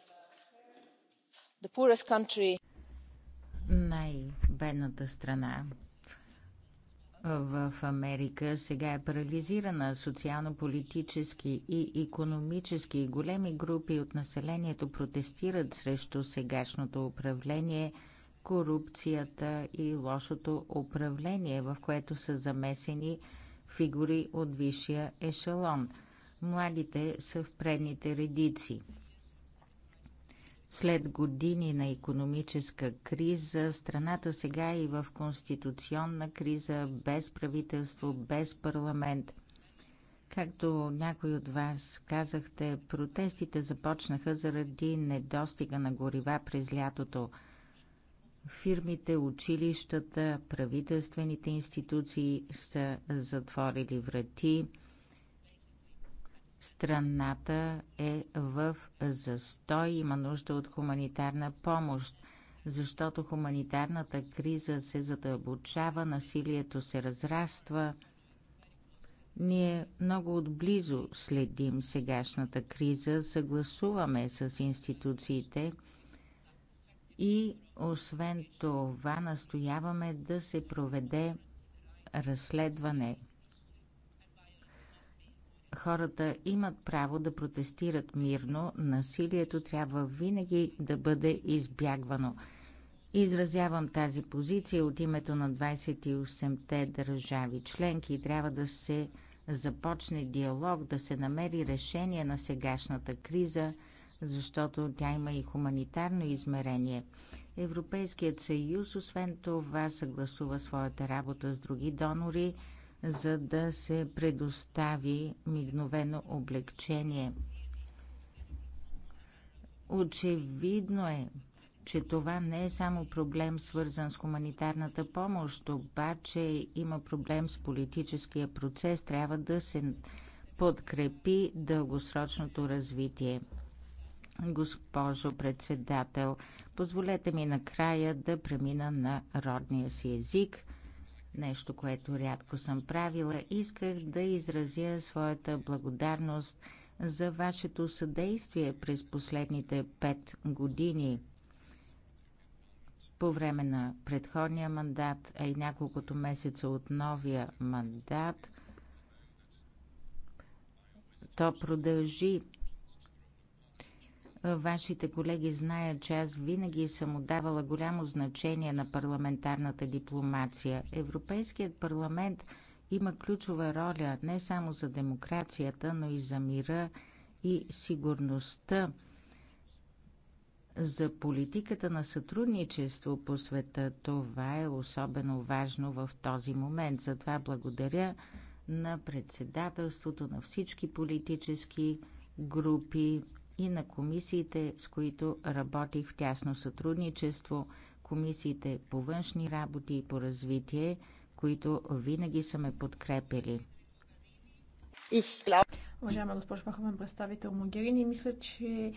Най-бедната страна в Америка сега е парализирана социално-политически и економически. Големи групи от населението протестират срещу сегашното управление, корупцията и лошото управление, в което са замесени фигури от висшия ешелон. Младите са в предните редици – след години на економическа криза, страната сега е и в конституционна криза, без правителство, без парламент. Както някой от вас казахте, протестите започнаха заради недостига на горива през лятото. Фирмите, училищата, правителствените институции са затворили врати – Страната е в застой, има нужда от хуманитарна помощ, защото хуманитарната криза се задълбочава, насилието се разраства. Ние много отблизо следим сегашната криза, съгласуваме с институциите и освен това настояваме да се проведе разследване Хората имат право да протестират мирно, насилието трябва винаги да бъде избягвано. Изразявам тази позиция от името на 28-те държави членки и трябва да се започне диалог, да се намери решение на сегашната криза, защото тя има и хуманитарно измерение. Европейският съюз, освен това, съгласува своята работа с други донори – за да се предостави мигновено облегчение. Очевидно е, че това не е само проблем свързан с хуманитарната помощ, обаче има проблем с политическия процес. Трябва да се подкрепи дългосрочното развитие. Госпожо председател, позволете ми накрая да премина на родния си език нещо, което рядко съм правила, исках да изразя своята благодарност за вашето съдействие през последните пет години. По време на предходния мандат, а и няколкото месеца от новия мандат, то продължи Вашите колеги знаят, че аз винаги съм отдавала голямо значение на парламентарната дипломация. Европейският парламент има ключова роля не само за демокрацията, но и за мира и сигурността за политиката на сътрудничество по света. Това е особено важно в този момент. Затова благодаря на председателството на всички политически групи и на комисиите, с които работих в тясно сътрудничество, комисиите по външни работи и по развитие, които винаги са ме подкрепили. Уважаема госпожо Върховен представител Могерини, мисля, че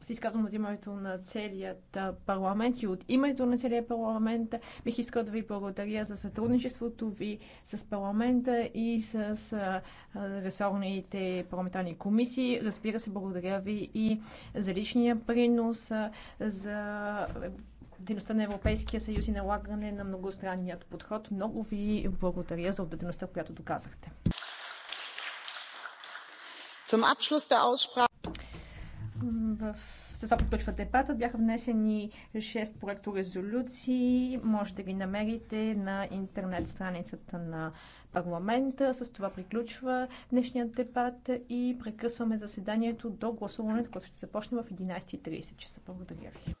се изказвам от името на целият парламент и от името на целият парламент бих искал да ви благодаря за сътрудничеството ви с парламента и с ресорните парламентарни комисии. Разбира се, благодаря ви и за личния принос, за дейността на Европейския съюз и налагане на многостранният подход. Много ви благодаря за отдадеността, която доказахте. В... това приключва дебатът. Бяха внесени 6 проекто резолюции. Може да ги намерите на интернет страницата на парламента. С това приключва днешният дебат и прекъсваме заседанието до гласуването, което ще започне в 11.30 часа. Благодаря ви.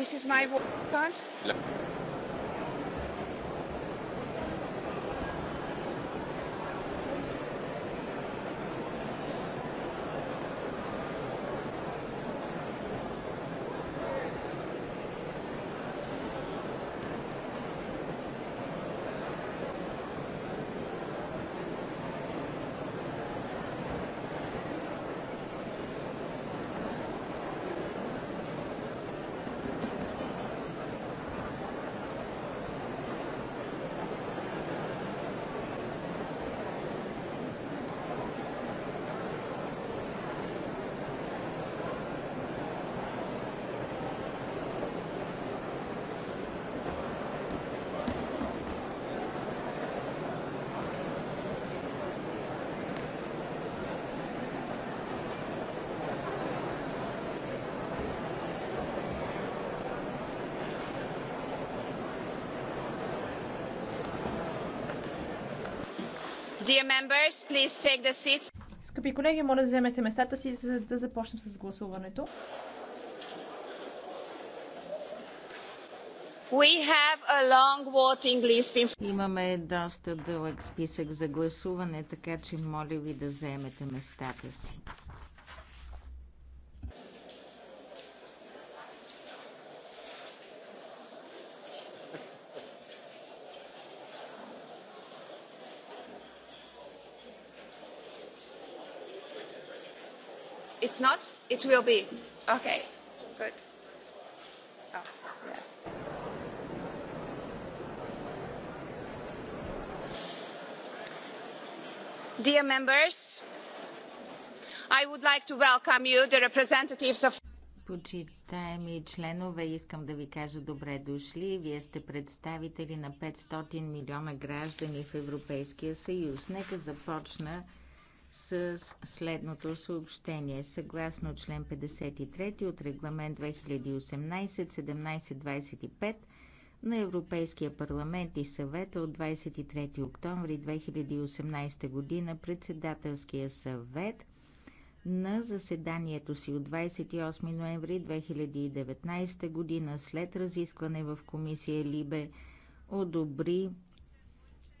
this is my work card. Members, Скъпи колеги, моля да вземете местата си, за да започнем с гласуването. Имаме доста дълъг списък за гласуване, така че моля ви да вземете местата си. not it will be okay good oh, yes dear members i would like to welcome you the representatives of Почитаеми членове, искам да ви кажа добре дошли. Вие сте представители на 500 милиона граждани в Европейския съюз. Нека започна с следното съобщение. Съгласно член 53 от регламент 2018-1725 на Европейския парламент и съвета от 23 октомври 2018 година, председателския съвет на заседанието си от 28 ноември 2019 година след разискване в комисия Либе одобри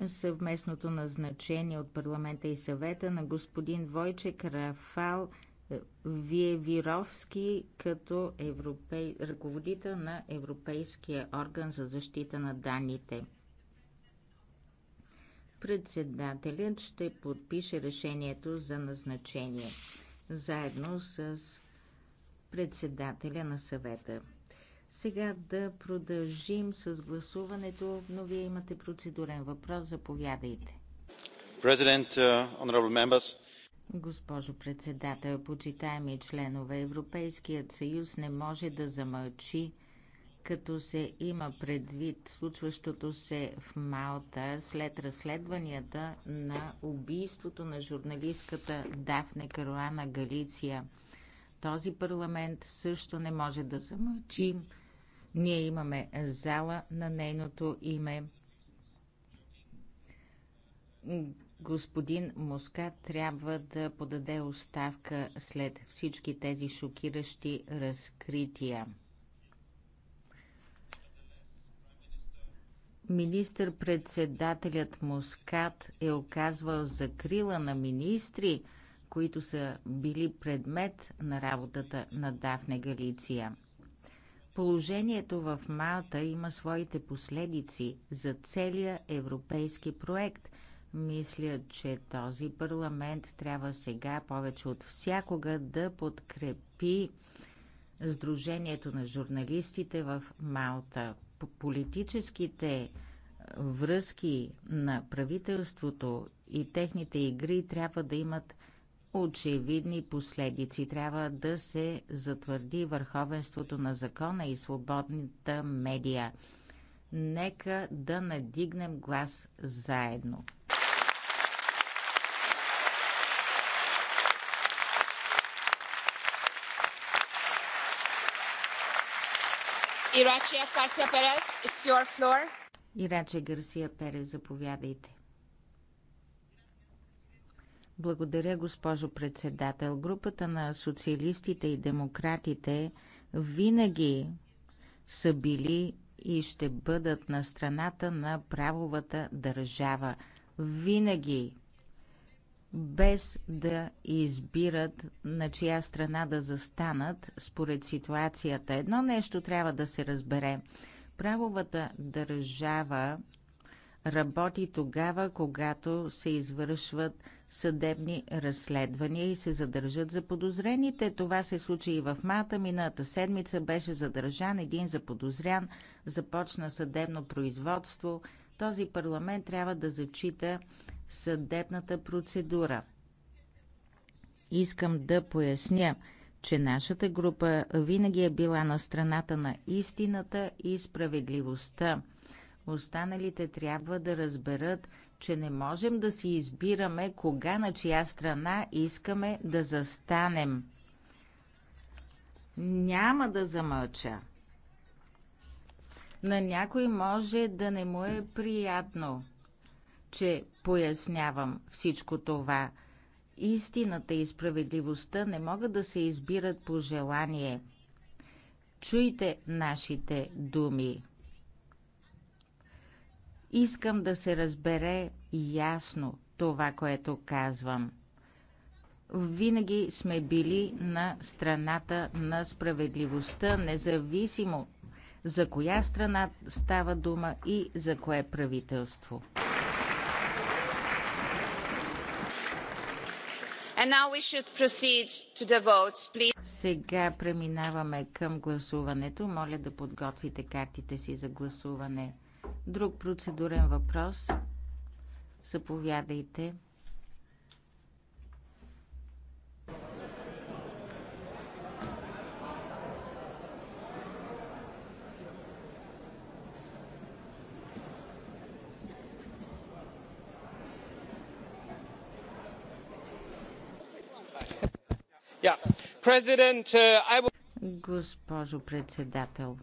съвместното назначение от парламента и съвета на господин Войчек Рафал е, Виевировски като европей... ръководител на Европейския орган за защита на данните. Председателят ще подпише решението за назначение заедно с председателя на съвета. Сега да продължим с гласуването, но вие имате процедурен въпрос. Заповядайте. Uh, Госпожо председател, почитаеми членове, Европейският съюз не може да замълчи, като се има предвид случващото се в Малта след разследванията на убийството на журналистката Дафне Каруана Галиция. Този парламент също не може да замълчи ние имаме зала на нейното име. Господин Моска трябва да подаде оставка след всички тези шокиращи разкрития. Министър-председателят Москат е оказвал закрила на министри, които са били предмет на работата на Дафне Галиция – Положението в Малта има своите последици за целия европейски проект. Мисля, че този парламент трябва сега повече от всякога да подкрепи Сдружението на журналистите в Малта. Политическите е, връзки на правителството и техните игри трябва да имат очевидни последици. Трябва да се затвърди върховенството на закона и свободната медия. Нека да надигнем глас заедно. Ираче Гарсия Перес, заповядайте. Благодаря, госпожо председател. Групата на социалистите и демократите винаги са били и ще бъдат на страната на правовата държава. Винаги, без да избират на чия страна да застанат според ситуацията. Едно нещо трябва да се разбере. Правовата държава работи тогава, когато се извършват съдебни разследвания и се задържат за подозрените. Това се случи и в Малта. Мината седмица беше задържан един заподозрян, започна съдебно производство. Този парламент трябва да зачита съдебната процедура. Искам да поясня, че нашата група винаги е била на страната на истината и справедливостта. Останалите трябва да разберат, че не можем да си избираме кога на чия страна искаме да застанем. Няма да замълча. На някой може да не му е приятно, че пояснявам всичко това. Истината и справедливостта не могат да се избират по желание. Чуйте нашите думи. Искам да се разбере ясно това, което казвам. Винаги сме били на страната на справедливостта, независимо за коя страна става дума и за кое правителство. Votes, Сега преминаваме към гласуването. Моля да подготвите картите си за гласуване. Друг процедурен въпрос. Съповядайте. Uh, Госпожо председател,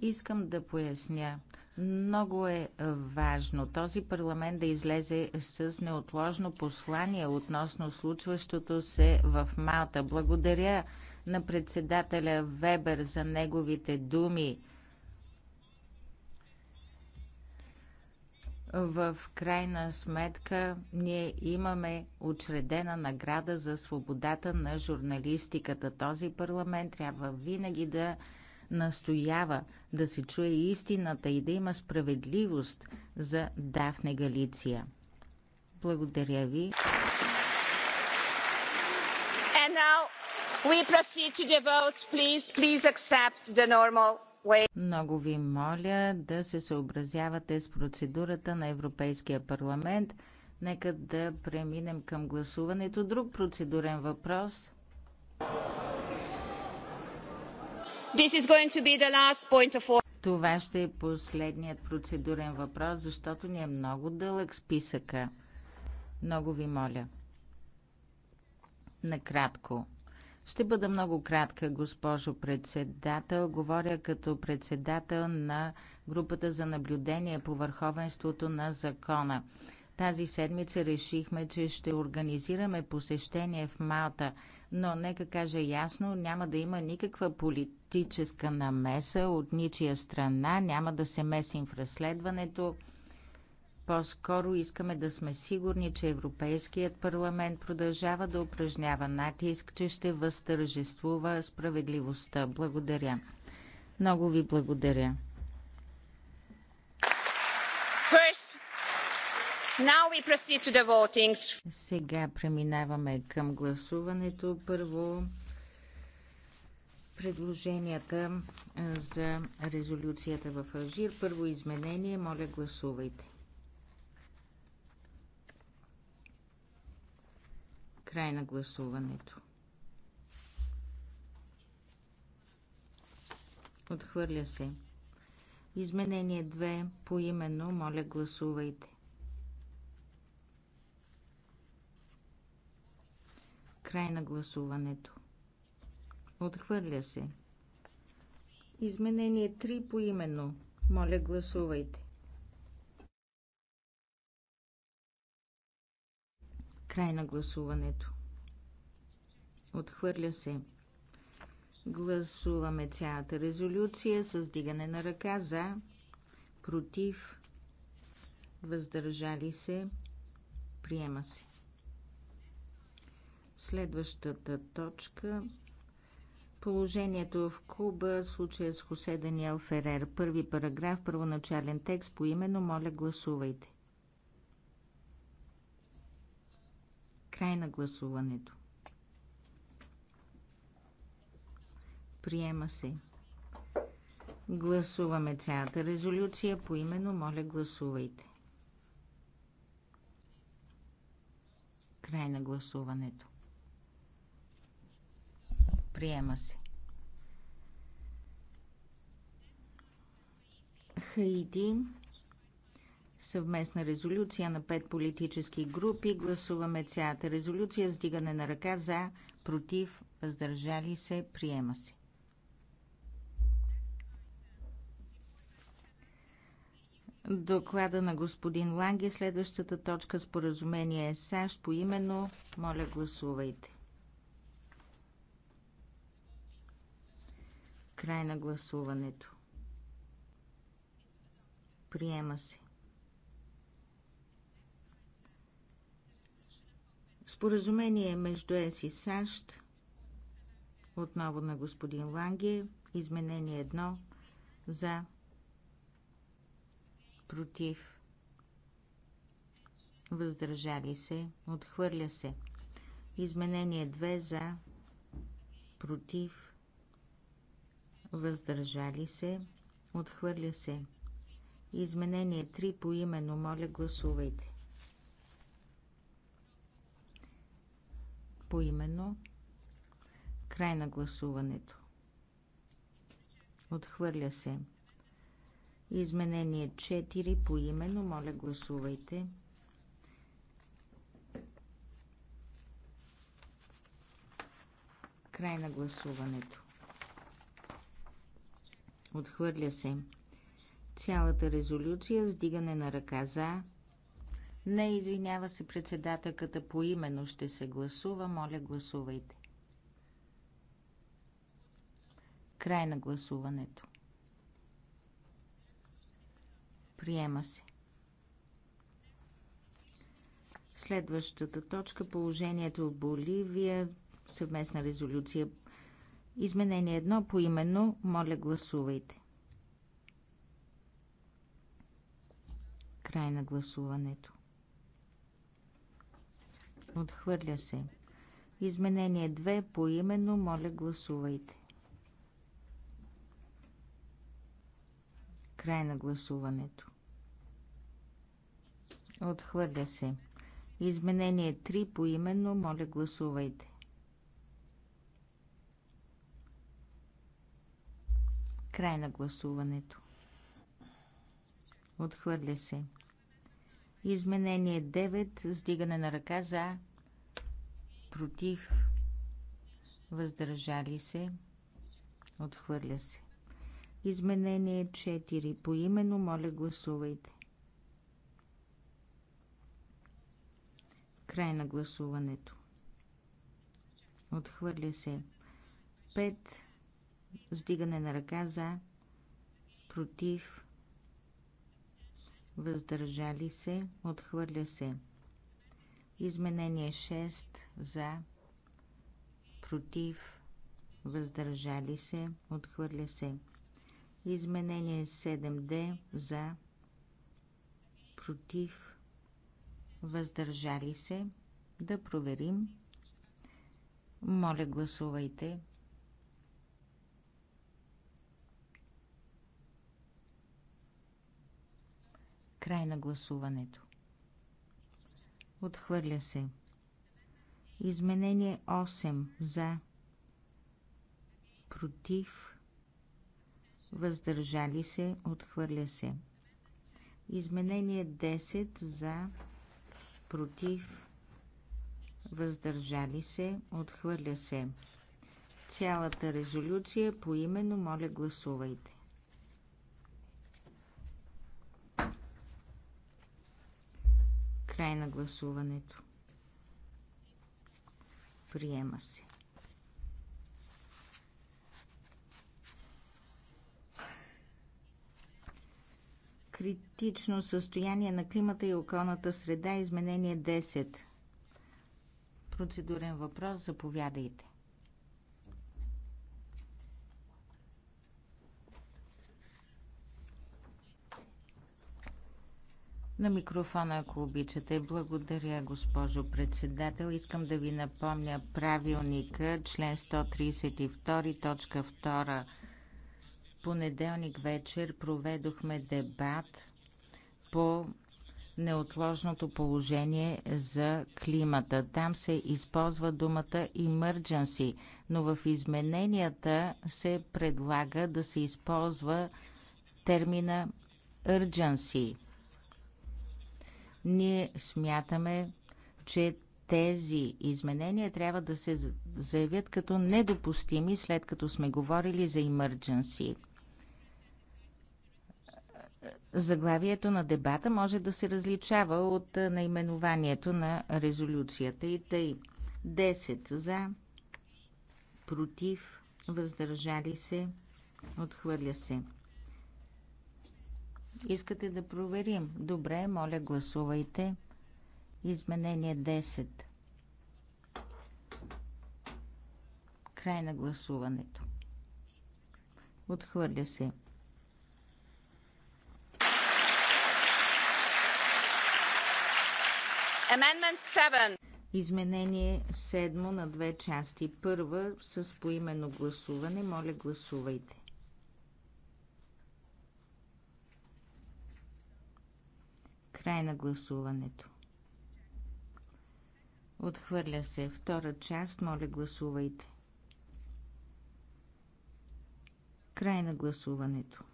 искам да поясня. Много е, е важно този парламент да излезе с неотложно послание относно случващото се в Малта. Благодаря на председателя Вебер за неговите думи. В крайна сметка ние имаме учредена награда за свободата на журналистиката. Този парламент трябва винаги да настоява да се чуе истината и да има справедливост за Дафне Галиция. Благодаря ви. Votes, please, please Много ви моля да се съобразявате с процедурата на Европейския парламент. Нека да преминем към гласуването. Друг процедурен въпрос. Of... Това ще е последният процедурен въпрос, защото ни е много дълъг списъка. Много ви моля. Накратко. Ще бъда много кратка, госпожо председател. Говоря като председател на групата за наблюдение по върховенството на закона. Тази седмица решихме, че ще организираме посещение в Малта, но нека кажа ясно, няма да има никаква политическа намеса от ничия страна, няма да се месим в разследването. По-скоро искаме да сме сигурни, че Европейският парламент продължава да упражнява натиск, че ще възтържествува справедливостта. Благодаря. Много ви благодаря. Сега преминаваме към гласуването. Първо предложенията за резолюцията в Алжир. Първо изменение. Моля, гласувайте. Край на гласуването. Отхвърля се. Изменение 2 по именно. Моля, гласувайте. Край на гласуването. Отхвърля се. Изменение 3 по именно. Моля, гласувайте. Край на гласуването. Отхвърля се. Гласуваме цялата резолюция с дигане на ръка за, против, въздържали се, приема се. Следващата точка Положението в Куба, случая с Хосе Даниел Ферер. Първи параграф, първоначален текст по именно. Моля, гласувайте. Край на гласуването. Приема се. Гласуваме цялата резолюция по именно. Моля, гласувайте. Край на гласуването. Приема се. Хаити. Съвместна резолюция на пет политически групи. Гласуваме цялата резолюция. Сдигане на ръка за, против, въздържали се. Приема се. Доклада на господин Ланге. Следващата точка споразумение е САЩ по именно. Моля гласувайте. Край на гласуването. Приема се. Споразумение между ЕС и САЩ. Отново на господин Ланге. Изменение 1 за против въздържали се, отхвърля се. Изменение 2 за против въздържали се, отхвърля се. Изменение 3 по имено моля гласувайте. По имено. край на гласуването. Отхвърля се. Изменение 4 по имено моля гласувайте. Край на гласуването. Отхвърля се. Цялата резолюция с дигане на ръка за. Не извинява се председателката по ще се гласува. Моля, гласувайте. Край на гласуването. Приема се. Следващата точка положението в Боливия съвместна резолюция Изменение едно по именно. Моля, гласувайте. Край на гласуването. Отхвърля се. Изменение 2 по именно. Моля, гласувайте. Край на гласуването. Отхвърля се. Изменение 3 по именно. Моля, гласувайте. Край на гласуването. Отхвърля се. Изменение 9. Сдигане на ръка за. Против. Въздържали се. Отхвърля се. Изменение 4. По именно, моля, гласувайте. Край на гласуването. Отхвърля се. 5. Сдигане на ръка за, против, въздържали се, отхвърля се. Изменение 6 за, против, въздържали се, отхвърля се. Изменение 7D за, против, въздържали се. Да проверим. Моля, гласувайте. Край на гласуването. Отхвърля се. Изменение 8 за. Против. Въздържали се. Отхвърля се. Изменение 10 за. Против. Въздържали се. Отхвърля се. Цялата резолюция по имено моля гласувайте. Край на гласуването. Приема се. Критично състояние на климата и околната среда. Изменение 10. Процедурен въпрос. Заповядайте. На микрофона, ако обичате. Благодаря, госпожо председател. Искам да ви напомня правилника, член 132, точка 2. Понеделник вечер проведохме дебат по неотложното положение за климата. Там се използва думата emergency, но в измененията се предлага да се използва термина urgency – ние смятаме, че тези изменения трябва да се заявят като недопустими, след като сме говорили за emergency. Заглавието на дебата може да се различава от наименованието на резолюцията и тъй. 10 за, против, въздържали се, отхвърля се. Искате да проверим? Добре, моля гласувайте. Изменение 10. Край на гласуването. Отхвърля се. Изменение 7 на две части. Първа с поименно гласуване. Моля гласувайте. Край на гласуването. Отхвърля се. Втора част. Моля, гласувайте. Край на гласуването.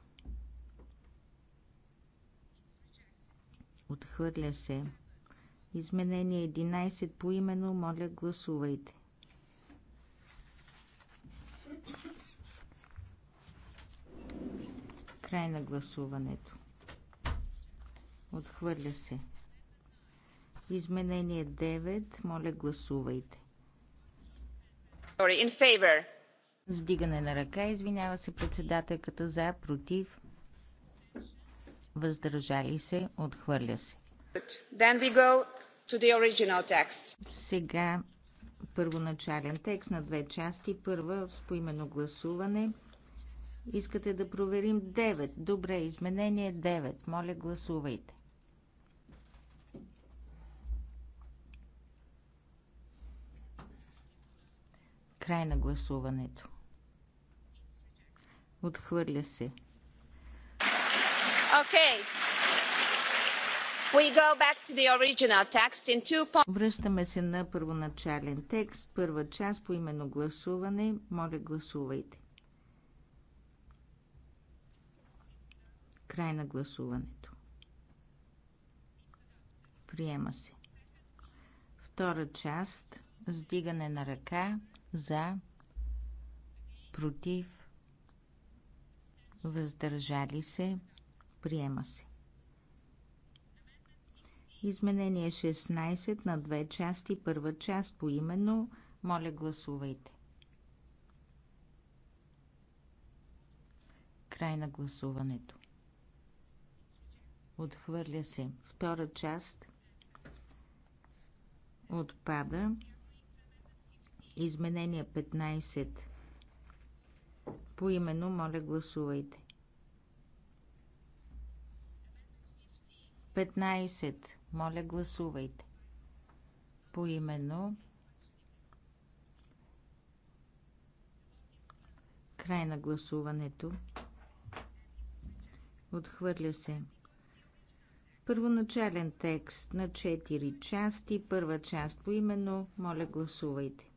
Отхвърля се. Изменение 11 по имено, Моля, гласувайте. Край на гласуването. Отхвърля се. Изменение 9. Моля, гласувайте. Sorry, in favor. Сдигане на ръка. Извинява се председателката за, против. Въздържали се. Отхвърля се. Then we go to the original text. Сега първоначален текст на две части. Първа с поимено гласуване. Искате да проверим 9. Добре, изменение 9. Моля, гласувайте. Край на гласуването. Отхвърля се. Okay. We go back to the original text in two parts. Връщаме се на първоначален текст, първа част по именно гласуване. Моля, гласувайте. Край на гласуването. Приема се. Втора част. Сдигане на ръка за, против, въздържали се, приема се. Изменение 16 на две части, първа част по именно. Моля, гласувайте. Край на гласуването. Отхвърля се. Втора част отпада. Изменение 15. По именно, моля, гласувайте. 15. Моля, гласувайте. По именно. Край на гласуването. Отхвърля се. Първоначален текст на 4 части. Първа част по именно. Моля, гласувайте.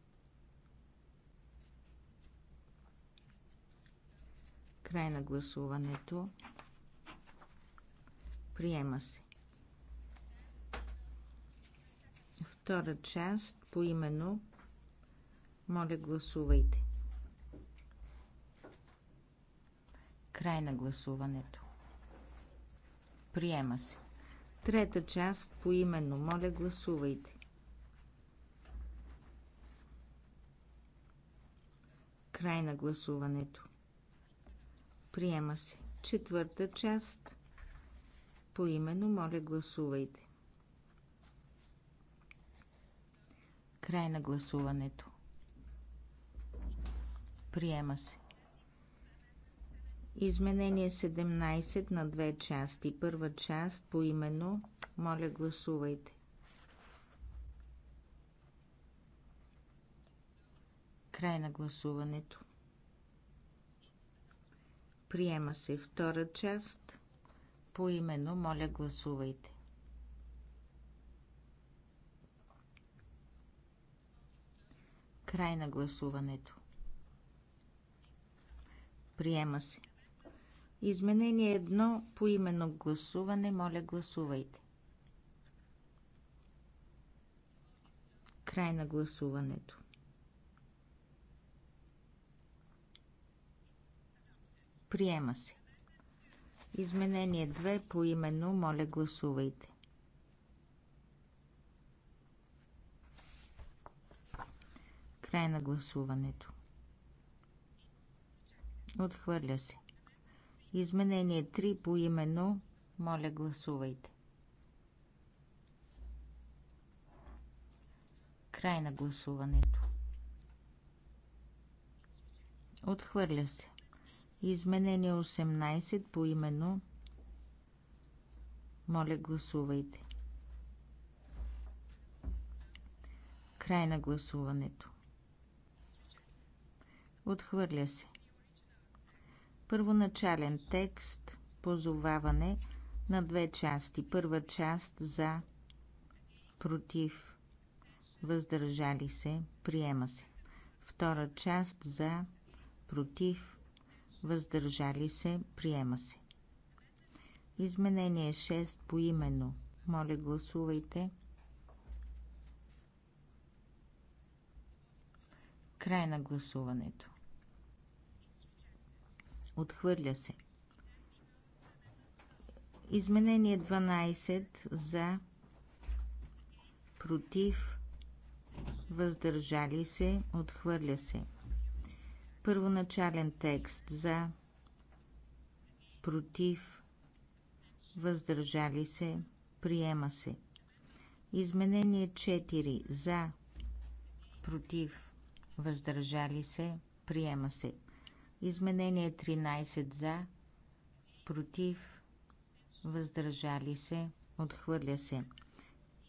Край на гласуването. Приема се. Втора част по именно. Моля, гласувайте. Край на гласуването. Приема се. Трета част по именно. Моля, гласувайте. Край на гласуването. Приема се. Четвърта част. По именно моля гласувайте. Край на гласуването. Приема се. Изменение 17 на две части. Първа част по именно моля гласувайте. Край на гласуването. Приема се втора част. По именно, моля, гласувайте. Край на гласуването. Приема се. Изменение едно по именно гласуване. Моля, гласувайте. Край на гласуването. Приема се. Изменение 2 по именно. Моля, гласувайте. Край на гласуването. Отхвърля се. Изменение 3 по именно. Моля, гласувайте. Край на гласуването. Отхвърля се. Изменение 18 по именно. Моля, гласувайте. Край на гласуването. Отхвърля се. Първоначален текст позоваване на две части. Първа част за против въздържали се, приема се. Втора част за против въздържали се, приема се. Изменение 6 по именно. Моля, гласувайте. Край на гласуването. Отхвърля се. Изменение 12 за против въздържали се, отхвърля се. Първоначален текст за, против, въздържали се, приема се. Изменение 4 за, против, въздържали се, приема се. Изменение 13 за, против, въздържали се, отхвърля се.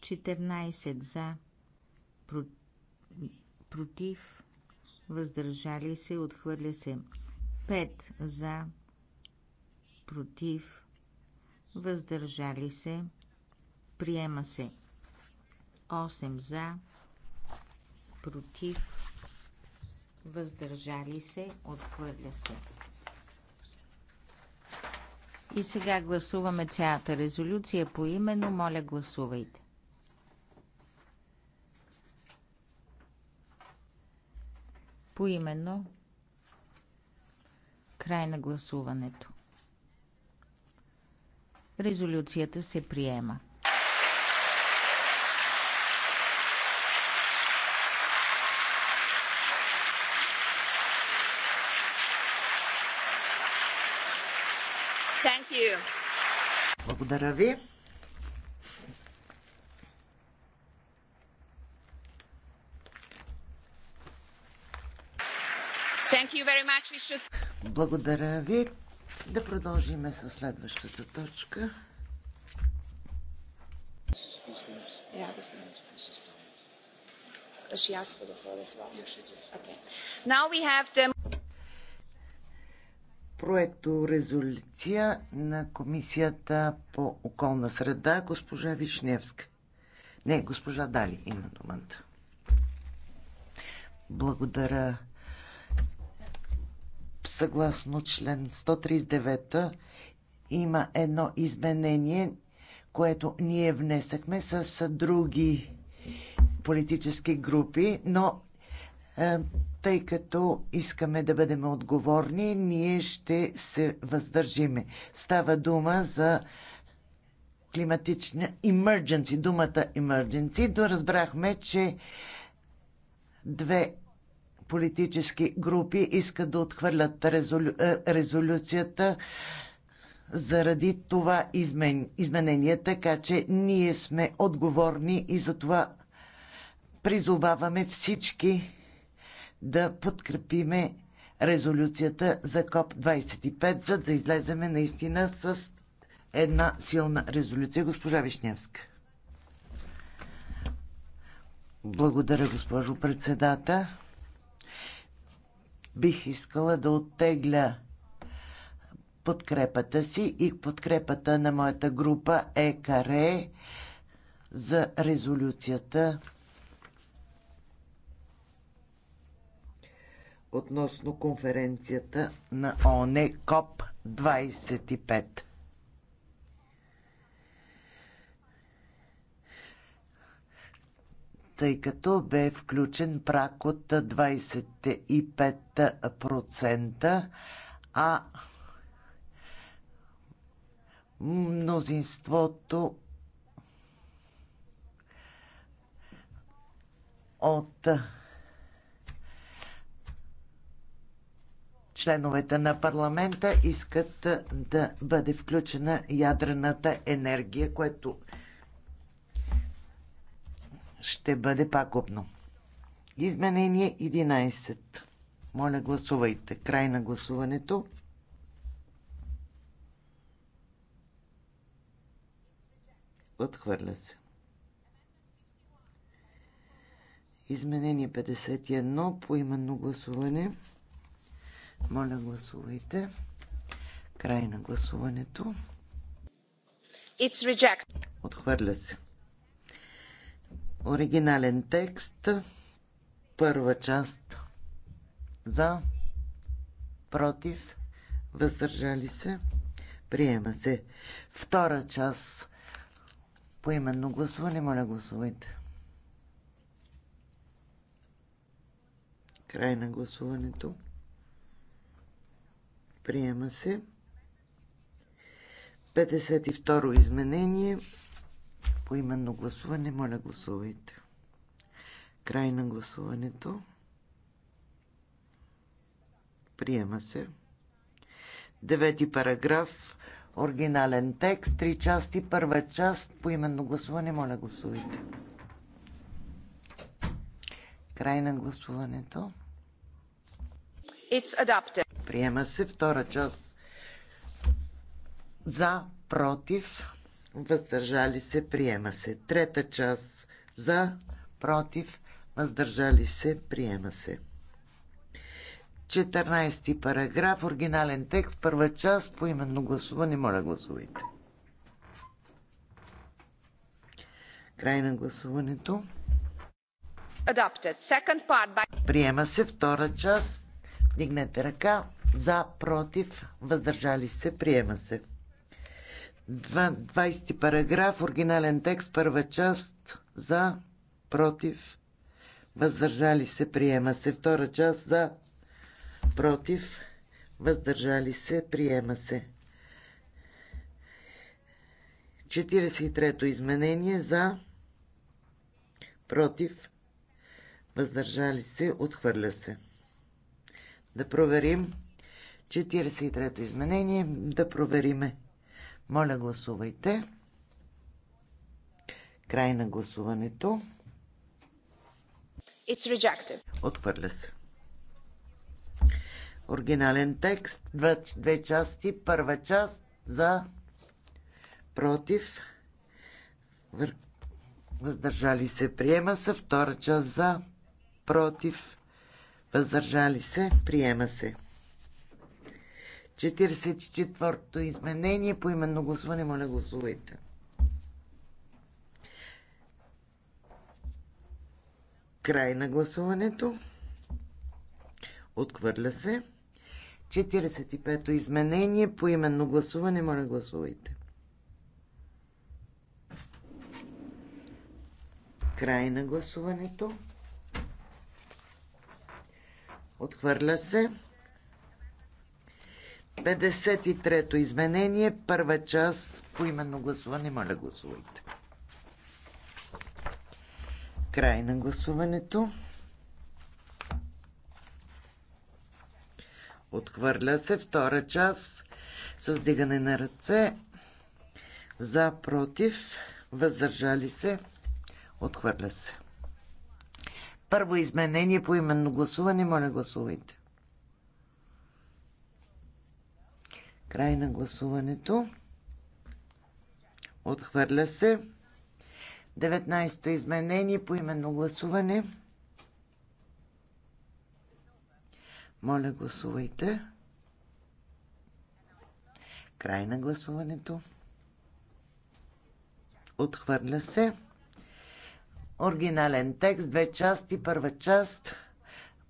14 за, против, въздържали се, отхвърля се. 5 за, против, въздържали се, приема се. 8 за, против, въздържали се, отхвърля се. И сега гласуваме цялата резолюция по имено Моля, гласувайте. поименно край на гласуването. Резолюцията се приема. Благодаря ви. Благодаря ви. Да продължиме с следващата точка. проекто резолюция на Комисията по околна среда, госпожа Вишневска. Не, госпожа Дали има думата. Благодаря, съгласно член 139 има едно изменение, което ние внесахме с други политически групи, но е, тъй като искаме да бъдем отговорни, ние ще се въздържиме. Става дума за климатична emergency, думата emergency. Доразбрахме, че две политически групи искат да отхвърлят резолю... Е, резолюцията заради това измен... изменение, така че ние сме отговорни и за това призоваваме всички да подкрепиме резолюцията за КОП-25, за да излеземе наистина с една силна резолюция. Госпожа Вишневска. Благодаря, госпожо председател бих искала да оттегля подкрепата си и подкрепата на моята група ЕКАРЕ за резолюцията относно конференцията на ОНЕ КОП 25. тъй като бе включен прак от 25%, а мнозинството от членовете на парламента искат да бъде включена ядрената енергия, което ще бъде пагубно. Изменение 11. Моля, гласувайте. Край на гласуването. Отхвърля се. Изменение 51 по именно гласуване. Моля, гласувайте. Край на гласуването. It's reject. Отхвърля се. Оригинален текст. Първа част. За. Против. Въздържали се. Приема се. Втора част. именно гласуване. Моля, гласувайте. Край на гласуването. Приема се. 52 изменение. По именно гласуване, моля гласувайте. Край на гласуването. Приема се. Девети параграф. Оригинален текст. Три части. Първа част. По именно гласуване, моля гласувайте. Край на гласуването. It's adapted. Приема се втора част. За, против, въздържали се, приема се. Трета част за, против, въздържали се, приема се. 14 параграф, оригинален текст, първа част, по именно гласуване, моля гласувайте. Край на гласуването. Приема се втора част. Дигнете ръка. За, против, въздържали се, приема се. 20 параграф, оригинален текст, първа част за, против, въздържали се, приема се. Втора част за, против, въздържали се, приема се. 43-то изменение за, против, въздържали се, отхвърля се. Да проверим 43-то изменение, да провериме. Моля, гласувайте. Край на гласуването. It's rejected. Отхвърля се. Оригинален текст, две, две части. Първа част за против. Въздържали се. Приема се. Втора част за против. Въздържали се. Приема се. 44-то изменение по именно гласуване. Моля, гласувайте. Край на гласуването. Отхвърля се. 45-то изменение по именно гласуване. Моля, гласувайте. Край на гласуването. Отхвърля се. 53-то изменение, първа част, по именно гласуване, моля гласувайте. Край на гласуването. Отхвърля се втора част с вдигане на ръце. За, против, въздържали се. Отхвърля се. Първо изменение по именно гласуване. Моля, гласувайте. Край на гласуването. Отхвърля се. 19-то изменение по именно гласуване. Моля, гласувайте. Край на гласуването. Отхвърля се. Оригинален текст, две части, първа част.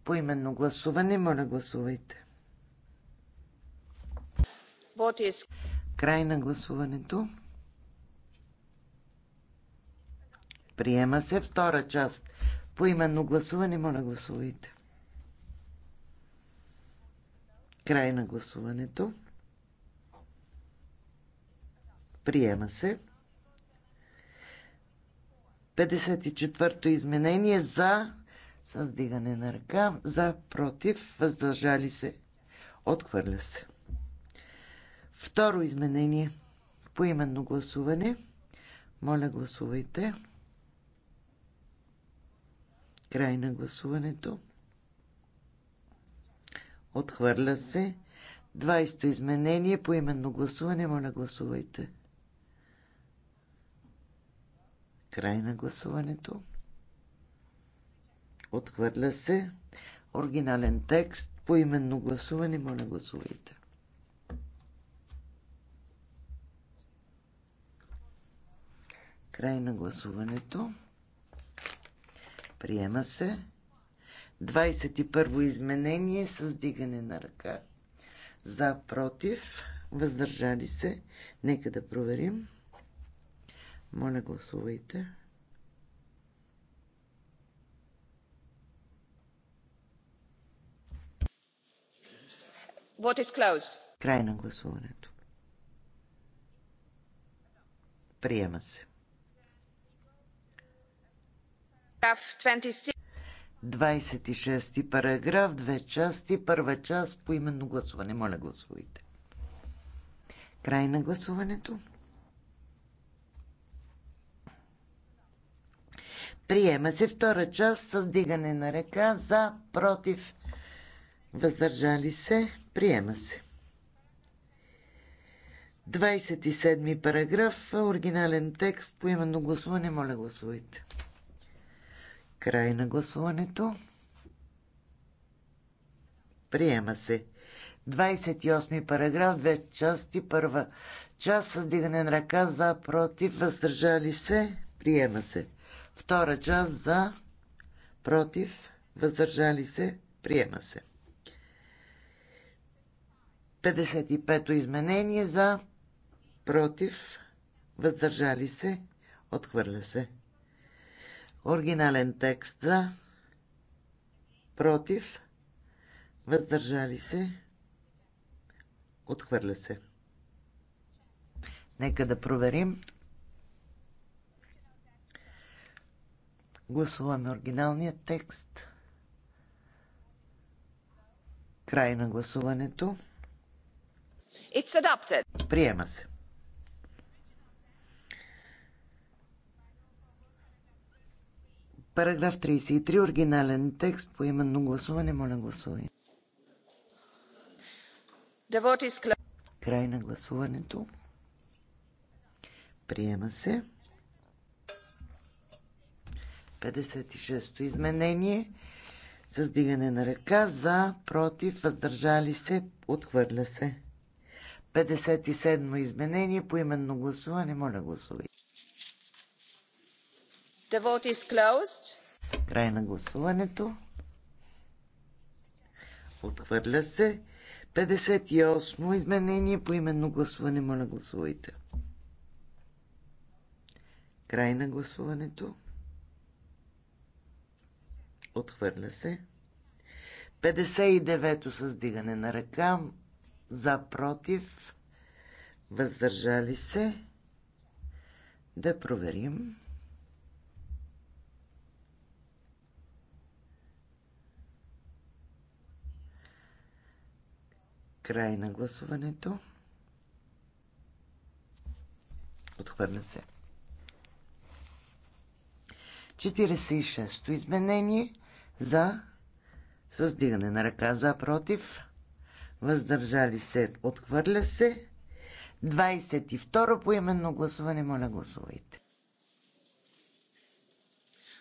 По именно гласуване, моля гласувайте. Край на гласуването. Приема се втора част. По именно гласуване, моля гласувайте. Край на гласуването. Приема се. 54-то изменение за създигане на ръка, за против, въздържали се, отхвърля се. Второ изменение. По именно гласуване. Моля, гласувайте. Край на гласуването. Отхвърля се. 20-то изменение. именно гласуване. Моля, гласувайте. Край на гласуването. Отхвърля се. Оригинален текст. По именно гласуване. Моля, гласувайте. Край на гласуването. Приема се. 21 изменение с дигане на ръка. За, против, въздържали се. Нека да проверим. Моля, гласувайте. What is closed? Край на гласуването. Приема се. 26 параграф, две части, първа част по именно гласуване. Моля, гласувайте. Край на гласуването. Приема се втора част с вдигане на ръка за, против, въздържали се. Приема се. 27 параграф, оригинален текст по именно гласуване. Моля, гласувайте. Край на гласуването. Приема се. 28 параграф, две части, първа част с дигане на ръка за, против, въздържали се, приема се. Втора част за, против, въздържали се, приема се. 55-то изменение за, против, въздържали се, отхвърля се. Оригинален текст за, против, въздържали се, отхвърля се. Нека да проверим. Гласуваме оригиналния текст. Край на гласуването. It's adopted. Приема се. Параграф 33, оригинален текст, по именно гласуване. Моля, гласувай. Край на гласуването. Приема се. 56-то изменение с дигане на ръка за, против, въздържали се, отхвърля се. 57-мо изменение по именно гласуване. Моля, гласувайте. The vote is closed. Край на гласуването. Отхвърля се. 58 изменение по именно гласуване. Моля, гласувайте. Край на гласуването. Отхвърля се. 59-то с дигане на ръка. За, против. Въздържали се. Да проверим. Край на гласуването. Отхвърля се. 46-то изменение за създигане на ръка за против. Въздържали се. Отхвърля се. 22 по поименно гласуване. Моля, гласувайте.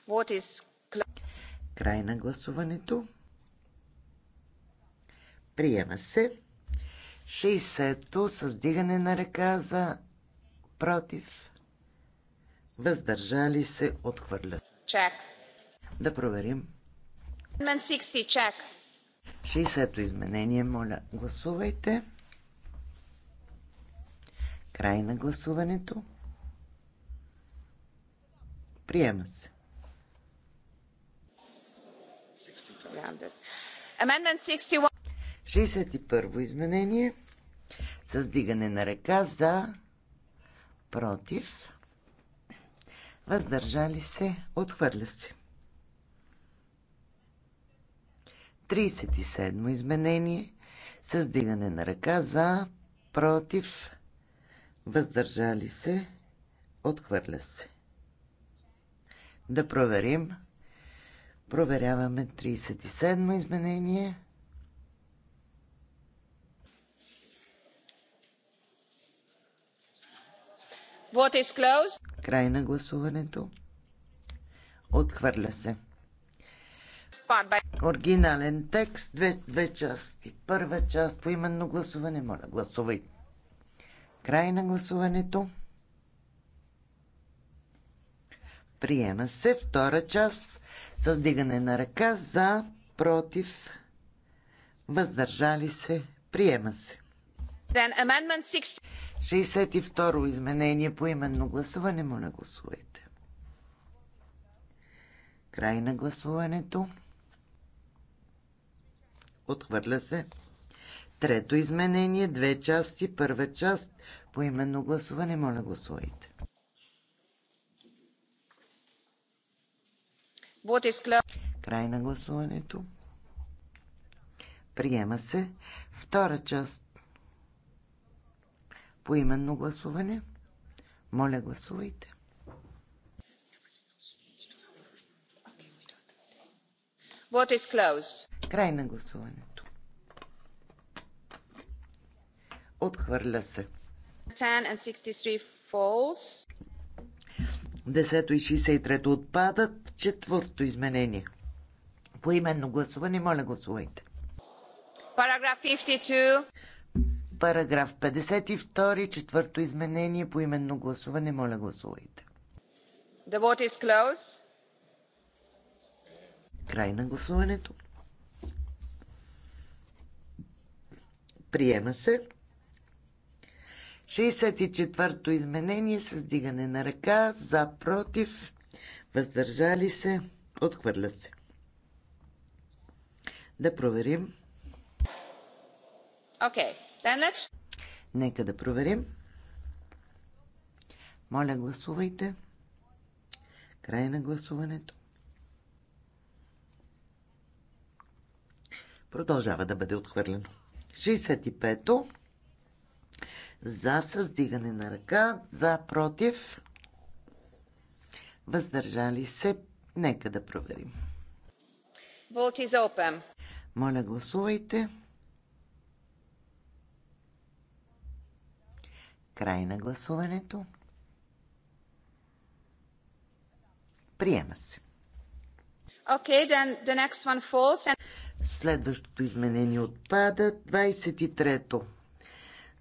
What is... Край на гласуването. Приема се. 60-то с вдигане на ръка за против. Въздържали се отхвърлят. Чек. Да проверим. 60 чек. 60-то изменение, моля, гласувайте. Край на гласуването. Приема се. Amendment 61. 61 изменение с вдигане на ръка за против. Въздържали се, отхвърля се. 37 изменение с вдигане на ръка за против. Въздържали се, отхвърля се. Да проверим. Проверяваме 37 изменение. What is closed? Край на гласуването. Отхвърля се. Оригинален текст, две, две части. Първа част по именно гласуване. Моля, гласувай. Край на гласуването. Приема се втора част с дигане на ръка за, против, въздържали се, приема се. Then amendment 6... 62-ро изменение по именно гласуване. Моля, гласувайте. Край на гласуването. Отхвърля се. Трето изменение, две части, първа част, по именно гласуване, моля гласувайте. Е Край на гласуването. Приема се. Втора част поименно гласуване. Моля, гласувайте. What is closed? Край на гласуването. Отхвърля се. 10 and 63 falls. 10 и 63 отпадат. Четвърто изменение. По именно гласуване, моля гласувайте. Параграф 52. Параграф 52, четвърто изменение по именно гласуване. Моля, гласувайте. The vote is closed. Край на гласуването. Приема се. 64-то изменение с дигане на ръка, за, против, въздържали се, отхвърля се. Да проверим. Okay. Нека да проверим. Моля, гласувайте. Край на гласуването. Продължава да бъде отхвърлено. 65-то. За създигане на ръка, за против. Въздържали се. Нека да проверим. Моля, гласувайте. Край на гласуването. Приема се. Okay, then the next one falls. And... Следващото изменение отпада. 23-то.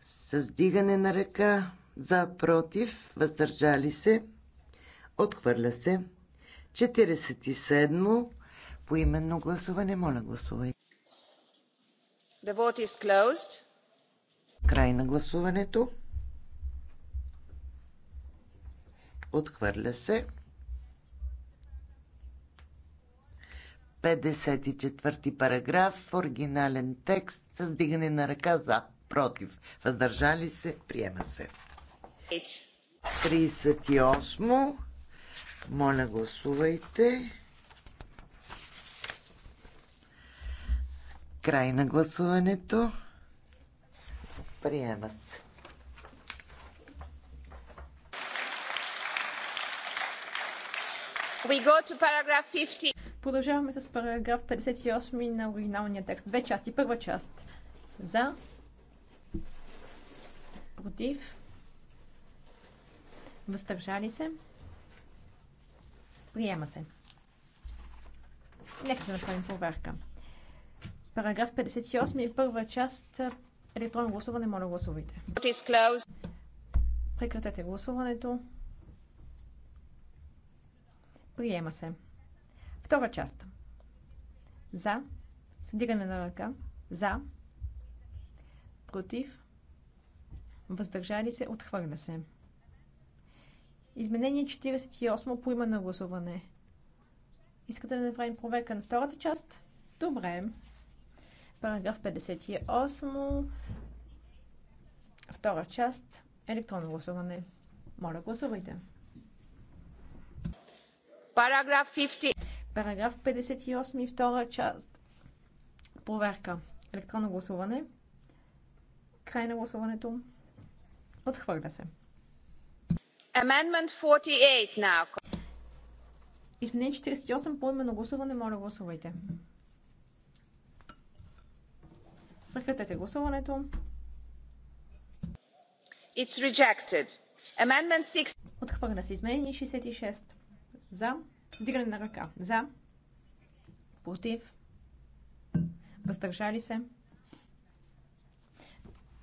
С дигане на ръка за против, въздържали се, отхвърля се. 47-мо. По именно гласуване, моля гласувай. The vote is closed. Край на гласуването. Отхвърля се. 54 ти параграф, оригинален текст с дигане на ръка за, против, въздържали се, приема се. 38. Моля, гласувайте. Край на гласуването. Приема се. Продължаваме с параграф 58 на оригиналния текст. Две части. Първа част. За. Против. Въздържали се. Приема се. Нека да направим проверка. Параграф 58 и първа част. Електронно гласуване. Моля гласувайте. Прекратете гласуването. Приема се. Втора част. За. Съдигане на ръка. За. Против. Въздържали се. Отхвърля се. Изменение 48 по има на гласуване. Искате да направим проверка на втората част? Добре. Параграф 58. Втора част. Електронно гласуване. Моля, гласувайте. Параграф 50. Параграф 58, втора част. Проверка. Електронно гласуване. Край на гласуването. Отхвърля се. Amendment 48 now. Изменение 48 по именно гласуване. Моля гласувайте. Прекратете гласуването. It's rejected. Amendment 6. Отхвърля се. Изменение 66. За. Съдигане на ръка. За. Против. Въздържали се.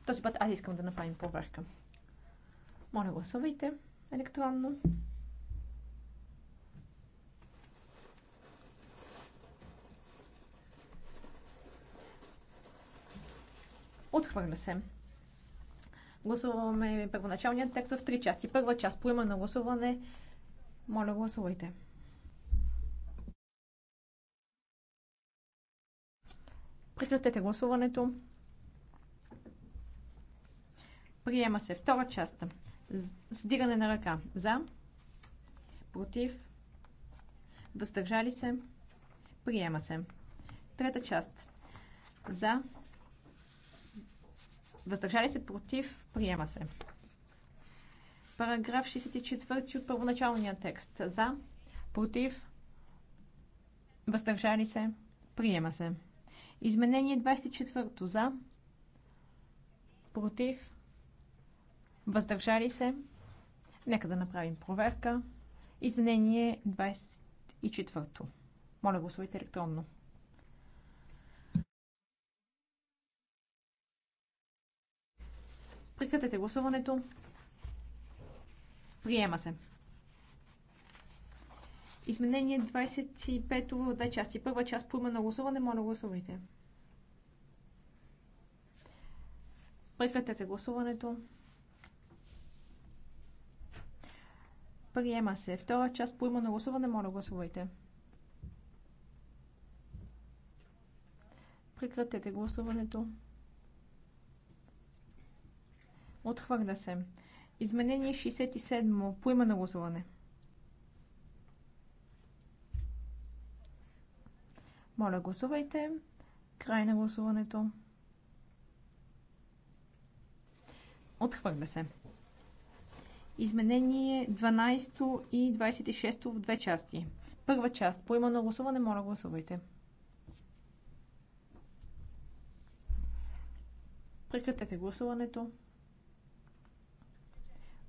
Този път аз искам да направим проверка. Моля, гласувайте електронно. Отхвърля се. Гласуваме първоначалният текст в три части. Първа част поема на гласуване моля, гласувайте. Прекратете гласуването. Приема се втора част. Сдигане на ръка. За. Против. Въздържали се. Приема се. Трета част. За. Въздържали се. Против. Приема се. Параграф 64 от първоначалния текст. За, против, въздържали се, приема се. Изменение 24 за, против, въздържали се. Нека да направим проверка. Изменение 24. Моля, гласувайте електронно. Прекратете гласуването. Приема се. Изменение 25 в две части. Първа част по на гласуване. Моля, гласувайте. Прекратете гласуването. Приема се. Втора част по на гласуване. Моля, гласувайте. Прекратете гласуването. Отхвърля се. Изменение 67. Поима на гласуване. Моля, гласувайте. Край на гласуването. Отхвърля се. Изменение 12 и 26 в две части. Първа част. По на гласуване, моля гласувайте. Прекратете гласуването.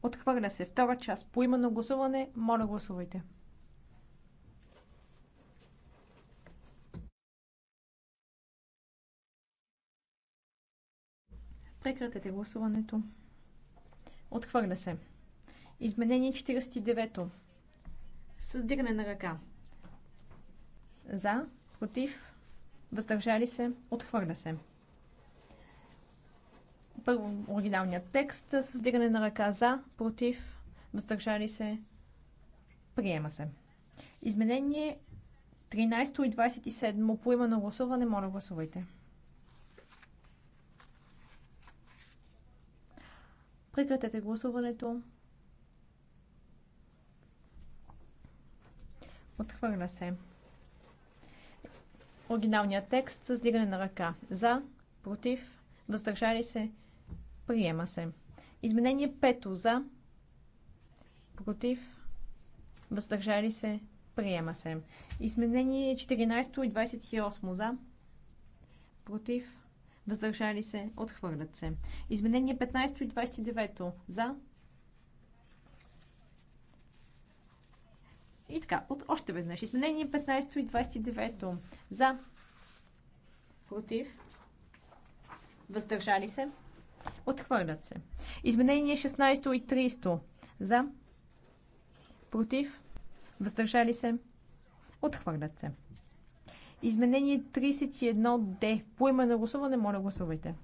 Отхвърля се. Втора част. По именно гласуване. Моля гласувайте. Прекратете гласуването. Отхвърля се. Изменение 49-то. Създигане на ръка. За, против, въздържали се, отхвърля се. Първо оригиналният текст с дигане на ръка за, против, въздържали се, приема се. Изменение 13 и 27 по има на гласуване, моля гласувайте. Прекратете гласуването. Отхвърля се. Оригиналният текст с дигане на ръка. За, против, въздържали се, Приема се. Изменение 5 за. Против. Въздържали се. Приема се. Изменение 14 и 28 за. Против. Въздържали се. Отхвърлят се. Изменение 15 и 29 за. И така, от още веднъж. Изменение 15 и 29 за. Против. Въздържали се. Отхвърлят се. Изменение 16 и 300. За. Против. Въздържали се. Отхвърлят се. Изменение 31 Д. По име на гласуване, моля гласувайте.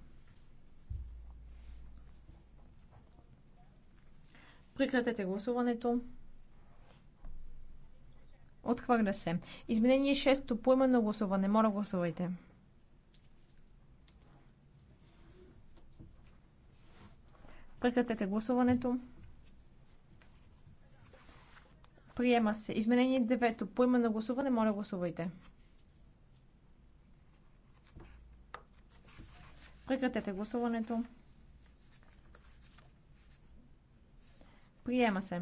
Прекратете гласуването. Отхвърля се. Изменение 6 по на гласуване. Моля гласувайте. Прекратете гласуването. Приема се. Изменение 9. По име на гласуване, моля гласувайте. Прекратете гласуването. Приема се.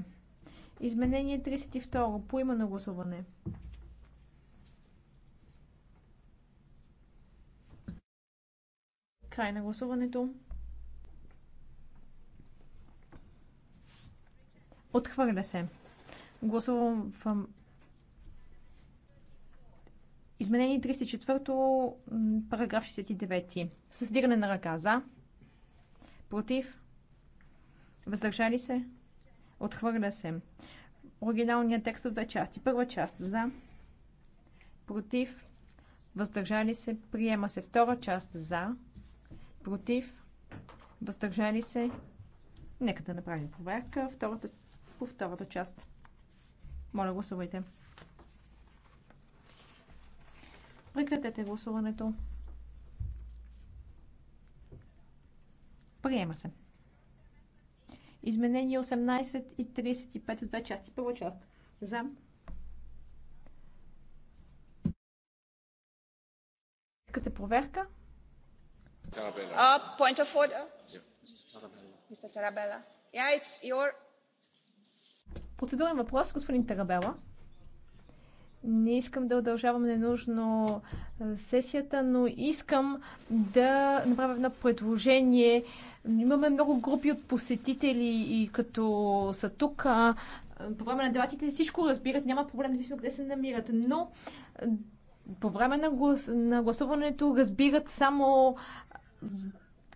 Изменение 32. По на гласуване. Край на гласуването. Отхвърля се. Гласувам в изменение 304, параграф 69. С на ръка за. Против. Въздържали се. Отхвърля се. Оригиналният текст от две части. Първа част за. Против. Въздържали се. Приема се втора част за. Против. Въздържали се. Нека да направим проверка. Втората по втората част. Моля, гласувайте. Прекратете гласуването. Приема се. Изменение 18 и 35 две части. Първа част. За. Искате проверка? А, uh, point of order. Mr. Tarabella. Yeah, it's your Процедурен въпрос, господин Тарабела. Не искам да удължавам ненужно сесията, но искам да направя едно предложение. Имаме много групи от посетители и като са тук, по време на дебатите всичко разбират, няма проблем да си къде се намират, но по време на, глас, на гласуването разбират само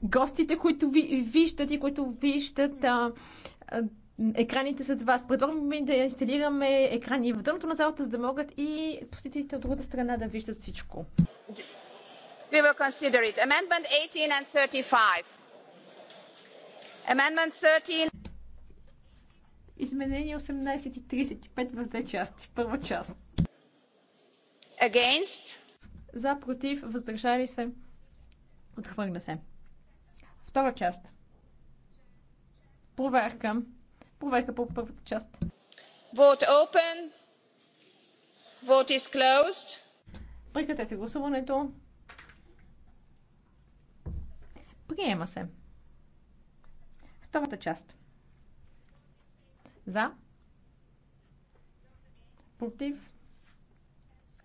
гостите, които ви, виждат и които виждат а, а, екраните зад вас. Предлагам ви да инсталираме екрани в дъното на залата, за да могат и посетителите от другата страна да виждат всичко. We will consider it. Amendment 18 and 35. Amendment 13. Изменение 18 и 35 в две части. Първа част. Against. За, против, въздържали се. Отхвърля се. Втора част. Проверка. Проверка по първата част. Vote open. Vote is closed. Прекратете гласуването. Приема се. Втората част. За. Против.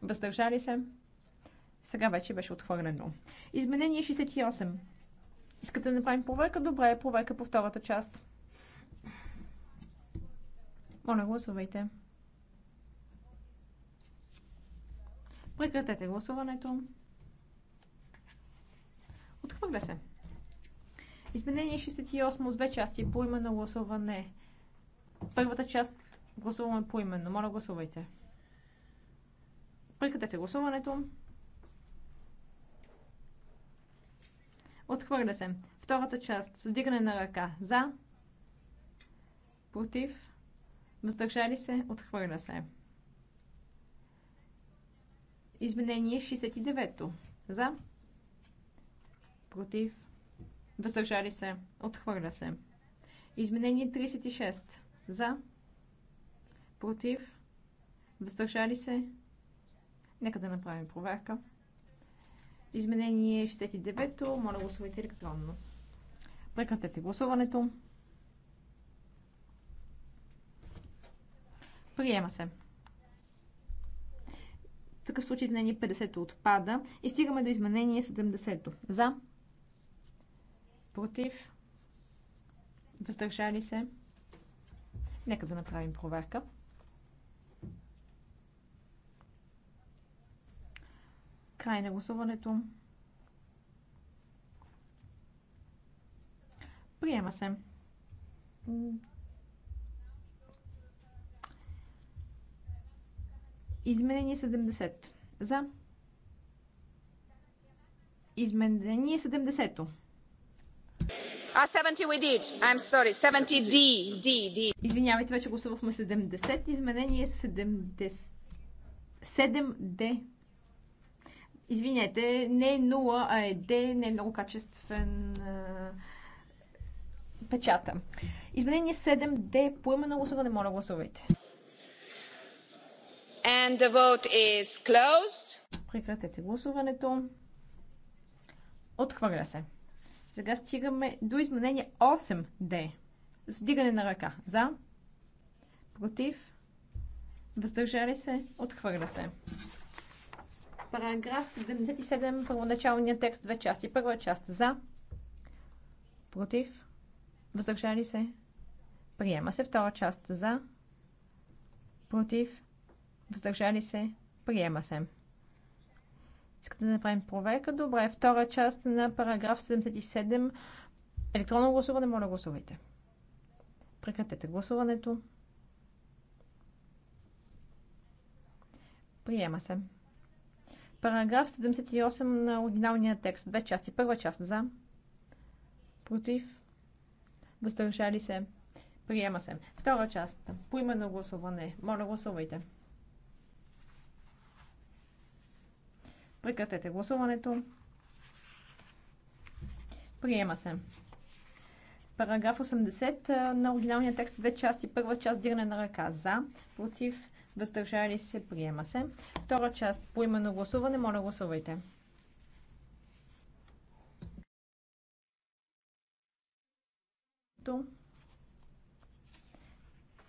Въздържали се. Сега вече беше отхвърлено. Изменение 68. Искате да направим проверка? Добре, проверка по втората част. Моля, гласувайте. Прекратете гласуването. Отхвърля се. Изменение 68 от две части по име на гласуване. Първата част гласуваме по именно. Моля, гласувайте. Прекратете гласуването. Отхвърля се. Втората част. Съдигане на ръка. За. Против. Въздържали се, отхвърля се. Изменение 69-то. За. Против. Въздържали се. Отхвърля се. Изменение 36. За. Против. Въздържали се. Нека да направим проверка. Изменение 69-то. Моля гласувайте електронно. Прекратете гласуването. Приема се. В такъв случай изменение 50 то отпада и стигаме до изменение 70. За. Против. Въздържали се. Нека да направим проверка. Край на гласуването. Приема се. Изменение 70. За. Изменение 70 А, 70 we did. I'm sorry. 70 D. D. D. Извинявайте, вече гласувахме 70. Изменение 70. 7D. Извинете, не е 0, а е D. Не е много качествен печата. Изменение 7D. поема на гласуване, моля гласувайте. And the vote is closed. Прекратете гласуването. Отхвърля се. Сега стигаме до изменение 8D. Сдигане на ръка. За. Против. Въздържали се. Отхвърля се. Параграф 77. Първоначалният текст. Две части. Първа част. За. Против. Въздържали се. Приема се. Втора част. За. Против въздържали се, приема се. Искате да направим проверка? Добре, втора част на параграф 77. Електронно гласуване, моля гласувайте. Прекратете гласуването. Приема се. Параграф 78 на оригиналния текст. Две части. Първа част за. Против. Въздържали се. Приема се. Втора част. Поименно гласуване. Моля гласувайте. Прекратете гласуването. Приема се. Параграф 80 на оригиналния текст, две части. Първа част дигане на ръка за, против, въздържали се, приема се. Втора част по именно гласуване, моля гласувайте.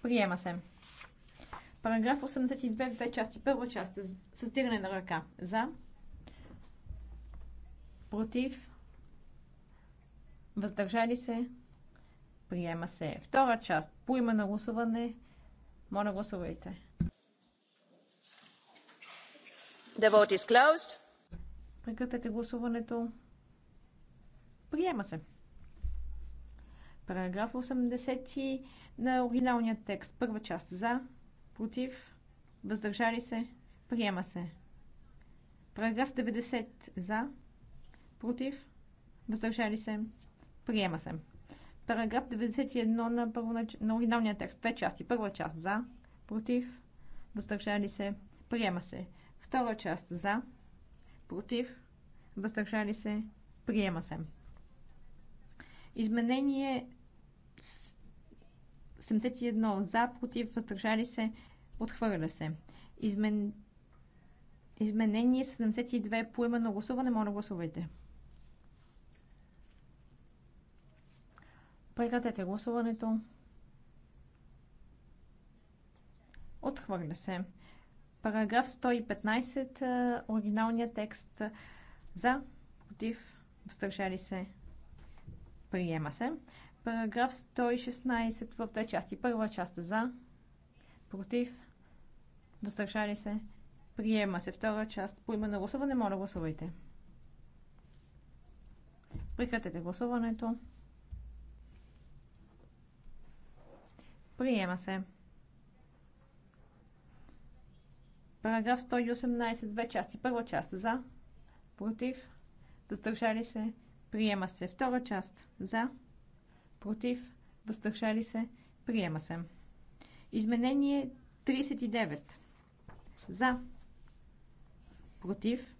Приема се. Параграф 82, две части. Първа част с на ръка за, против, въздържали се, приема се. Втора част, по име на гласуване, моля гласувайте. The vote is closed. Прекратете гласуването. Приема се. Параграф 80 на оригиналния текст. Първа част за, против, въздържали се, приема се. Параграф 90 за, против, въздържали се, приема се. Параграф 91 на, първо, на оригиналния текст. Две части. Първа част за, против, въздържали се, приема се. Втора част за, против, въздържали се, приема се. Изменение 71 за, против, въздържали се, отхвърля се. Измен... Изменение 72 по именно гласуване, моля гласувайте. Прекратете гласуването. Отхвърля се. Параграф 115, е, оригиналният текст за, против, въздържали се, приема се. Параграф 116 в две части. Първа част за, против, въздържали се, приема се. Втора част по име на гласуване, моля гласувайте. Прекратете гласуването. Приема се. Параграф 118, две части. Първа част за, против, въздържали се, приема се. Втора част за, против, въздържали се, приема се. Изменение 39. За, против,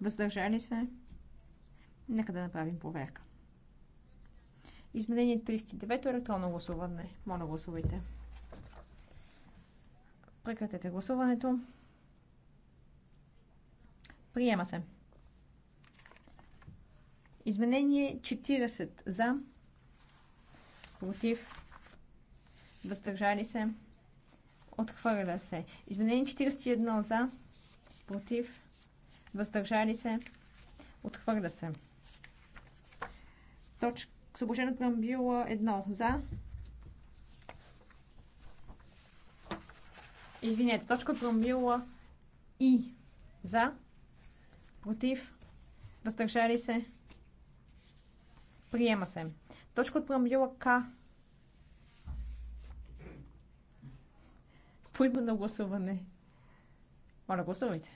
въздържали се. Нека да направим проверка. Изменение 39 е електронно гласуване. Моля гласувайте. Прекратете гласуването. Приема се. Изменение 40 за, против, въздържали се, отхвърля се. Изменение 41 за, против, въздържали се, отхвърля се. Точка е било едно за. Извинете, точка промила и за. Против. Въздържали се. Приема се. Точка от преамбюла К. на гласуване. Моля, гласувайте.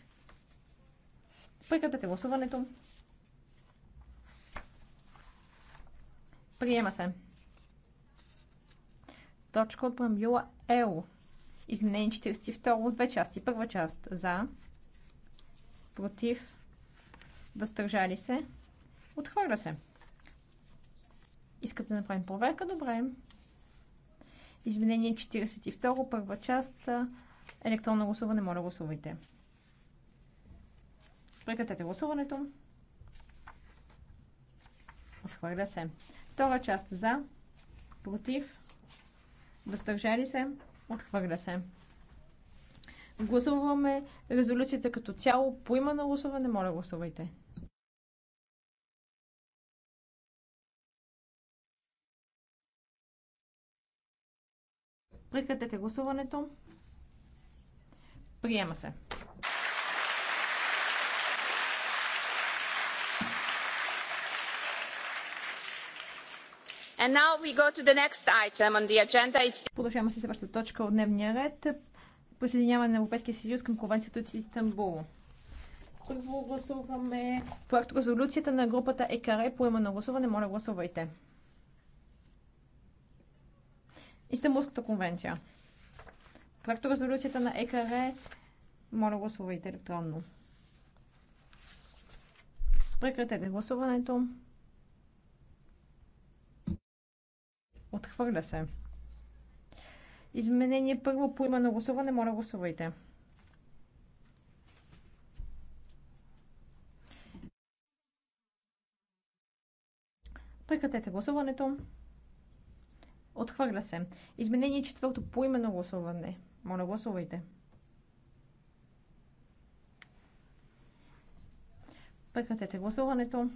Прекратете гласуването. Приема се. Точка от преамбюла L. Изменение 42 от две части. Първа част за, против, въздържали се, отхвърля се. Искате да направим проверка? Добре. Изменение 42, първа част. Електронно гласуване, моля гласувайте. Прекратете гласуването. Отхвърля се. Втора част за, против, въздържали се, отхвърля се. Гласуваме резолюцията като цяло. По има на гласуване, моля гласувайте. Прекратете гласуването. Приема се. Продължаваме с следващата точка от дневния ред. Присъединяване на Европейския съюз към конвенцията от Истанбул. Първо гласуваме проект резолюцията на групата ЕКАРЕ по на гласуване. Моля, гласувайте. Истанбулската конвенция. Проекто резолюцията на ЕКАРЕ. Моля, гласувайте електронно. Прекратете гласуването. Отхвърля се. Изменение първо по има на гласуване. Моля, гласувайте. Прекратете гласуването. Отхвърля се. Изменение четвърто по на гласуване. Моля, гласувайте. Прекратете гласуването.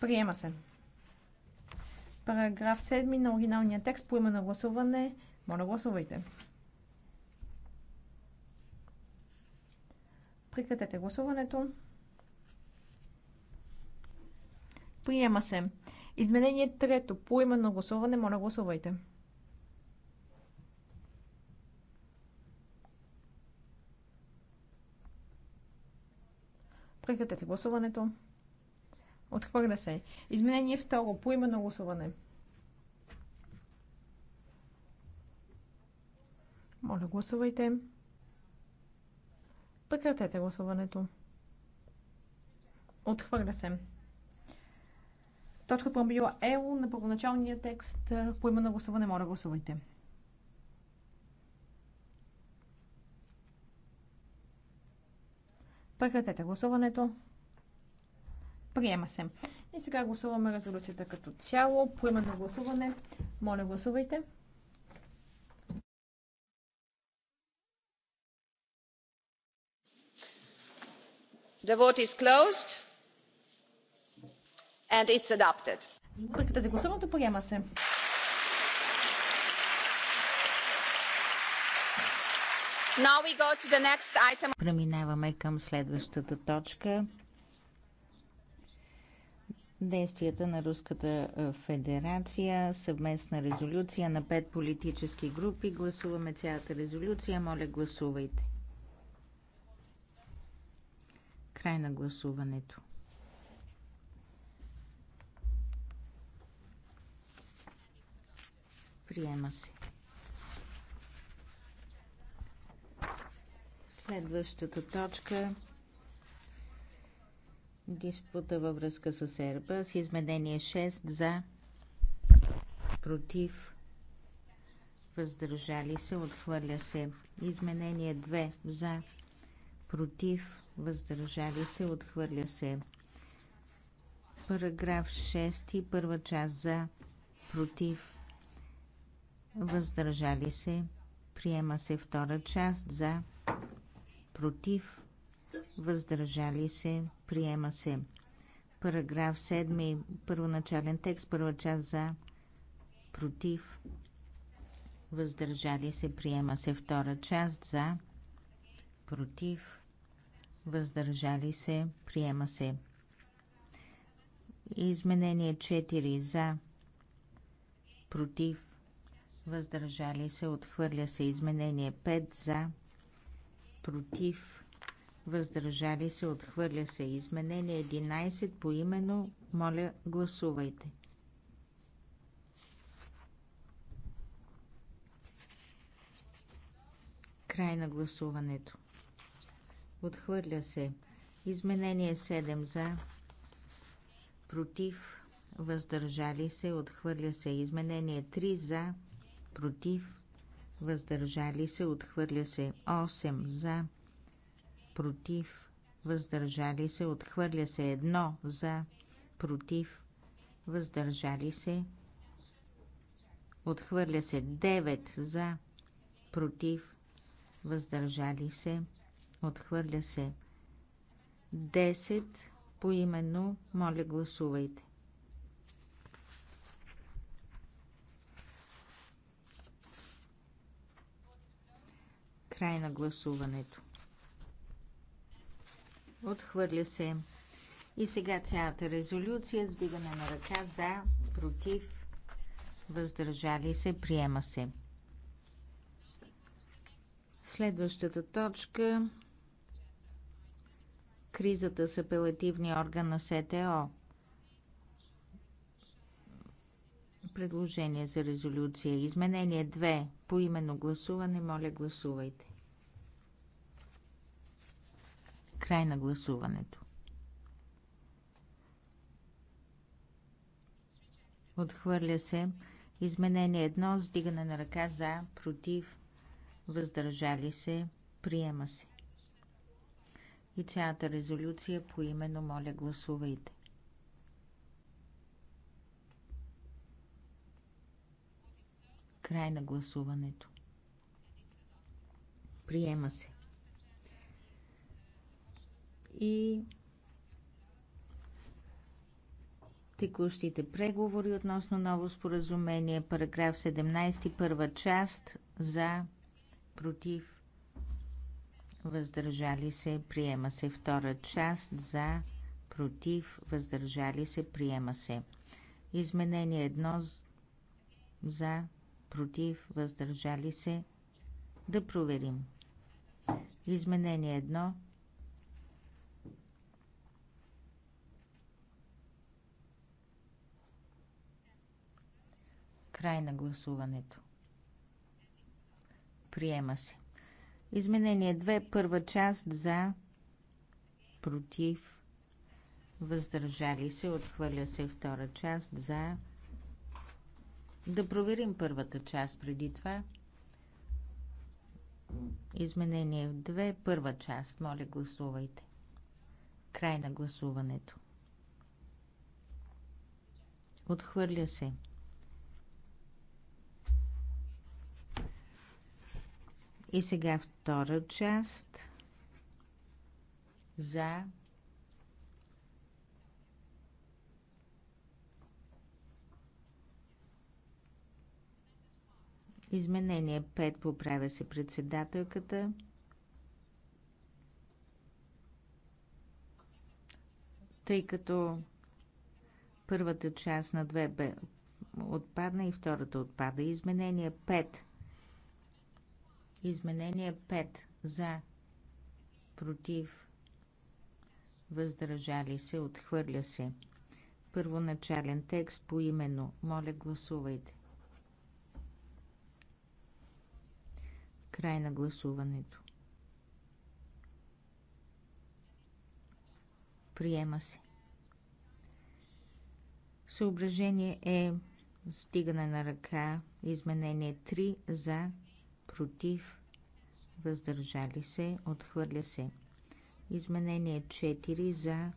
Приема се. Параграф 7 на оригиналния текст по име на гласуване. Моля, гласувайте. Прекратете гласуването. Приема се. Изменение трето. По име на гласуване. Моля, гласувайте. Прекратете гласуването. Отхвърля се. Изменение второ. По именно гласуване. Моля, гласувайте. Прекратете гласуването. Отхвърля се. Точка промбила ЕО на първоначалния текст. По на гласуване. Моля, гласувайте. Прекратете гласуването. Приема се. И сега гласуваме резолюцията като цяло. Поема на гласуване. Моля, гласувайте. The vote is closed and it's adopted. за гласуването. Приема се. Преминаваме към следващата точка действията на Руската федерация, съвместна резолюция на пет политически групи. Гласуваме цялата резолюция. Моля, гласувайте. Край на гласуването. Приема се. Следващата точка Диспута във връзка с Ерба с изменение 6 за против въздържали се, отхвърля се. Изменение 2 за против въздържали се, отхвърля се. Параграф 6, първа част за против въздържали се, приема се втора част за против въздържали се, приема се. Параграф 7, първоначален текст, първа част за, против, въздържали се, приема се. Втора част за, против, въздържали се, приема се. Изменение 4 за, против, въздържали се, отхвърля се. Изменение 5 за, против, въздържали се, отхвърля се. Изменение 11 по именно, моля гласувайте. Край на гласуването. Отхвърля се. Изменение 7 за, против, въздържали се, отхвърля се. Изменение 3 за, против, въздържали се, отхвърля се. 8 за, против против, въздържали се, отхвърля се едно за, против, въздържали се, отхвърля се 9 за, против, въздържали се, отхвърля се по поименно, моля гласувайте. Край на гласуването. Отхвърля се. И сега цялата резолюция с вдигане на ръка за, против, въздържали се, приема се. Следващата точка кризата с апелативния орган на СТО. Предложение за резолюция. Изменение 2. По именно гласуване. Моля, гласувайте. Край на гласуването. Отхвърля се изменение 1, сдигане на ръка за, против, въздържали се, приема се. И цялата резолюция по именно моля гласувайте. Край на гласуването. Приема се и текущите преговори относно ново споразумение, параграф 17, първа част за, против, въздържали се, приема се. Втора част за, против, въздържали се, приема се. Изменение едно за, против, въздържали се, да проверим. Изменение едно, Край на гласуването. Приема се. Изменение 2, първа част за, против, въздържали се, отхвърля се втора част за. Да проверим първата част преди това. Изменение 2, първа част. Моля, гласувайте. Край на гласуването. Отхвърля се. И сега втора част. За. Изменение 5 поправя се председателката. Тъй като първата част на 2 бе отпадна и втората отпада. Изменение 5 Изменение 5. За. Против. Въздържали се. Отхвърля се. Първоначален текст по именно. Моля, гласувайте. Край на гласуването. Приема се. Съображение е стигане на ръка. Изменение 3 за против, въздържали се, отхвърля се. Изменение 4 за,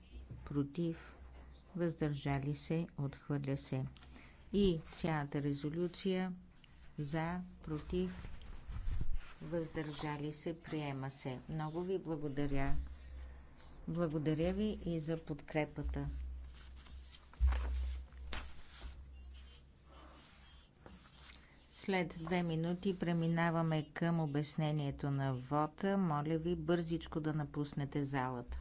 против, въздържали се, отхвърля се. И цялата резолюция за, против, въздържали се, приема се. Много ви благодаря. Благодаря ви и за подкрепата. След две минути преминаваме към обяснението на вота. Моля ви бързичко да напуснете залата.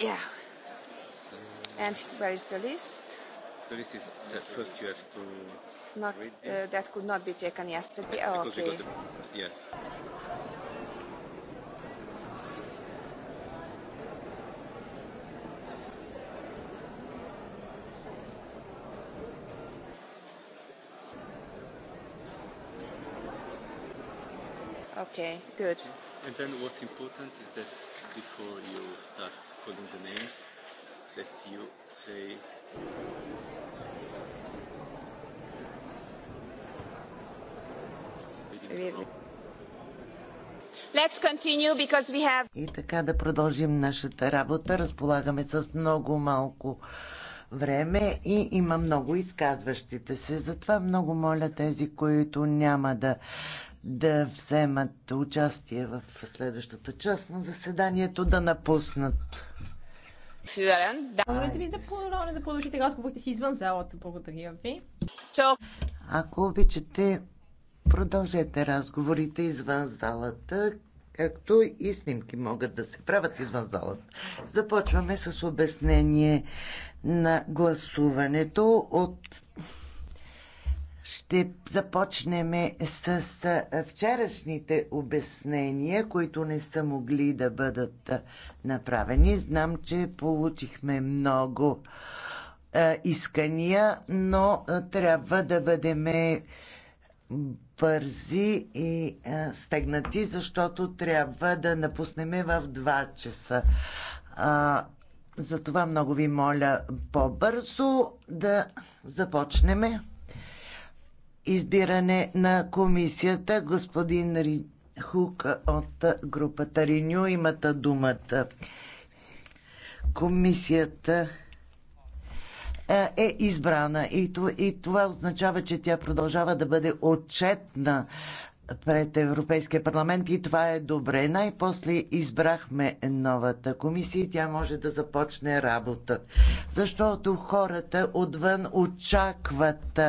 Yeah. And where is the list? The list is set. First, you have to. Not Uh, that could not be taken yesterday. Oh, okay. the, yeah. Okay, good. And then what's important is that before you start calling the names that you say Let's continue because we have... И така да продължим нашата работа. Разполагаме с много малко време и има много изказващите се. Затова много моля тези, които няма да да вземат участие в следващата част на заседанието, да напуснат. Сюзерен, да. Можете ли да, да, да продължите разговорите си извън залата? Благодаря ви. Ако обичате, продължете разговорите извън залата, както и снимки могат да се правят извън залата. Започваме с обяснение на гласуването от ще започнем с вчерашните обяснения, които не са могли да бъдат направени. Знам, че получихме много искания, но трябва да бъдем бързи и стегнати, защото трябва да напуснем в 2 часа. Затова много ви моля по-бързо да започнем избиране на комисията. Господин Ри... Хук от групата Реню имате думата. Комисията е, е избрана и това означава, че тя продължава да бъде отчетна пред Европейския парламент и това е добре. Най-после избрахме новата комисия и тя може да започне работа. Защото хората отвън очакват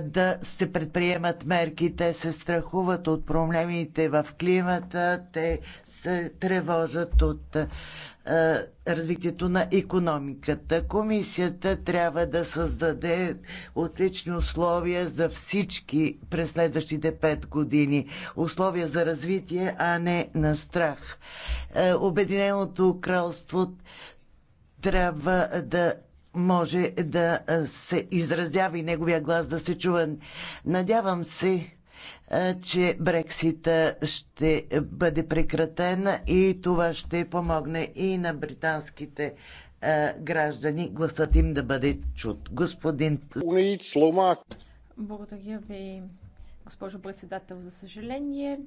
да се предприемат мерки. Те се страхуват от проблемите в климата, те се тревожат от развитието на економиката. Комисията трябва да създаде отлични условия за всички през следващите пет години. Условия за развитие, а не на страх. Е, Обединеното кралство трябва да може да се изразява и неговия глас да се чува. Надявам се, че Брексита ще бъде прекратен и това ще помогне и на британските граждани гласът им да бъде чут. Господин... Благодаря ви, госпожо председател. За съжаление,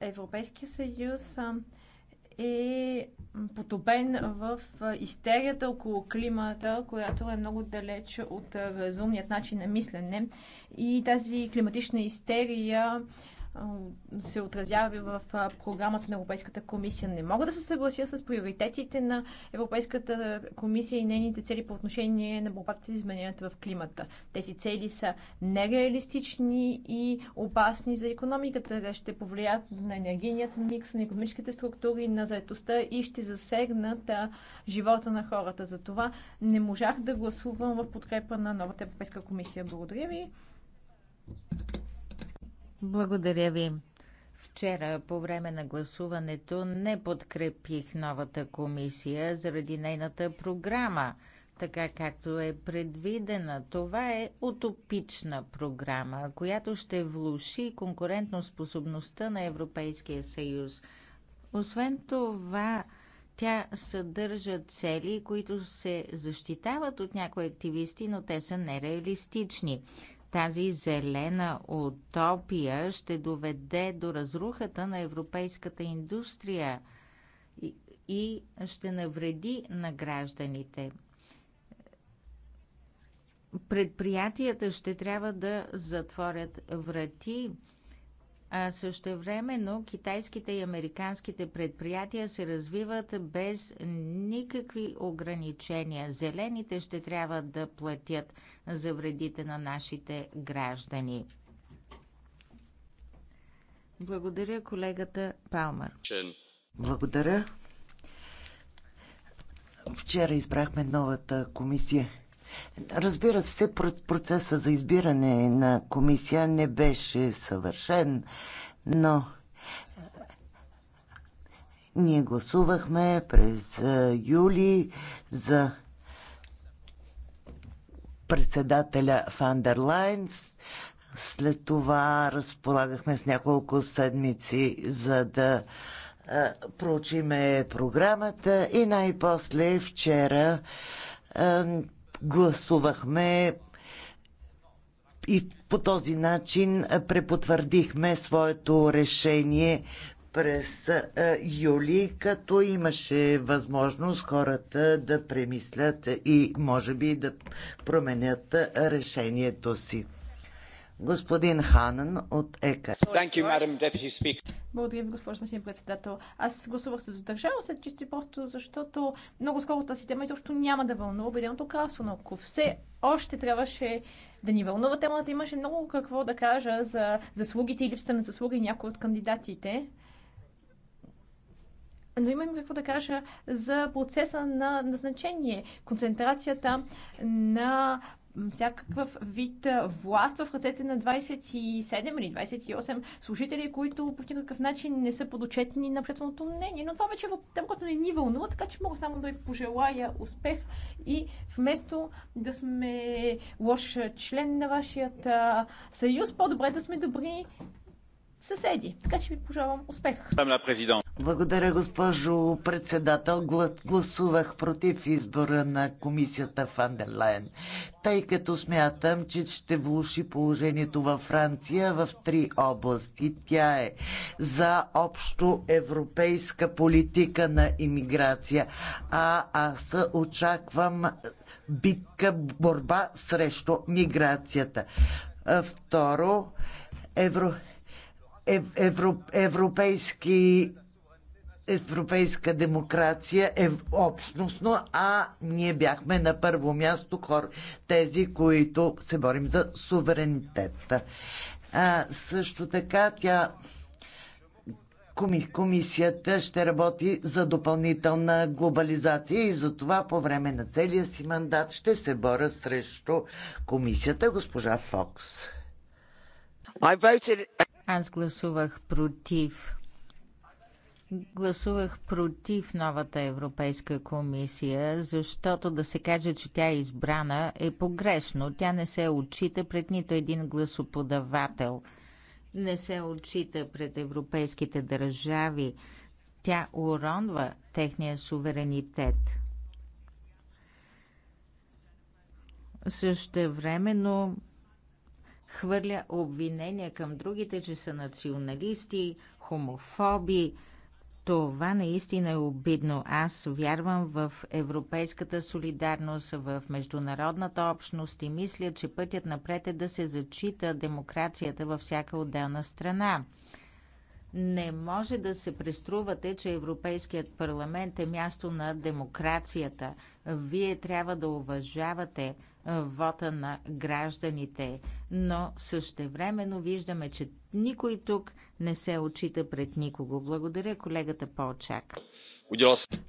Европейския съюз е потопен в истерията около климата, която е много далеч от разумният начин на мислене. И тази климатична истерия се отразява в програмата на Европейската комисия. Не мога да се съглася с приоритетите на Европейската комисия и нейните цели по отношение на борбата с измененията в климата. Тези цели са нереалистични и опасни за економиката. Те ще повлият на енергийният микс, на економическите структури, на заетостта и ще засегнат живота на хората. Затова не можах да гласувам в подкрепа на новата Европейска комисия. Благодаря ви. Благодаря ви. Вчера по време на гласуването не подкрепих новата комисия заради нейната програма, така както е предвидена. Това е утопична програма, която ще влуши способността на Европейския съюз. Освен това, тя съдържа цели, които се защитават от някои активисти, но те са нереалистични. Тази зелена утопия ще доведе до разрухата на европейската индустрия и ще навреди на гражданите. Предприятията ще трябва да затворят врати а също времено китайските и американските предприятия се развиват без никакви ограничения. Зелените ще трябва да платят за вредите на нашите граждани. Благодаря колегата Палмар. Благодаря. Вчера избрахме новата комисия Разбира се, процеса за избиране на комисия не беше съвършен, но е, ние гласувахме през е, юли за председателя Фандерлайнс. След това разполагахме с няколко седмици, за да а, е, проучиме програмата и най-после вчера а, гласувахме и по този начин препотвърдихме своето решение през е, юли, като имаше възможност хората да премислят и може би да променят решението си господин Ханан от ЕКА. Благодаря ви, госпожо господин председател. Аз гласувах за задържава се, чисто просто защото много скоро тази тема изобщо няма да вълнува Обединеното кралство, но ако все още трябваше да ни вълнува темата, имаше много какво да кажа за заслугите и липсата на заслуги някои от кандидатите. Но имам какво да кажа за процеса на назначение, концентрацията на всякакъв вид власт в ръцете на 27 или 28 служители, които по никакъв начин не са подочетни на общественото мнение. Но това вече е тема, което не ни вълнува, така че мога само да ви пожелая успех и вместо да сме лош член на вашият съюз, по-добре да сме добри съседи. Така че ви пожелавам успех. Благодаря, госпожо председател. Гласувах против избора на комисията Фандерлайн, тъй като смятам, че ще влуши положението във Франция в три области. Тя е за общо европейска политика на иммиграция, а аз очаквам битка, борба срещу миграцията. Второ, евро европейски европейска демокрация е общностно, а ние бяхме на първо място хор, тези, които се борим за суверенитета. А, също така тя комисията ще работи за допълнителна глобализация и за това по време на целия си мандат ще се боря срещу комисията госпожа Фокс. I voted... Аз гласувах против. Гласувах против новата Европейска комисия, защото да се каже, че тя е избрана е погрешно. Тя не се отчита пред нито един гласоподавател. Не се отчита пред европейските държави. Тя уронва техния суверенитет. Също времено хвърля обвинения към другите, че са националисти, хомофоби. Това наистина е обидно. Аз вярвам в европейската солидарност, в международната общност и мисля, че пътят напред е да се зачита демокрацията във всяка отделна страна. Не може да се преструвате, че Европейският парламент е място на демокрацията. Вие трябва да уважавате вота на гражданите, но същевременно виждаме, че никой тук не се очита пред никого. Благодаря колегата Полчак.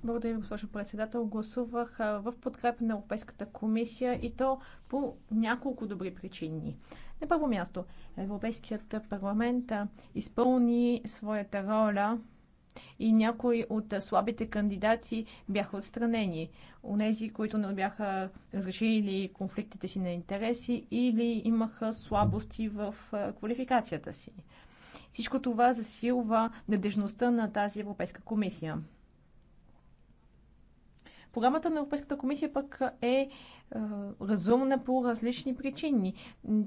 Благодаря ви, госпожо председател. Гласувах в подкрепа на Европейската комисия и то по няколко добри причини. На първо място, Европейският парламент изпълни своята роля и някои от слабите кандидати бяха отстранени. Онези, които не бяха разрешили конфликтите си на интереси или имаха слабости в квалификацията си. Всичко това засилва надежността на тази Европейска комисия. Програмата на Европейската комисия пък е, е разумна по различни причини.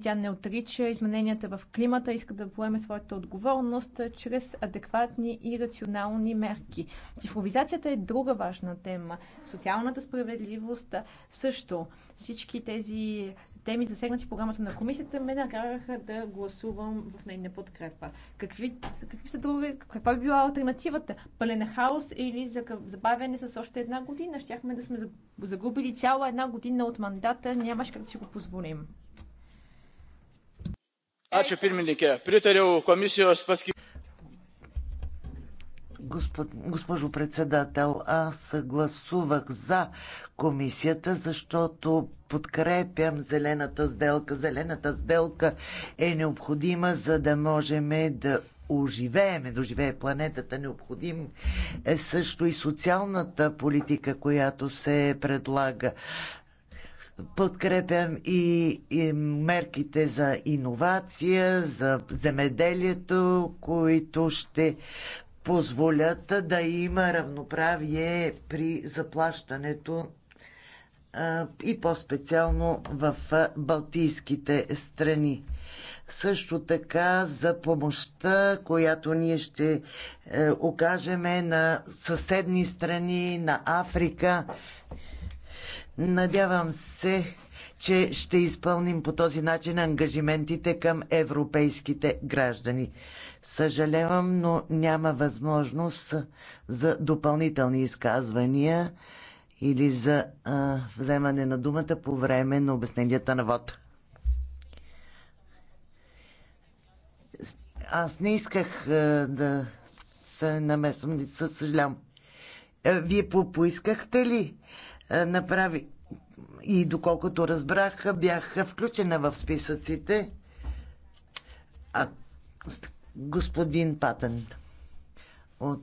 Тя не отрича измененията в климата, иска да поеме своята отговорност чрез адекватни и рационални мерки. Цифровизацията е друга важна тема. Социалната справедливост също. Всички тези теми, засегнати в програмата на комисията, ме накараха да гласувам в нейна подкрепа. Какви, какви са други, каква би била альтернативата? Пълен хаос или забавяне с още една година? Щяхме да сме загубили цяла една година от мандата. Нямаше как да си го позволим. Ačiū pirmininkė. Pritariau komisijos paskirtai госпожо председател, аз гласувах за комисията, защото подкрепям зелената сделка. Зелената сделка е необходима, за да можем да оживееме, оживее планетата, необходим е също и социалната политика, която се предлага. Подкрепям и, и мерките за иновация, за земеделието, които ще позволят да има равноправие при заплащането и по-специално в Балтийските страни. Също така за помощта, която ние ще е, окажеме на съседни страни, на Африка. Надявам се че ще изпълним по този начин ангажиментите към европейските граждани. Съжалявам, но няма възможност за допълнителни изказвания или за а, вземане на думата по време на обясненията на вод. Аз не исках а, да се намесвам, съжалявам. Е, вие по поискахте ли? Направи и доколкото разбрах, бях включена в списъците. А господин Патен от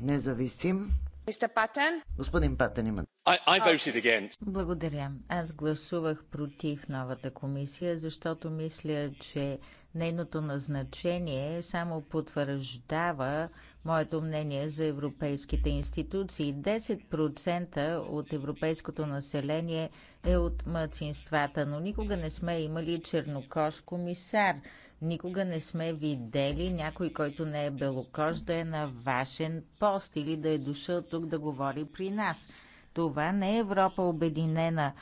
независим. Мистер Патен? Господин Патен има. I, I voted Благодаря. Аз гласувах против новата комисия, защото мисля, че нейното назначение само потвърждава моето мнение за европейските институции. 10% от европейското население е от мъцинствата, но никога не сме имали чернокож комисар. Никога не сме видели някой, който не е белокож, да е на вашен пост или да е дошъл тук да говори при нас. Това не е Европа обединена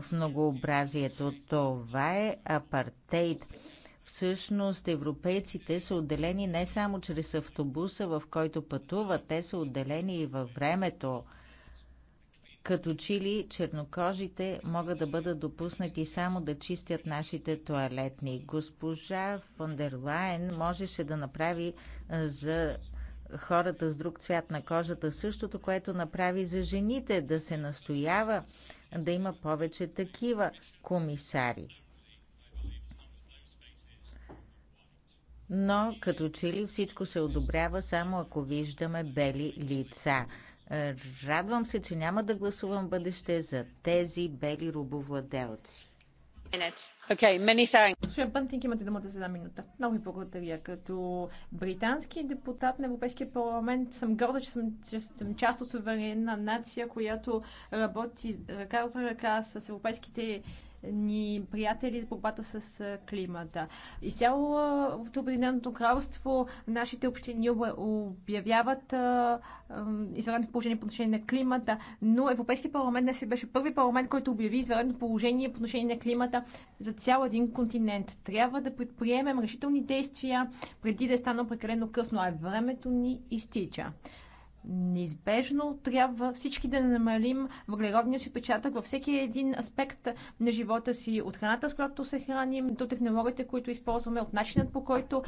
в многообразието. Това е апартейт. Всъщност европейците са отделени не само чрез автобуса, в който пътуват, те са отделени и във времето. Като чили чернокожите могат да бъдат допуснати само да чистят нашите туалетни. Госпожа Фондерлайн можеше да направи за хората с друг цвят на кожата същото, което направи за жените, да се настоява да има повече такива комисари. но като че ли всичко се одобрява само ако виждаме бели лица. Е, радвам се, че няма да гласувам бъдеще за тези бели рубовладелци. Okay, many thanks. Господин Пантинг, имате думата за една минута. Много ви благодаря. Като британски депутат на Европейския парламент съм горда, че съм, че съм част от суверенна нация, която работи ръка за ръка с европейските ни приятели с борбата с климата. И цяло от Обединеното кралство нашите общини обявяват извънредно положение по отношение на климата, но Европейския парламент днес беше първи парламент, който обяви извънредно положение по отношение на климата за цял един континент. Трябва да предприемем решителни действия преди да е станало прекалено късно, а времето ни изтича неизбежно трябва всички да намалим въглеродния си печатък във всеки един аспект на живота си, от храната, с която се храним, до технологиите, които използваме, от начинът по който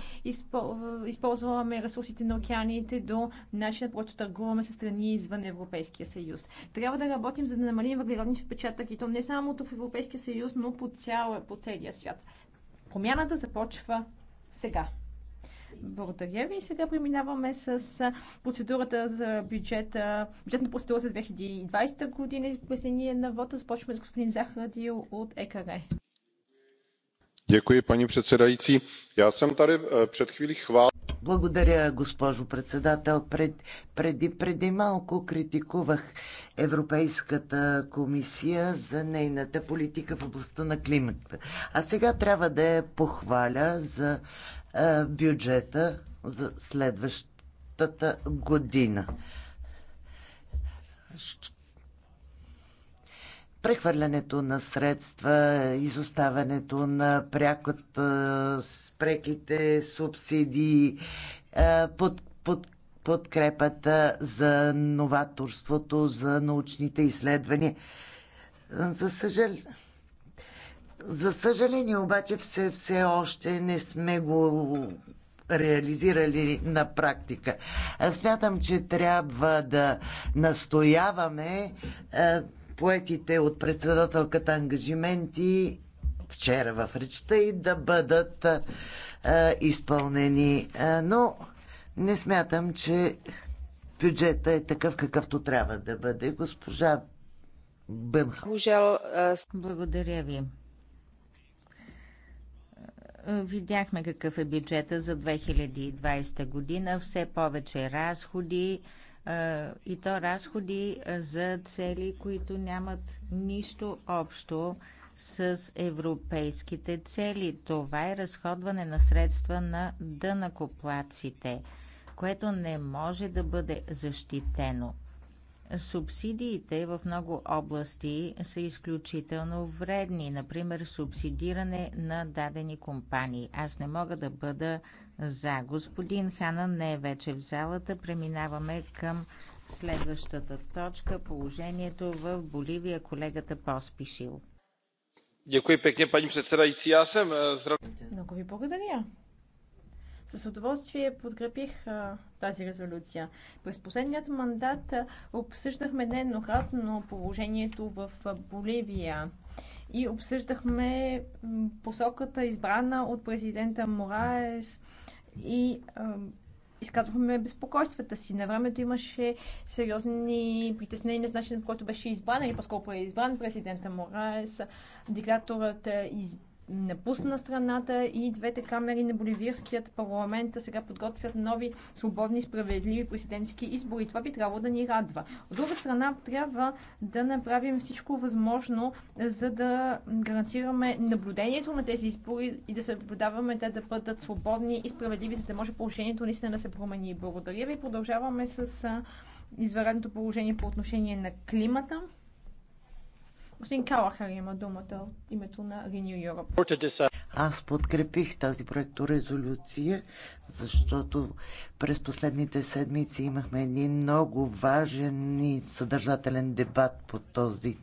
използваме ресурсите на океаните, до начинът по който търгуваме с страни извън Европейския съюз. Трябва да работим за да намалим въглеродния си печатък и то не само в Европейския съюз, но по, цяло, по целия свят. Промяната започва сега. Благодаря ви. Сега преминаваме с процедурата за бюджета, бюджетна процедура за 2020 година. Обяснение на вода започваме с господин Захарадио от ЕКР. Děkuji, paní předsedající. Já jsem tady před chvílí chvál... Благодаря, госпожо председател. Пред, преди, преди малко критикувах Европейската комисия за нейната политика в областта на климата. А сега трябва да я похваля за е, бюджета за следващата година. Прехвърлянето на средства, изоставането на прякото, е, спреките, субсидии, е, под, под, подкрепата за новаторството, за научните изследвания. За съжаление, за съжаление обаче все, все още не сме го реализирали на практика. Смятам, че трябва да настояваме е, поетите от председателката ангажименти вчера в речта и да бъдат е, изпълнени. Е, но не смятам, че бюджета е такъв какъвто трябва да бъде. Госпожа Бънха. Благодаря ви. Е, видяхме какъв е бюджета за 2020 година. Все повече разходи е, и то разходи е, за цели, които нямат нищо общо с европейските цели. Това е разходване на средства на дънакоплаците, което не може да бъде защитено. Субсидиите в много области са изключително вредни, например субсидиране на дадени компании. Аз не мога да бъда за. Господин Хана не е вече в залата. Преминаваме към следващата точка. Положението в Боливия. Колегата Поспишил. Аз съм... Много ви благодаря, с удоволствие подкрепих а, тази резолюция. През последният мандат обсъждахме нееднократно положението в Боливия и обсъждахме посоката избрана от президента Мораес и а, изказвахме безпокойствата си. На времето имаше сериозни притеснения с начинът, който беше избран, или по-скоро е избран президента Мораес. Диктаторът изб напусна страната и двете камери на боливирският парламент сега подготвят нови свободни, справедливи президентски избори. Това би трябвало да ни радва. От друга страна, трябва да направим всичко възможно, за да гарантираме наблюдението на тези избори и да съблюдаваме те да бъдат свободни и справедливи, за да може положението наистина да се промени. Благодаря ви. Продължаваме с извънредното положение по отношение на климата. Господин Калахар има думата от името на Renew Europe. Аз подкрепих тази проекторезолюция, защото през последните седмици имахме един много важен и съдържателен дебат по този.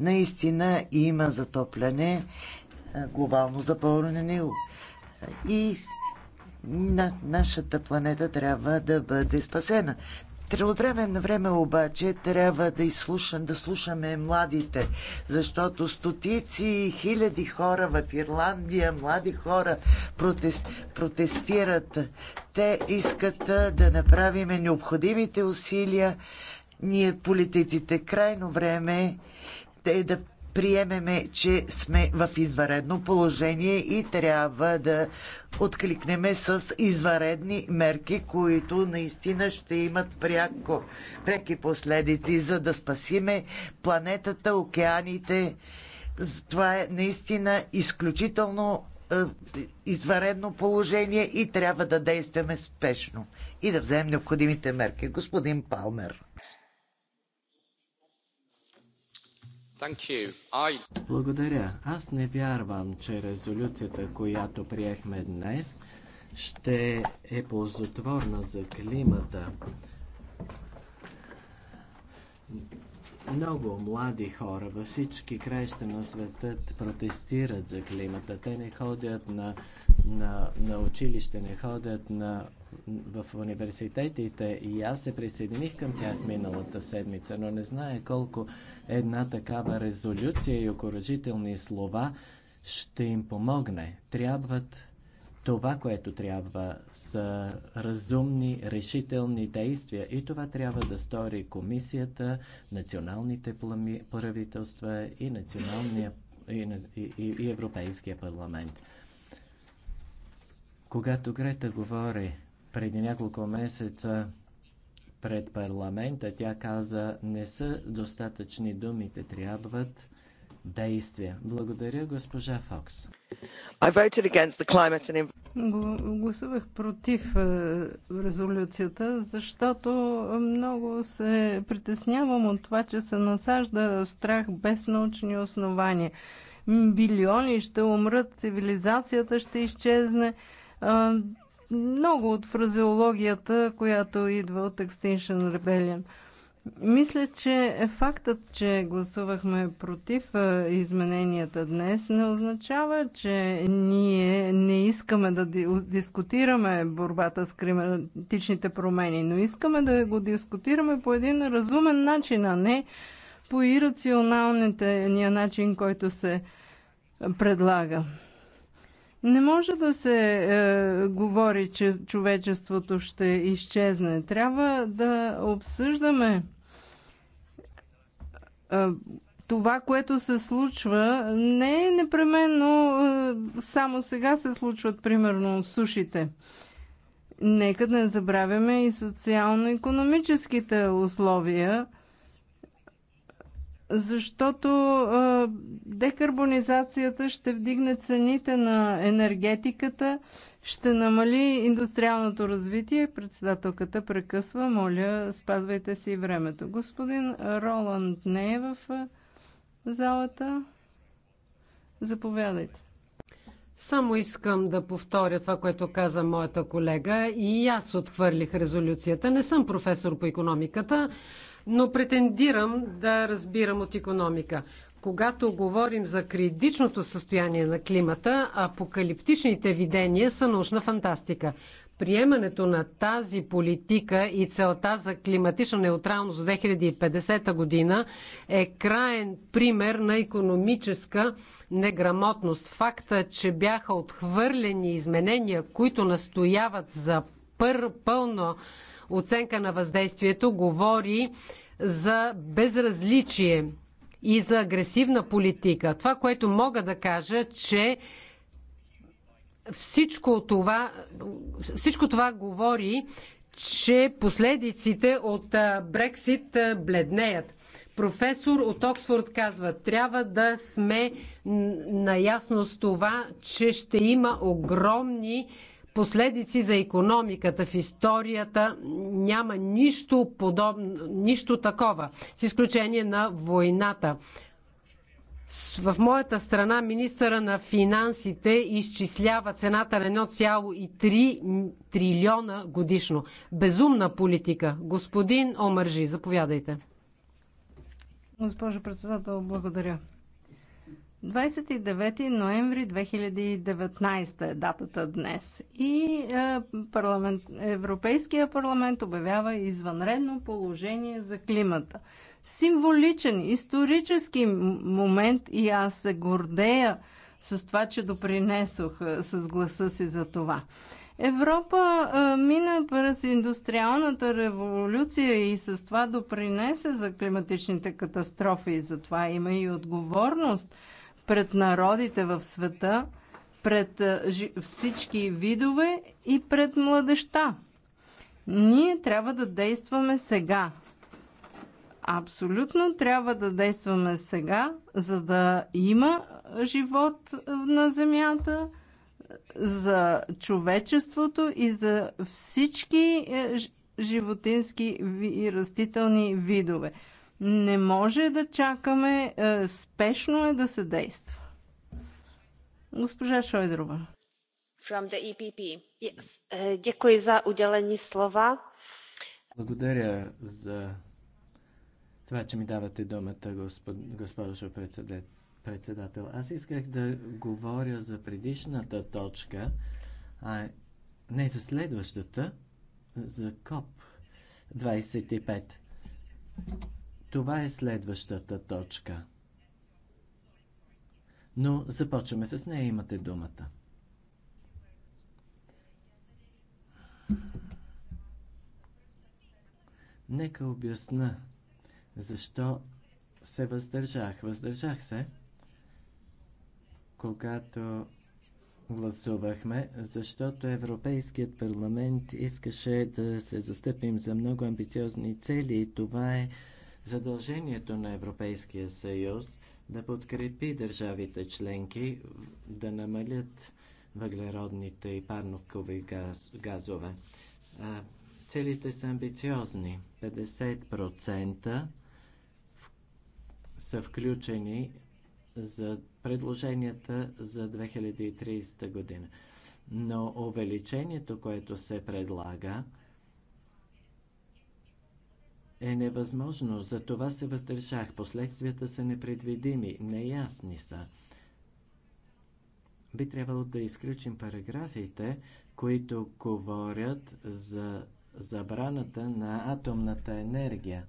Наистина има затопляне, глобално запълнене и на нашата планета трябва да бъде спасена. От време на време обаче трябва да, изслушам, да слушаме младите, защото стотици, хиляди хора в Ирландия, млади хора протест, протестират. Те искат да направим необходимите усилия. Ние, политиците, крайно време те да приемеме, че сме в изваредно положение и трябва да откликнеме с изваредни мерки, които наистина ще имат пряко, преки последици, за да спасиме планетата, океаните. Това е наистина изключително е, изваредно положение и трябва да действаме спешно и да вземем необходимите мерки. Господин Палмер. Благодаря. Аз не вярвам, че резолюцията, която приехме днес, ще е ползотворна за климата. Много млади хора във всички краища на света протестират за климата. Те не ходят на, на, на училище, не ходят на в университетите и аз се присъединих към тях миналата седмица, но не знае колко една такава резолюция и окоръжителни слова ще им помогне. Трябват това, което трябва, са разумни, решителни действия и това трябва да стори комисията, националните правителства и, националния, и, и, и Европейския парламент. Когато Грета говори преди няколко месеца пред парламента, тя каза, не са достатъчни думите, трябват действия. Благодаря, госпожа Фокс. I voted against the climate and... Гласувах против е, резолюцията, защото много се притеснявам от това, че се насажда страх без научни основания. Билиони ще умрат, цивилизацията ще изчезне много от фразеологията, която идва от Extinction Rebellion. Мисля, че фактът, че гласувахме против измененията днес, не означава, че ние не искаме да дискутираме борбата с климатичните промени, но искаме да го дискутираме по един разумен начин, а не по ирационалния начин, който се предлага. Не може да се е, говори, че човечеството ще изчезне. Трябва да обсъждаме е, това, което се случва. Не е непременно е, само сега се случват, примерно, сушите. Нека да не забравяме и социално-економическите условия – защото декарбонизацията ще вдигне цените на енергетиката, ще намали индустриалното развитие. Председателката прекъсва. Моля, спазвайте си времето. Господин Роланд не е в залата. Заповядайте. Само искам да повторя това, което каза моята колега. И аз отхвърлих резолюцията. Не съм професор по економиката но претендирам да разбирам от економика. Когато говорим за критичното състояние на климата, апокалиптичните видения са научна фантастика. Приемането на тази политика и целта за климатична неутралност в 2050 година е краен пример на економическа неграмотност. Факта, че бяха отхвърлени изменения, които настояват за пър, пълно оценка на въздействието говори за безразличие и за агресивна политика. Това, което мога да кажа, че всичко това, всичко това говори, че последиците от Брексит бледнеят. Професор от Оксфорд казва, трябва да сме наясно с това, че ще има огромни последици за економиката в историята няма нищо подобно, нищо такова, с изключение на войната. В моята страна министъра на финансите изчислява цената на 1,3 трилиона годишно. Безумна политика. Господин Омържи, заповядайте. Госпожо председател, благодаря. 29 ноември 2019 е датата днес. И е, парламент, Европейския парламент обявява извънредно положение за климата. Символичен, исторически момент и аз се гордея с това, че допринесох е, с гласа си за това. Европа е, мина през индустриалната революция и с това допринесе за климатичните катастрофи. и Затова има и отговорност пред народите в света, пред всички видове и пред младеща. Ние трябва да действаме сега. Абсолютно трябва да действаме сега, за да има живот на Земята, за човечеството и за всички е, животински и растителни видове. Не може да чакаме. Е, спешно е да се действа. Госпожа Шойдрова. From the EPP. Yes. Е, дякую за уделени слова. Благодаря за това, че ми давате думата, госпожо председател. Аз исках да говоря за предишната точка, а не за следващата, за КОП 25. Това е следващата точка. Но започваме с нея, имате думата. Нека обясна защо се въздържах. Въздържах се, когато гласувахме, защото Европейският парламент искаше да се застъпим за много амбициозни цели и това е задължението на Европейския съюз да подкрепи държавите членки да намалят въглеродните и парникови газ, газове. А, целите са амбициозни. 50% са включени за предложенията за 2030 година. Но увеличението, което се предлага, е невъзможно. За това се въздържах. Последствията са непредвидими, неясни са. Би трябвало да изключим параграфите, които говорят за забраната на атомната енергия,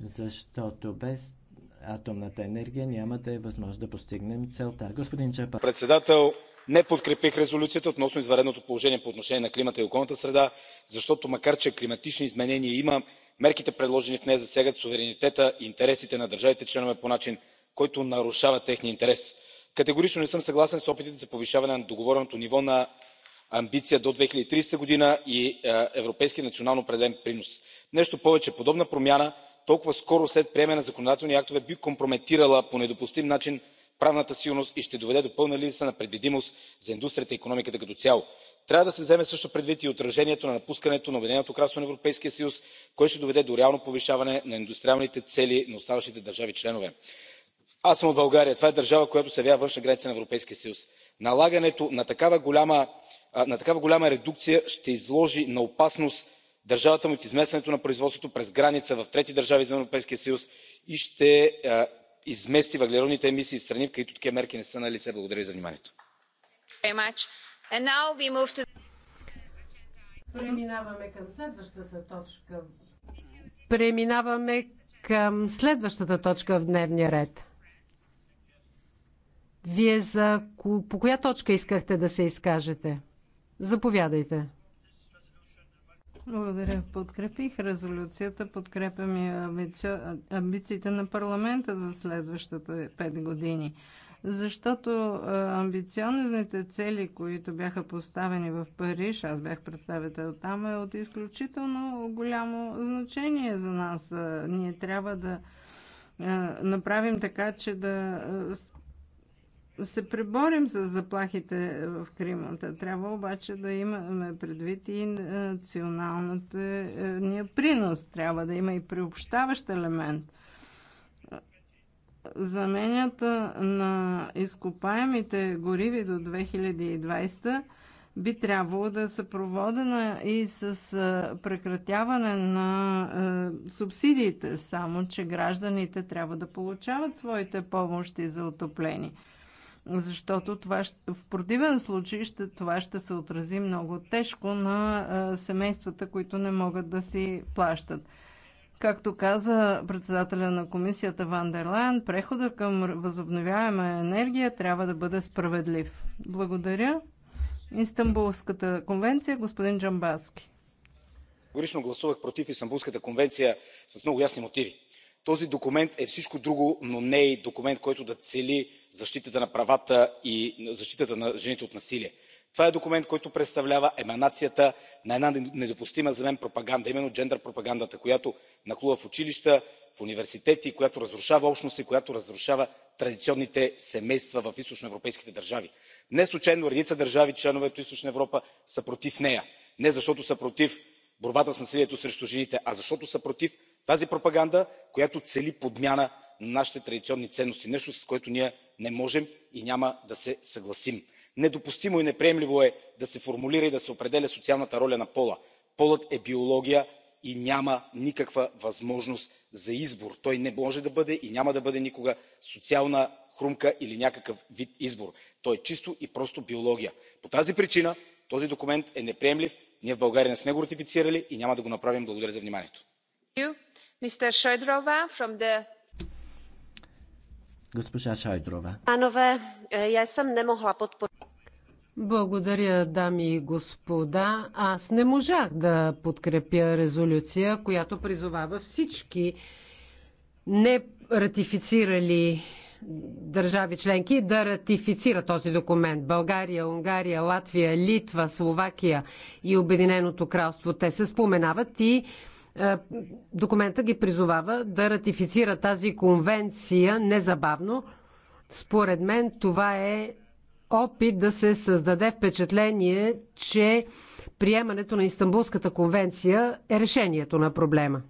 защото без атомната енергия няма да е възможно да постигнем целта. Господин Чапа. Председател, не подкрепих резолюцията относно изваредното положение по отношение на климата и околната среда, защото макар че климатични изменения има, мерките предложени в нея засягат суверенитета и интересите на държавите членки по начин който нарушава техния интерес. категорично не съм съгласен с опитите за повишаване на договореното ниво на амбиция до две хиляди и тридесета година и е, европейския национално определен принос. нещо повече подобна промяна толкова скоро след приемане на законодателни актове би компрометирала по недопустим начин правната сигурност и ще доведе до пълна липса на предвидимост за индустрията и икономиката като цяло трябва да се вземе също предвид и отражението на напускането на обединеното кралство на европейския съюз което ще доведе до реално повишаване на индустриалните цели на оставащите държави членки. аз съм от българия. това е държава която се явява външна граница на европейския съюз. налагането на такава голяма редукция ще изложи на опасност държавата ни от изместването на производството през граница в трети държави извън европейския съюз и ще измести въглеродните емисии в страни където такива мерки не са налице. благодаря ви за вниманието. Преминаваме към следващата точка. Преминаваме към следващата точка в дневния ред. Вие за по коя точка искахте да се изкажете? Заповядайте. Благодаря. Подкрепих резолюцията, подкрепям и амбициите на парламента за следващите пет години защото амбициозните цели, които бяха поставени в Париж, аз бях представител там, е от изключително голямо значение за нас. Ние трябва да направим така, че да се преборим с заплахите в Кримата. Трябва обаче да имаме предвид и националната ния принос. Трябва да има и приобщаващ елемент – заменята на изкопаемите гориви до 2020 би трябвало да се проводена и с прекратяване на субсидиите, само че гражданите трябва да получават своите помощи за отопление. Защото това в противен случай ще, това ще се отрази много тежко на семействата, които не могат да си плащат. Както каза председателя на комисията Ван дер Лайн, прехода към възобновяема енергия трябва да бъде справедлив. Благодаря. Истанбулската конвенция, господин Джамбаски. Горично гласувах против Истанбулската конвенция с много ясни мотиви. Този документ е всичко друго, но не е и документ, който да цели защитата на правата и защитата на жените от насилие това е документ който представлява еманацията на една недопустима за мен пропаганда именно джендър пропагандата която нахлува в училища в университети която разрушава общности която разрушава традиционните семейства в източноевропейските държави. неслучайно редица държави членове от източна европа са против нея не защото са против борбата с насилието срещу жените а защото са против тази пропаганда която цели подмяна на нашите традиционни ценности нещо с което ние не можем и няма да се съгласим недопустимо и неприемливо е да се формулира и да се определя социалната роля на пола. полът е биология и няма никаква възможност за избор. той не може да бъде и няма да бъде никога социална хрумка или някакъв вид избор. той е чисто и просто биология. по тази причина този документ е неприемлив. ние в българия не сме го ратифицирали и няма да го направим. благодаря за вниманието. Благодаря, дами и господа. Аз не можах да подкрепя резолюция, която призовава всички не ратифицирали държави членки да ратифицира този документ. България, Унгария, Латвия, Литва, Словакия и Обединеното кралство. Те се споменават и е, документа ги призовава да ратифицира тази конвенция незабавно. Според мен това е опит да се създаде впечатление, че приемането на Истанбулската конвенция е решението на проблема.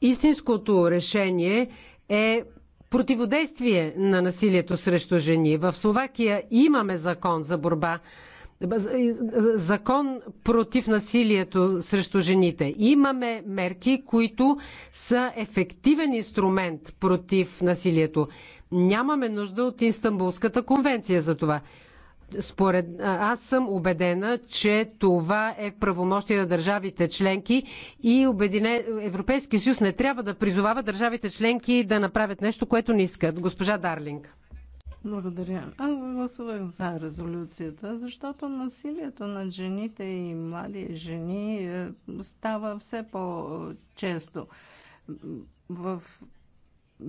Истинското решение е противодействие на насилието срещу жени. В Словакия имаме закон за борба закон против насилието срещу жените. Имаме мерки, които са ефективен инструмент против насилието. Нямаме нужда от Истанбулската конвенция за това. Според аз съм убедена, че това е правомощие на държавите членки и обедине... Европейски съюз не трябва да призовава държавите членки да направят нещо, което не искат. Госпожа Дарлинг. Благодаря. Аз гласувах за резолюцията, защото насилието над жените и млади жени е, става все по-често. В,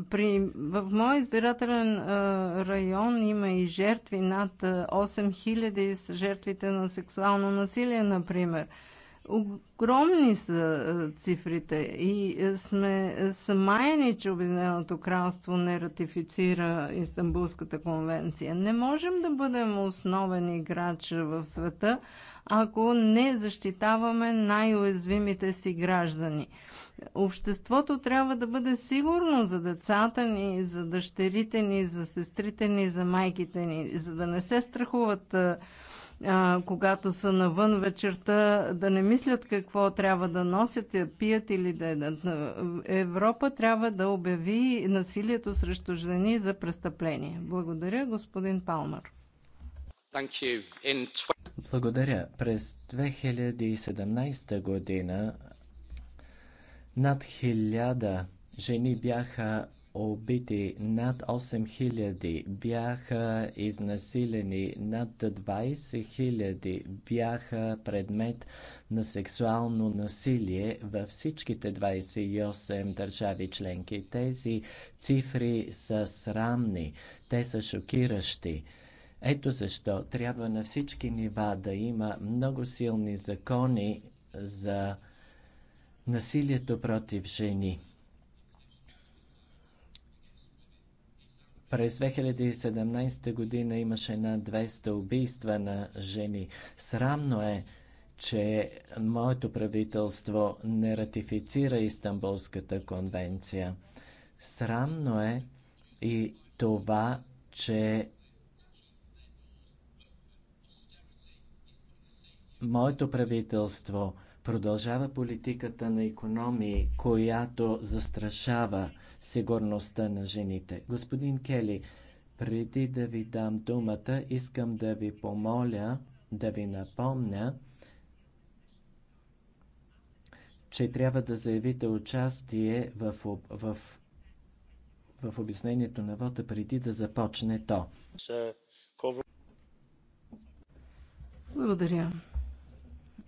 при, в мой избирателен е, район има и жертви над 8000 е, с жертвите на сексуално насилие, например. Огромни са е, цифрите и е, сме самаяни, че Обединеното кралство не ратифицира Истанбулската конвенция. Не можем да бъдем основен играч в света, ако не защитаваме най-уязвимите си граждани. Обществото трябва да бъде сигурно за децата ни, за дъщерите ни, за сестрите ни, за майките ни, за да не се страхуват е, а, когато са навън вечерта, да не мислят какво трябва да носят, да е, пият или да едат. Европа трябва да обяви насилието срещу жени за престъпление. Благодаря, господин Палмър. Благодаря. През 2017 година над хиляда жени бяха убити над 8000, бяха изнасилени над 20 000, бяха предмет на сексуално насилие във всичките 28 държави членки. Тези цифри са срамни, те са шокиращи. Ето защо трябва на всички нива да има много силни закони за насилието против жени. През 2017 година имаше над 200 убийства на жени. Срамно е, че моето правителство не ратифицира Истанбулската конвенция. Срамно е и това, че моето правителство продължава политиката на економии, която застрашава сигурността на жените. Господин Кели, преди да ви дам думата, искам да ви помоля, да ви напомня, че трябва да заявите участие в, в, в обяснението на вода преди да започне то. Благодаря.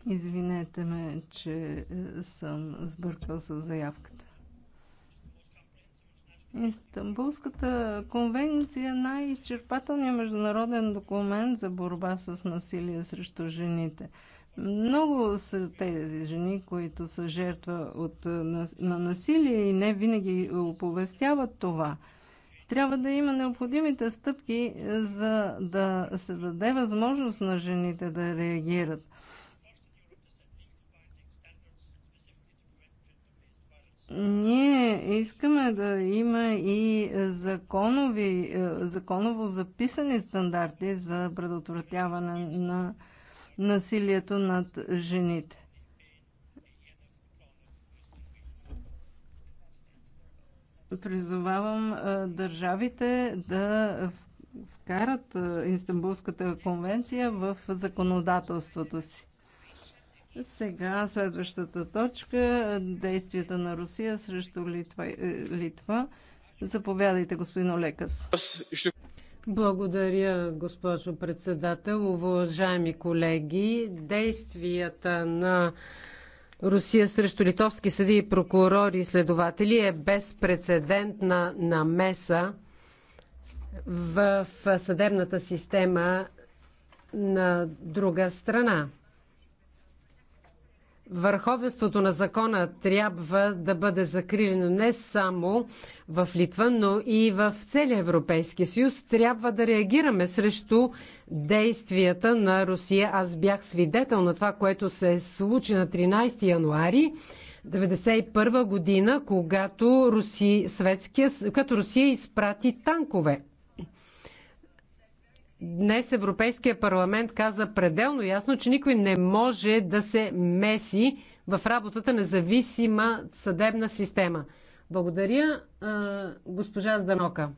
Извинете ме, че е, съм сбъркал с заявката. Истанбулската конвенция е най-изчерпателният международен документ за борба с насилие срещу жените. Много са тези жени, които са жертва от, на, на насилие и не винаги оповестяват това. Трябва да има необходимите стъпки, за да се даде възможност на жените да реагират. Ние искаме да има и законови, е, законово записани стандарти за предотвратяване на насилието над жените. Призовавам е, държавите да вкарат е, Истанбулската конвенция в законодателството си. Сега следващата точка действията на Русия срещу Литва. Е, Литва. Заповядайте, господин Олекас. Благодаря, госпожо председател. Уважаеми колеги, действията на Русия срещу литовски съди и прокурори и следователи е безпредседентна намеса в съдебната система на друга страна. Върховенството на закона трябва да бъде закрилено не само в Литва, но и в целия Европейски съюз. Трябва да реагираме срещу действията на Русия. Аз бях свидетел на това, което се случи на 13 януари 1991 година, когато Руси, светския, като Русия изпрати танкове. Днес Европейския парламент каза пределно ясно, че никой не може да се меси в работата на зависима съдебна система. Благодаря, госпожа Зданока.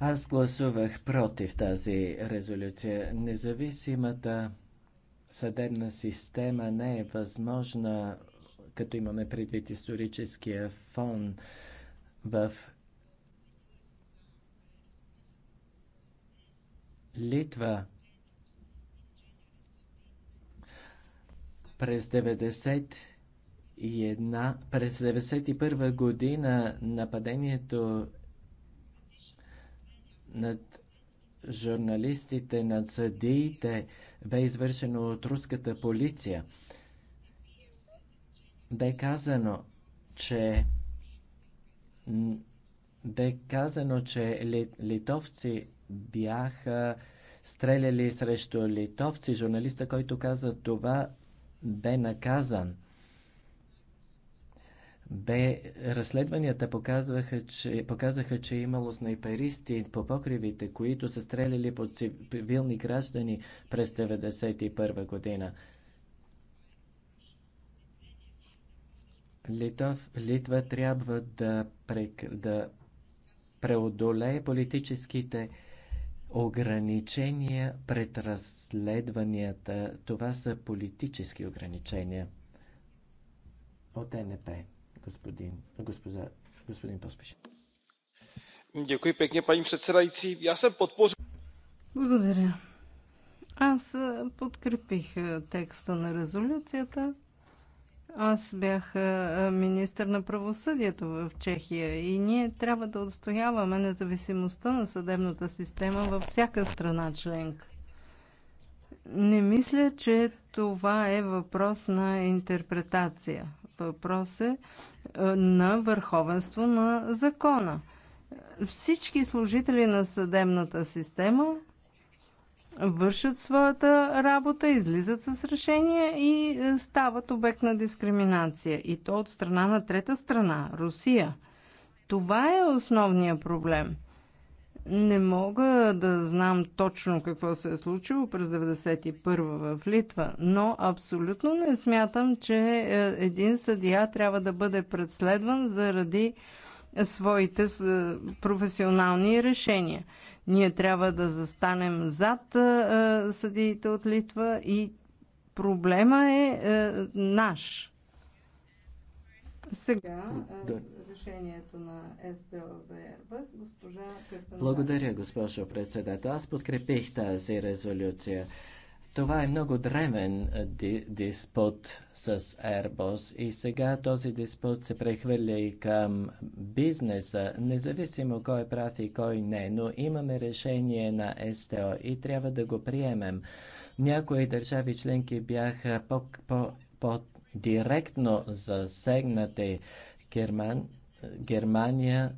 Аз гласувах против тази резолюция. Независимата съдебна система не е възможна, като имаме предвид историческия фон в Литва през 91 през 91 година нападението над журналистите, над съдиите бе извършено от руската полиция. Бе казано, че бе казано, че литовци бяха стреляли срещу литовци. Журналиста, който каза това, бе наказан. Бе, разследванията показваха, че, показаха, че е имало снайперисти по покривите, които са стреляли по цивилни граждани през 1991 година. Литов, Литва трябва да, прек, да преодолее политическите ограничения пред разследванията. Това са политически ограничения. От НП, господин, госпожа, господин Поспешен. Děkuji пекне, пани předsedající. Я jsem podpořil... Благодаря. Аз подкрепих текста на резолюцията, аз бях министър на правосъдието в Чехия и ние трябва да отстояваме независимостта на съдебната система във всяка страна членка. Не мисля, че това е въпрос на интерпретация. Въпрос е на върховенство на закона. Всички служители на съдебната система вършат своята работа, излизат с решение и е, стават обект на дискриминация. И то от страна на трета страна Русия. Това е основният проблем. Не мога да знам точно какво се е случило през 91 в Литва, но абсолютно не смятам, че е, един съдия трябва да бъде преследван заради своите е, професионални решения. Ние трябва да застанем зад съдиите от Литва и проблема е наш. Сега да. решението на СДО за Ербас, госпожа Къртенбах. Благодаря, госпожо председател. Аз подкрепих тази резолюция. Това е много древен диспут с Airbus и сега този диспут се прехвърля и към бизнеса, независимо кой е прав и кой не, но имаме решение на СТО и трябва да го приемем. Някои държави членки бяха по, по, по директно засегнати Герман, Германия,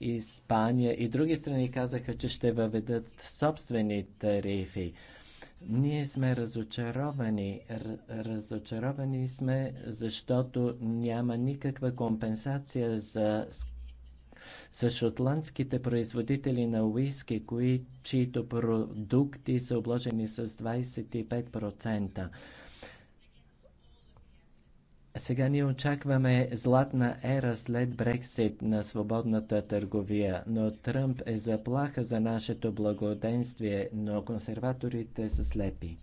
Испания и други страни казаха, че ще въведат собствени тарифи. Ние сме разочаровани. Р. Разочаровани сме, защото няма никаква компенсация за, за шотландските производители на уиски, кои, чието продукти са обложени с 25%. Сега ние очакваме златна ера след Брексит на свободната търговия, но Тръмп е заплаха за нашето благоденствие, но консерваторите са слепи.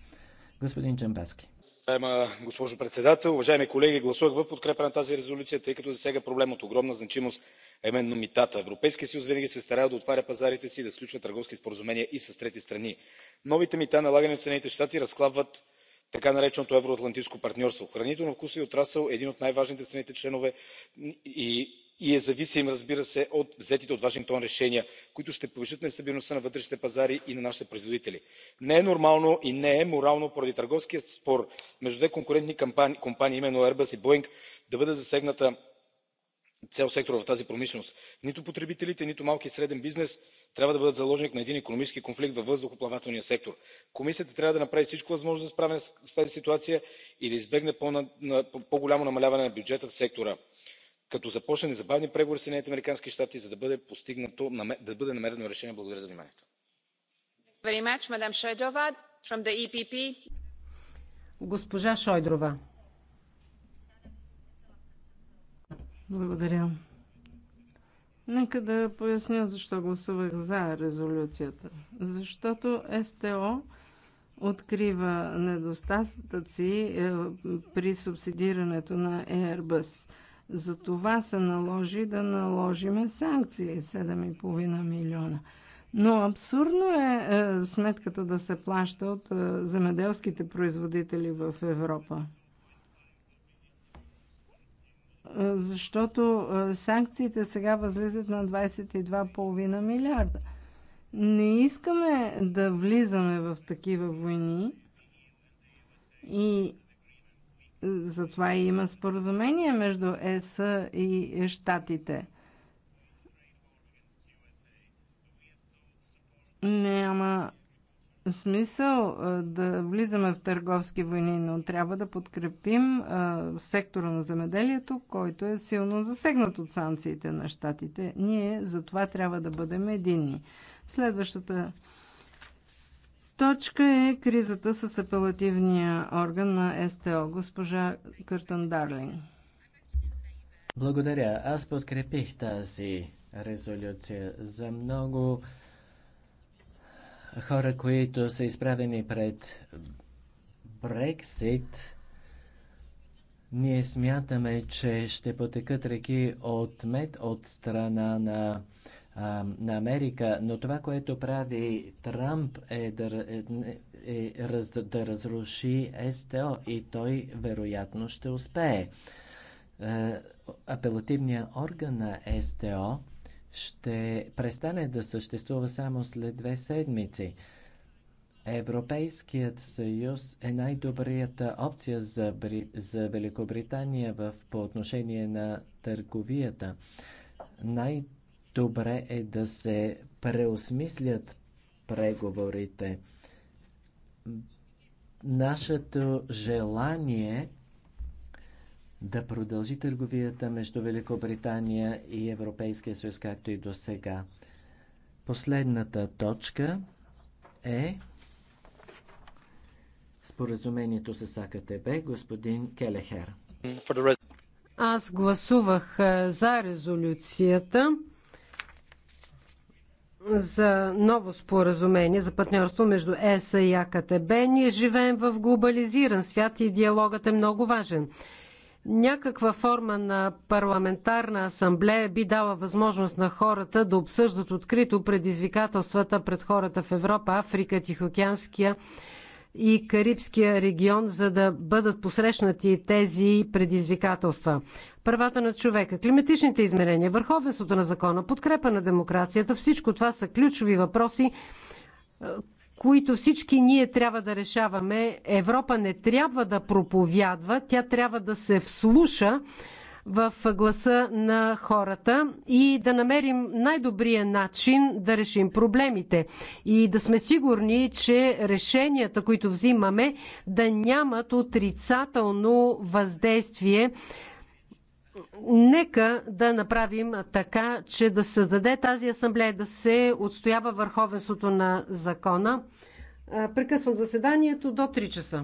Господин Джамбаски. Уважаема госпожо председател, уважаеми колеги, гласувах в подкрепа на тази резолюция, тъй като сега проблем от огромна значимост, а именно митата. Европейския съюз винаги се е старае да отваря пазарите си и да сключва търговски споразумения и с трети страни. Новите мита, налагани от Съединените щати, разхлабват така нареченото евроатлантическо партньорство. хранително вкусовият е отрасъл е един от най важните в страните членки и е зависим разбира се от взетите от вашингтон решения които ще повишат нестабилността на вътрешните пазари и на нашите производители. не е нормално и не е морално поради търговския спор между две конкурентни компании именно Airbus и боинг да бъде засегната цял сектор в тази промишленост. нито потребителите нито малкият и среден бизнес трябва да бъдат заложник на един икономически конфликт във въздухоплавателния сектор. комисията трябва да направи всичко възможно за справяне с тази ситуация и да избегне по голямо намаляване на бюджета в сектора като започне незабавни преговори със съединените американски щати за да бъде намерено решение. благодаря за вниманието. E госпожа шойдрова Благодаря. Нека да поясня защо гласувах за резолюцията. Защото СТО открива недостатъци е, при субсидирането на Airbus. За това се наложи да наложиме санкции 7,5 милиона. Но абсурдно е, е, сметката да се плаща от е, земеделските производители в Европа защото санкциите сега възлизат на 22,5 милиарда. Не искаме да влизаме в такива войни и затова има споразумение между ЕС и Штатите. Няма смисъл да влизаме в търговски войни, но трябва да подкрепим сектора на земеделието, който е силно засегнат от санкциите на щатите. Ние за това трябва да бъдем единни. Следващата точка е кризата с апелативния орган на СТО, госпожа Къртън Дарлин. Благодаря. Аз подкрепих тази резолюция за много хора, които са изправени пред Брексит, ние смятаме, че ще потекат реки от мед от страна на, а, на Америка, но това, което прави Трамп е да, е, е, раз, да разруши СТО и той вероятно ще успее. Е, апелативният орган на СТО ще престане да съществува само след две седмици. Европейският съюз е най-добрията опция за, Бри... за Великобритания в... по отношение на търговията. Най-добре е да се преосмислят преговорите. Нашето желание да продължи търговията между Великобритания и Европейския съюз, както и до сега. Последната точка е споразумението с АКТБ, господин Келехер. Аз гласувах е, за резолюцията за ново споразумение за партньорство между ЕСА и АКТБ. Ние живеем в глобализиран свят и диалогът е много важен. Някаква форма на парламентарна асамблея би дала възможност на хората да обсъждат открито предизвикателствата пред хората в Европа, Африка, Тихоокеанския и Карибския регион, за да бъдат посрещнати тези предизвикателства. Правата на човека, климатичните измерения, върховенството на закона, подкрепа на демокрацията, всичко това са ключови въпроси, които всички ние трябва да решаваме. Европа не трябва да проповядва, тя трябва да се вслуша в гласа на хората и да намерим най-добрия начин да решим проблемите и да сме сигурни, че решенията, които взимаме, да нямат отрицателно въздействие Нека да направим така, че да създаде тази асамблея, да се отстоява върховенството на закона. Прекъсвам заседанието до 3 часа.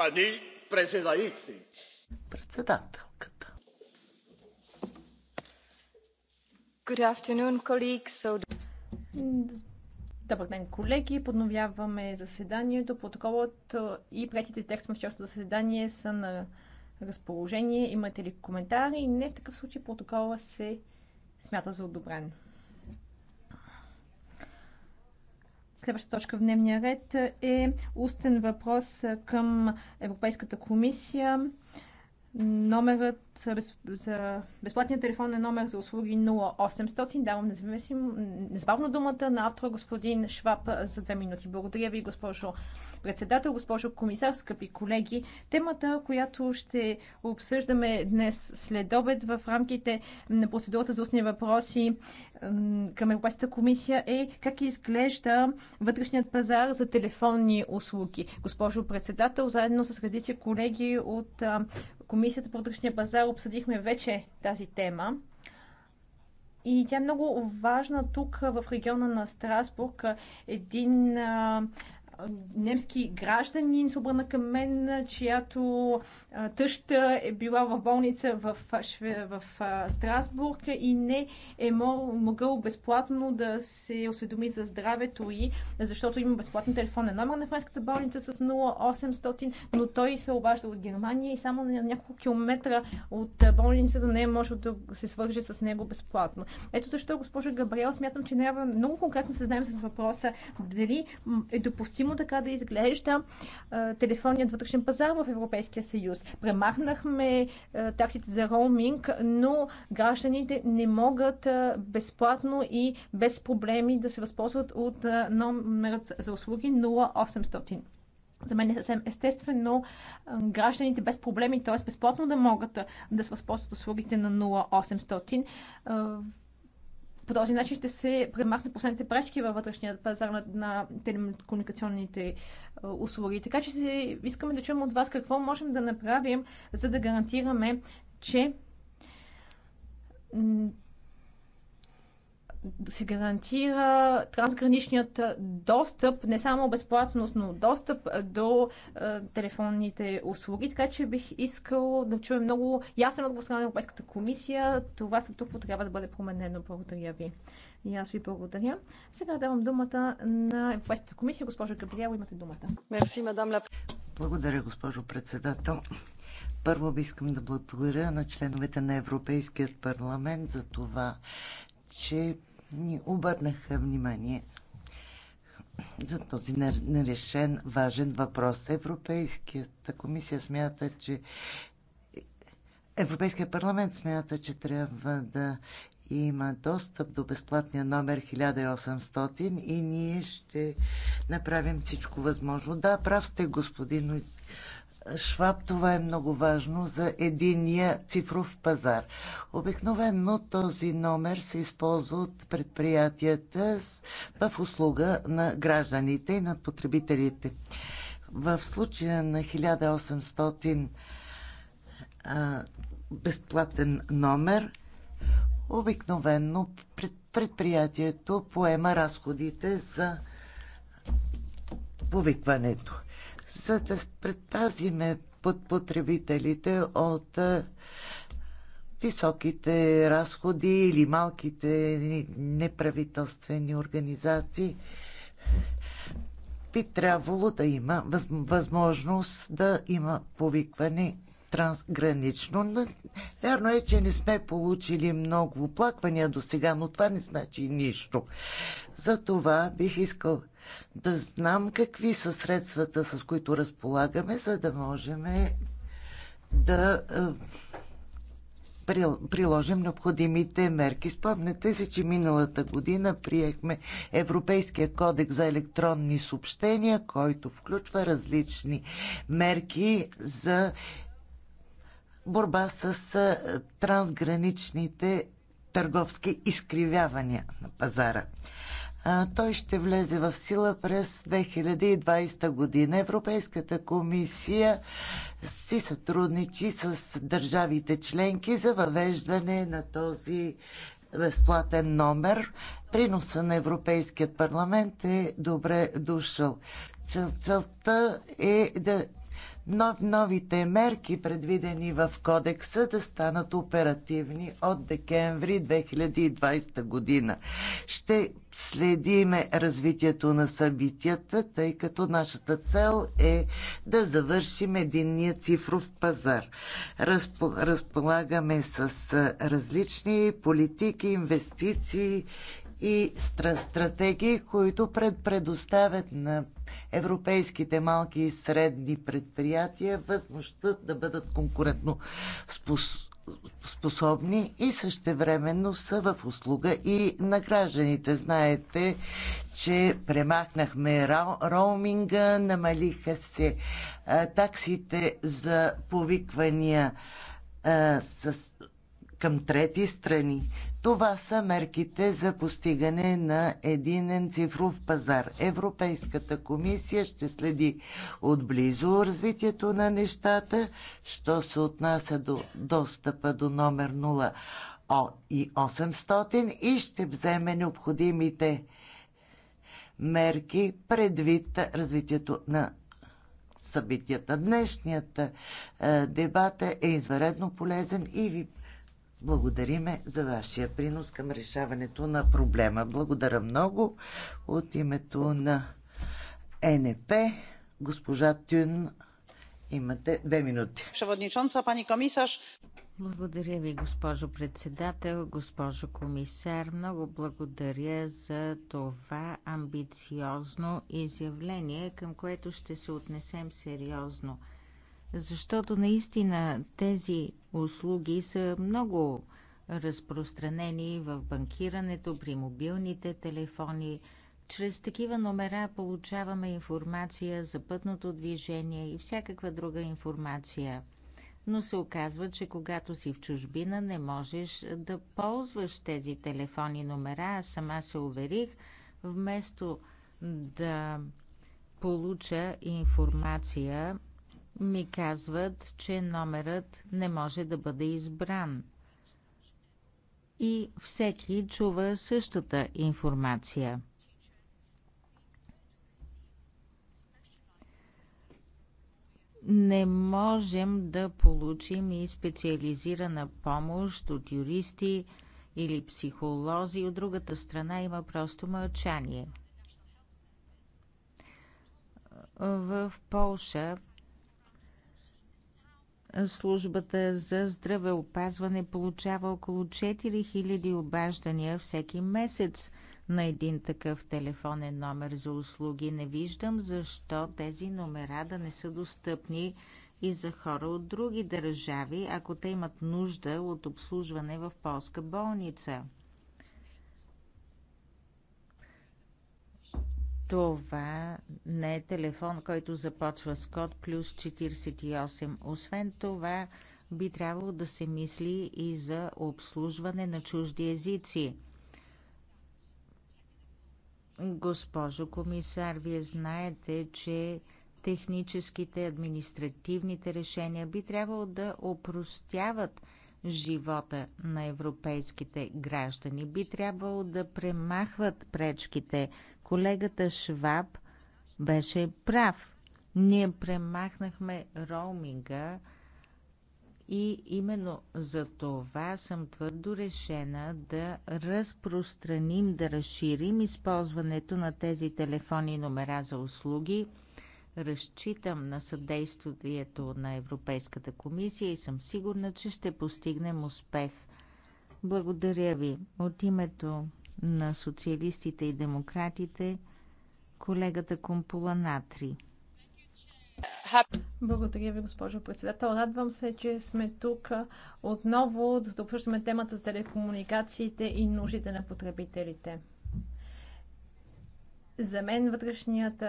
пани председající. Председателката. Good afternoon, colleagues. So... Добър ден, колеги. Подновяваме заседанието. Протоколът и претите текстове в вчерашното заседание са на разположение. Имате ли коментари? Не, в такъв случай протокола се смята за одобрен. Следващата точка в дневния ред е устен въпрос към Европейската комисия Номерът без, за безплатния е номер за услуги 0800. Давам незабавно думата на автора господин Шваб за две минути. Благодаря ви, госпожо председател, госпожо комисар, скъпи колеги. Темата, която ще обсъждаме днес след обед в рамките на процедурата за устни въпроси към Европейската комисия е как изглежда вътрешният пазар за телефонни услуги. Госпожо председател, заедно с редици колеги от Комисията по вътрешния пазар обсъдихме вече тази тема. И тя е много важна тук в региона на Страсбург. Един а, немски гражданин се обърна към мен, чиято тъща е била в болница в, в Страсбург и не е могъл безплатно да се осведоми за здравето и, защото има безплатен телефонен номер на френската болница с 0800, но той се обажда от Германия и само на няколко километра от болницата не е можел да се свърже с него безплатно. Ето защо, госпожа Габриел, смятам, че трябва много конкретно се знаем с въпроса дали е допустимо именно така да изглежда телефонният вътрешен пазар в Европейския съюз. Премахнахме таксите за роуминг, но гражданите не могат безплатно и без проблеми да се възползват от номерът за услуги 0800. За мен е съвсем естествено гражданите без проблеми, т.е. безплатно да могат да се възползват услугите на 0800. По този начин ще се премахнат последните пречки във вътрешния пазар на, на телекомуникационните е, услуги. Така че си, искаме да чуем от вас какво можем да направим, за да гарантираме, че да се гарантира трансграничният достъп, не само безплатност, но достъп до е, телефонните услуги. Така че бих искал да чуя много ясен отговор страна на Европейската комисия. Това статукво трябва да бъде променено. Благодаря ви. И аз ви благодаря. Сега давам думата на Европейската комисия. госпожо Габриел, имате думата. Мерси, мадам Ляп. Благодаря, госпожо председател. Първо би искам да благодаря на членовете на Европейският парламент за това, че ни обърнаха внимание за този нерешен важен въпрос. Европейската комисия смята, че Европейския парламент смята, че трябва да има достъп до безплатния номер 1800 и ние ще направим всичко възможно. Да, прав сте, господин Шваб, това е много важно за единия цифров пазар. Обикновенно този номер се използва от предприятията в услуга на гражданите и на потребителите. В случая на 1800 безплатен номер, обикновенно предприятието поема разходите за повикването за да предпазиме под потребителите от високите разходи или малките неправителствени организации би трябвало да има възможност да има повикване трансгранично. Но, вярно е, че не сме получили много оплаквания до сега, но това не значи нищо. Затова бих искал да знам какви са средствата, с които разполагаме, за да можем е, да е, приложим необходимите мерки. Спомняте се, че миналата година приехме Европейския кодекс за електронни съобщения, който включва различни мерки за борба с е, трансграничните търговски изкривявания на пазара той ще влезе в сила през 2020 година. Европейската комисия си сътрудничи с държавите членки за въвеждане на този безплатен номер. Приноса на Европейският парламент е добре дошъл. Цел, целта е да нов, новите мерки, предвидени в кодекса, да станат оперативни от декември 2020 година. Ще следиме развитието на събитията, тъй като нашата цел е да завършим единния цифров пазар. Разпо, разполагаме с различни политики, инвестиции и стратегии, които пред предоставят на европейските малки и средни предприятия възможността да бъдат конкурентно спос... способни и същевременно са в услуга и на гражданите. Знаете, че премахнахме роуминга, намалиха се а, таксите за повиквания а, с към трети страни. Това са мерките за постигане на единен цифров пазар. Европейската комисия ще следи отблизо развитието на нещата, що се отнася до достъпа до номер 0 и 800 и ще вземе необходимите мерки предвид развитието на събитията. Днешният е, дебат е изваредно полезен и ви благодариме за вашия принос към решаването на проблема. Благодаря много от името на НП. Госпожа Тюн, имате две минути. Преводничонца, пани комисар. Благодаря ви, госпожо председател, госпожо комисар. Много благодаря за това амбициозно изявление, към което ще се отнесем сериозно – защото наистина тези услуги са много разпространени в банкирането, при мобилните телефони. Чрез такива номера получаваме информация за пътното движение и всякаква друга информация. Но се оказва, че когато си в чужбина не можеш да ползваш тези телефони номера. Аз сама се уверих, вместо да получа информация ми казват, че номерът не може да бъде избран. И всеки чува същата информация. Не можем да получим и специализирана помощ от юристи или психолози. От другата страна има просто мълчание. В Полша Службата за здравеопазване получава около 4000 обаждания всеки месец на един такъв телефонен номер за услуги. Не виждам защо тези номера да не са достъпни и за хора от други държави, ако те имат нужда от обслужване в полска болница. Това не е телефон, който започва с код плюс 48. Освен това, би трябвало да се мисли и за обслужване на чужди езици. Госпожо комисар, вие знаете, че техническите, административните решения би трябвало да опростяват живота на европейските граждани. Би трябвало да премахват пречките. Колегата Шваб беше прав. Ние премахнахме роуминга и именно за това съм твърдо решена да разпространим, да разширим използването на тези телефони и номера за услуги – Разчитам на съдействието на Европейската комисия и съм сигурна, че ще постигнем успех. Благодаря ви. От името на социалистите и демократите, колегата Компула Натри. Благодаря ви, госпожо председател. Радвам се, че сме тук отново, да обсъждаме темата за телекомуникациите и нуждите на потребителите. За мен вътрешният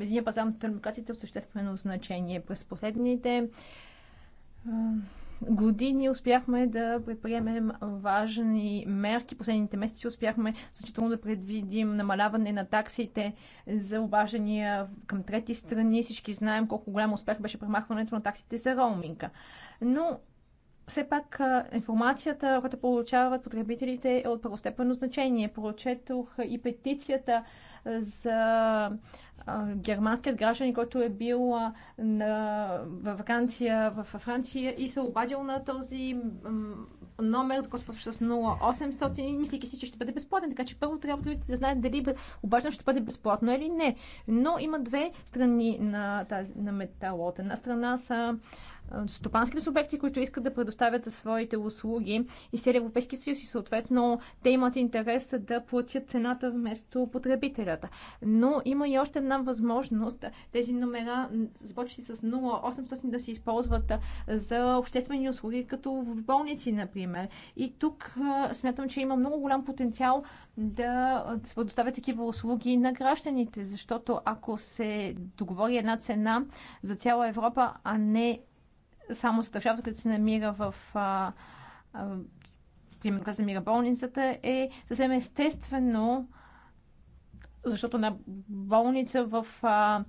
един пазар на телекомуникациите е от съществено значение. През последните години успяхме да предприемем важни мерки. Последните месеци успяхме значително да предвидим намаляване на таксите за обаждания към трети страни. Всички знаем колко голям успех беше премахването на таксите за роуминга. Но все пак информацията, която получават потребителите е от първостепенно значение. Прочетох и петицията за германският граждан, който е бил на, във вакансия в Франция и се обадил на този номер, който с 0800, Мислики си, че ще бъде безплатен. Така че първо трябва да знаят дали обаждането ще бъде безплатно или не. Но има две страни на, тази, на металот. Една страна са стопанските субекти, които искат да предоставят своите услуги и сели Европейски съюз и съответно те имат интерес да платят цената вместо потребителята. Но има и още една възможност тези номера, започвайки с 0800, да се използват за обществени услуги, като в болници, например. И тук смятам, че има много голям потенциал да се предоставят такива услуги на гражданите, защото ако се договори една цена за цяла Европа, а не само за държавата, където се намира в а, а, примерно, се намира болницата, е съвсем естествено, защото на болница в а,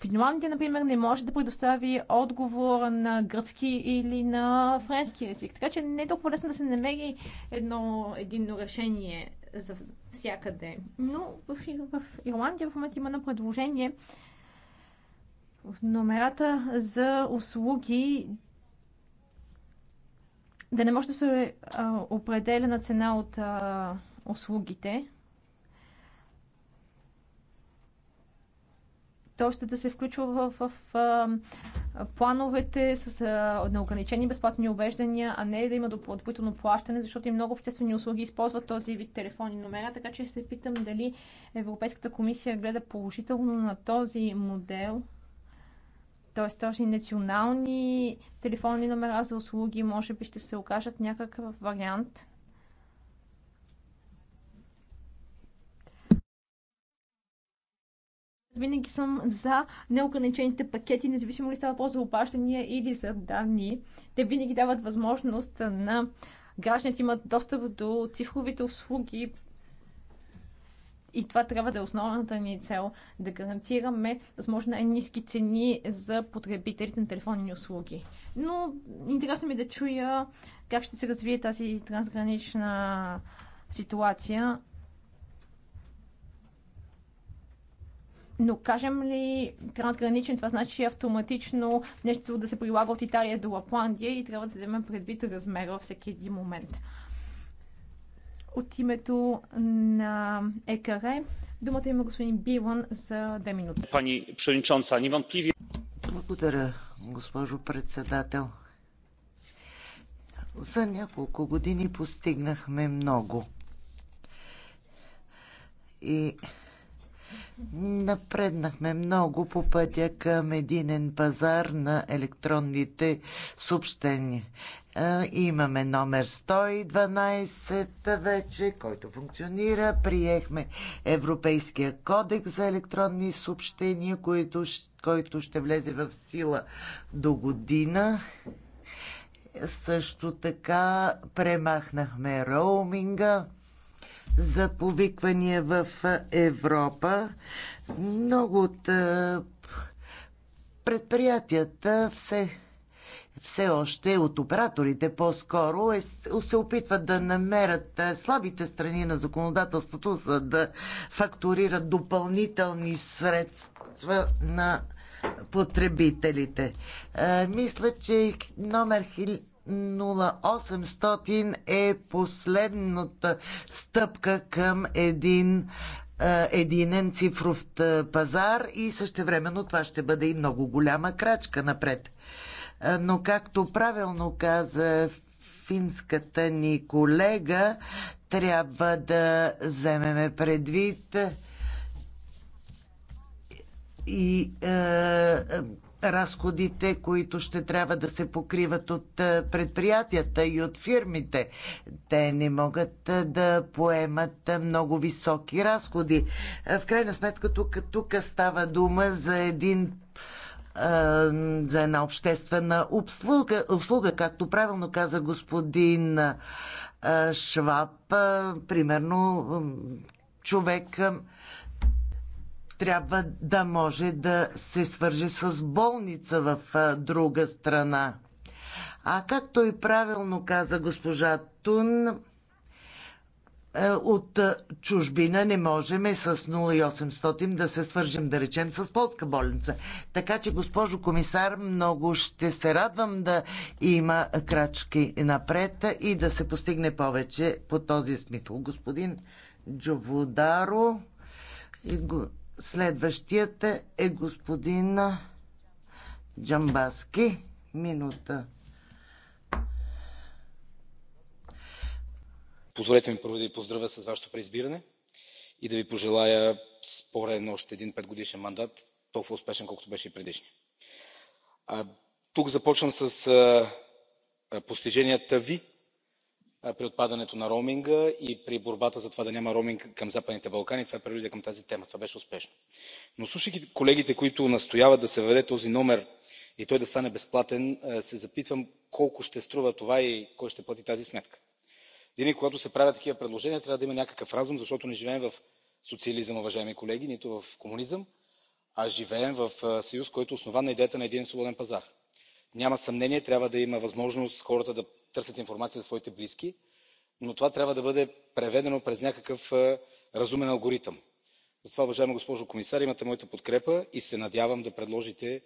Финландия, например, не може да предостави отговор на гръцки или на френски език. Така че не е толкова лесно да се намери едно единно решение за всякъде. Но в, в Ирландия в момента има на предложение номерата за услуги да не може да се определя на цена от а, услугите. То ще да се включва в, в, в плановете с неограничени безплатни обеждания, а не да има допълнително плащане, защото и много обществени услуги използват този вид телефонни номера, така че се питам дали Европейската комисия гледа положително на този модел т.е. този национални телефонни номера за услуги може би ще се окажат някакъв вариант. Винаги съм за неограничените пакети, независимо ли става по за обаждания или за данни. Те винаги дават възможност на гражданите имат достъп до цифровите услуги и това трябва да е основната ни цел да гарантираме възможно най-низки цени за потребителите на телефонни услуги. Но интересно ми е да чуя как ще се развие тази трансгранична ситуация. Но кажем ли трансграничен, това значи автоматично нещо да се прилага от Италия до Лапландия и трябва да се вземе предвид размера във всеки един момент. От името на ЕКР думата има господин Билан за две минути. Пани Пшеничонца, невъмпливи. Благодаря, госпожо председател. За няколко години постигнахме много. И напреднахме много по пътя към единен пазар на електронните съобщения. Имаме номер 112 вече, който функционира. Приехме Европейския кодекс за електронни съобщения, който, който ще влезе в сила до година. Също така премахнахме роуминга за повиквания в Европа. Много от предприятията все все още от операторите по-скоро е, се опитват да намерят слабите страни на законодателството, за да факторират допълнителни средства на потребителите. Е, мисля, че номер 0800 е последната стъпка към един единен цифров пазар и същевременно това ще бъде и много голяма крачка напред. Е, но както правилно каза финската ни колега, трябва да вземеме предвид и е, разходите, които ще трябва да се покриват от е, предприятията и от фирмите. Те не могат е, да поемат много високи разходи. В крайна сметка тук, тук става дума за един за една обществена обслуга, услуга, както правилно каза господин Шваб, примерно човек трябва да може да се свърже с болница в друга страна. А както и правилно каза госпожа Тун, е, от е, чужбина не можем с 0800 да се свържем, да речем, с полска болница. Така че, госпожо комисар, много ще се радвам да има крачки напред и да се постигне повече по този смисъл. Господин Джоводаро, следващият е господин Джамбаски. Минута. Позволете ми първо да ви поздравя с вашето преизбиране и да ви пожелая спорен още един петгодишен мандат, толкова успешен, колкото беше и предишния. А, тук започвам с а, постиженията ви а, при отпадането на роуминга и при борбата за това да няма роуминг към Западните Балкани. Това е прелюдия към тази тема. Това беше успешно. Но слушайки колегите, които настояват да се въведе този номер и той да стане безплатен, се запитвам колко ще струва това и кой ще плати тази сметка винаги когато се правят такива предложения трябва да има някакъв разум защото не живеем в социализъм уважаеми колеги нито в комунизъм а живеем в съюз който е основан на идеята на един свободен пазар. няма съмнение трябва да има възможност хората да търсят информация за своите близки но това трябва да бъде преведено през някакъв разумен алгоритъм. затова уважаема госпожо комисар имате моята подкрепа и се надявам да предложите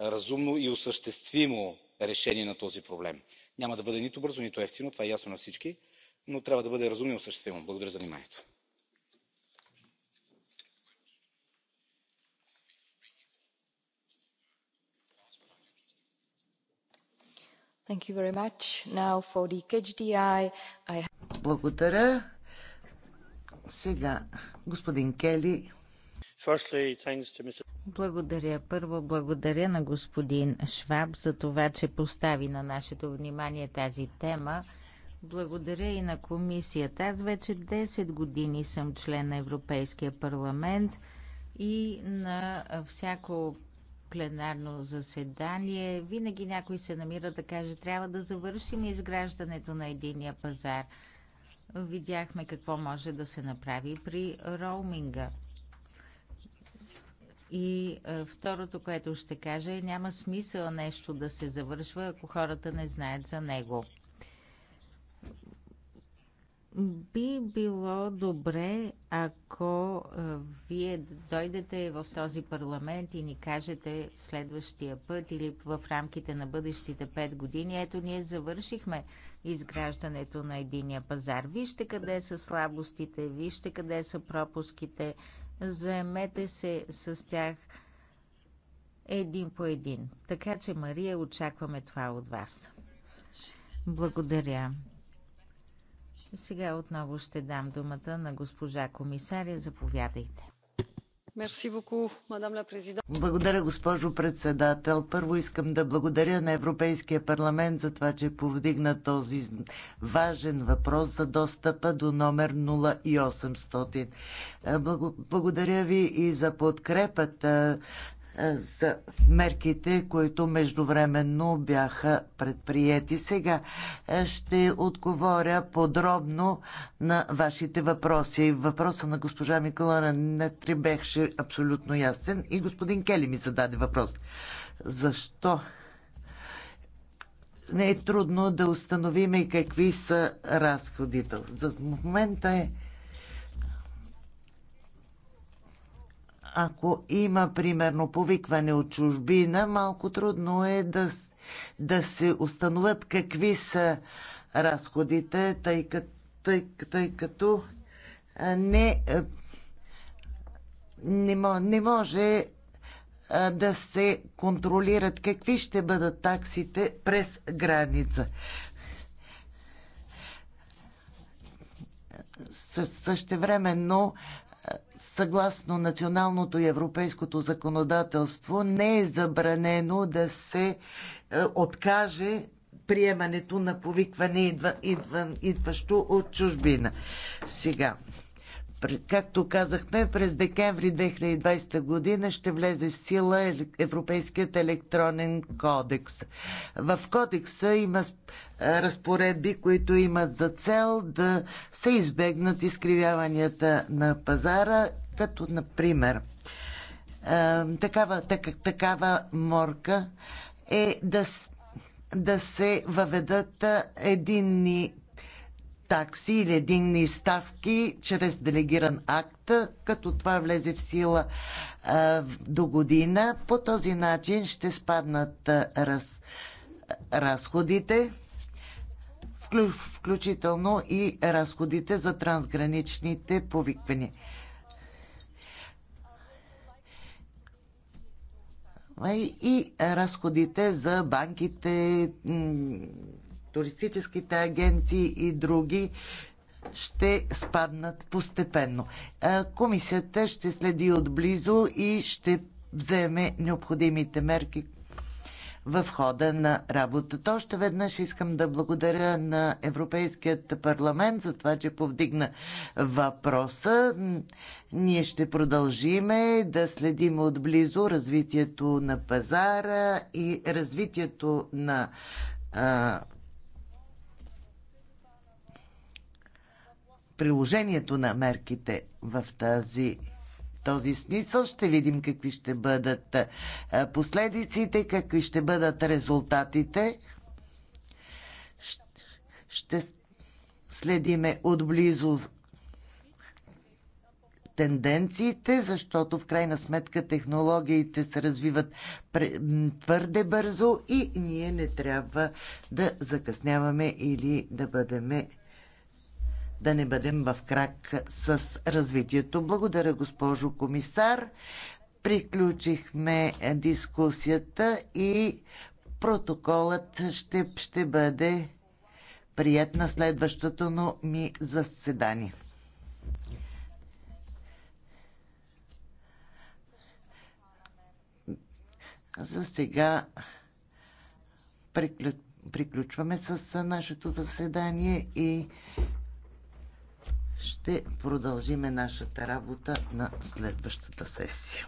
разумно и осъществимо решение на този проблем. няма да бъде нито бързо нито евтино това е ясно на всички но трябва да бъде разумно осъществено. Благодаря за вниманието. Благодаря. Сега господин Кели. Благодаря. Първо благодаря на господин Шваб за това, че постави на нашето внимание тази тема. Благодаря и на комисията. Аз вече 10 години съм член на Европейския парламент и на всяко пленарно заседание винаги някой се намира да каже трябва да завършим изграждането на единия пазар. Видяхме какво може да се направи при роуминга. И е, второто, което ще кажа е няма смисъл нещо да се завършва, ако хората не знаят за него. Би било добре, ако вие дойдете в този парламент и ни кажете следващия път или в рамките на бъдещите пет години, ето ние завършихме изграждането на единия пазар. Вижте къде са слабостите, вижте къде са пропуските, заемете се с тях един по един. Така че, Мария, очакваме това от вас. Благодаря. Сега отново ще дам думата на госпожа комисаря. Заповядайте. Благодаря, госпожо председател. Първо искам да благодаря на Европейския парламент за това, че повдигна този важен въпрос за достъпа до номер 0800. Благодаря ви и за подкрепата за мерките, които междувременно бяха предприяти. Сега е, ще отговоря подробно на вашите въпроси. Въпроса на госпожа Микола Нетри беше абсолютно ясен и господин Кели ми зададе въпрос. Защо не е трудно да установим и какви са разходите? За момента е ако има, примерно, повикване от чужбина, малко трудно е да, да се установят какви са разходите, тъй като, тъй, тъй като не, не, не може да се контролират какви ще бъдат таксите през граница. Същевременно съгласно националното и европейското законодателство не е забранено да се е, откаже приемането на повикване идва, идва, идващо от чужбина. Сега, Както казахме, през декември 2020 година ще влезе в сила Европейският електронен кодекс. В кодекса има разпоредби, които имат за цел да се избегнат изкривяванията на пазара, като например такава, така, такава морка е да, да се въведат единни такси или единни ставки чрез делегиран акт, като това влезе в сила а, е, до година. По този начин ще спаднат а, е, раз, разходите, вклю, включително и разходите за трансграничните повиквания. И разходите за банките, туристическите агенции и други ще спаднат постепенно. Е, комисията ще следи отблизо и ще вземе необходимите мерки в хода на работата. Още веднъж искам да благодаря на Европейският парламент за това, че повдигна въпроса. Ние ще продължиме да следим отблизо развитието на пазара и развитието на приложението на мерките в тази този смисъл ще видим какви ще бъдат последиците, какви ще бъдат резултатите. Ще следиме отблизо тенденциите, защото в крайна сметка технологиите се развиват твърде бързо и ние не трябва да закъсняваме или да бъдем да не бъдем в крак с развитието. Благодаря, госпожо комисар. Приключихме дискусията и протоколът ще, ще бъде прият на следващото но ми заседание. За сега приключваме с нашето заседание и ще продължиме нашата работа на следващата сесия.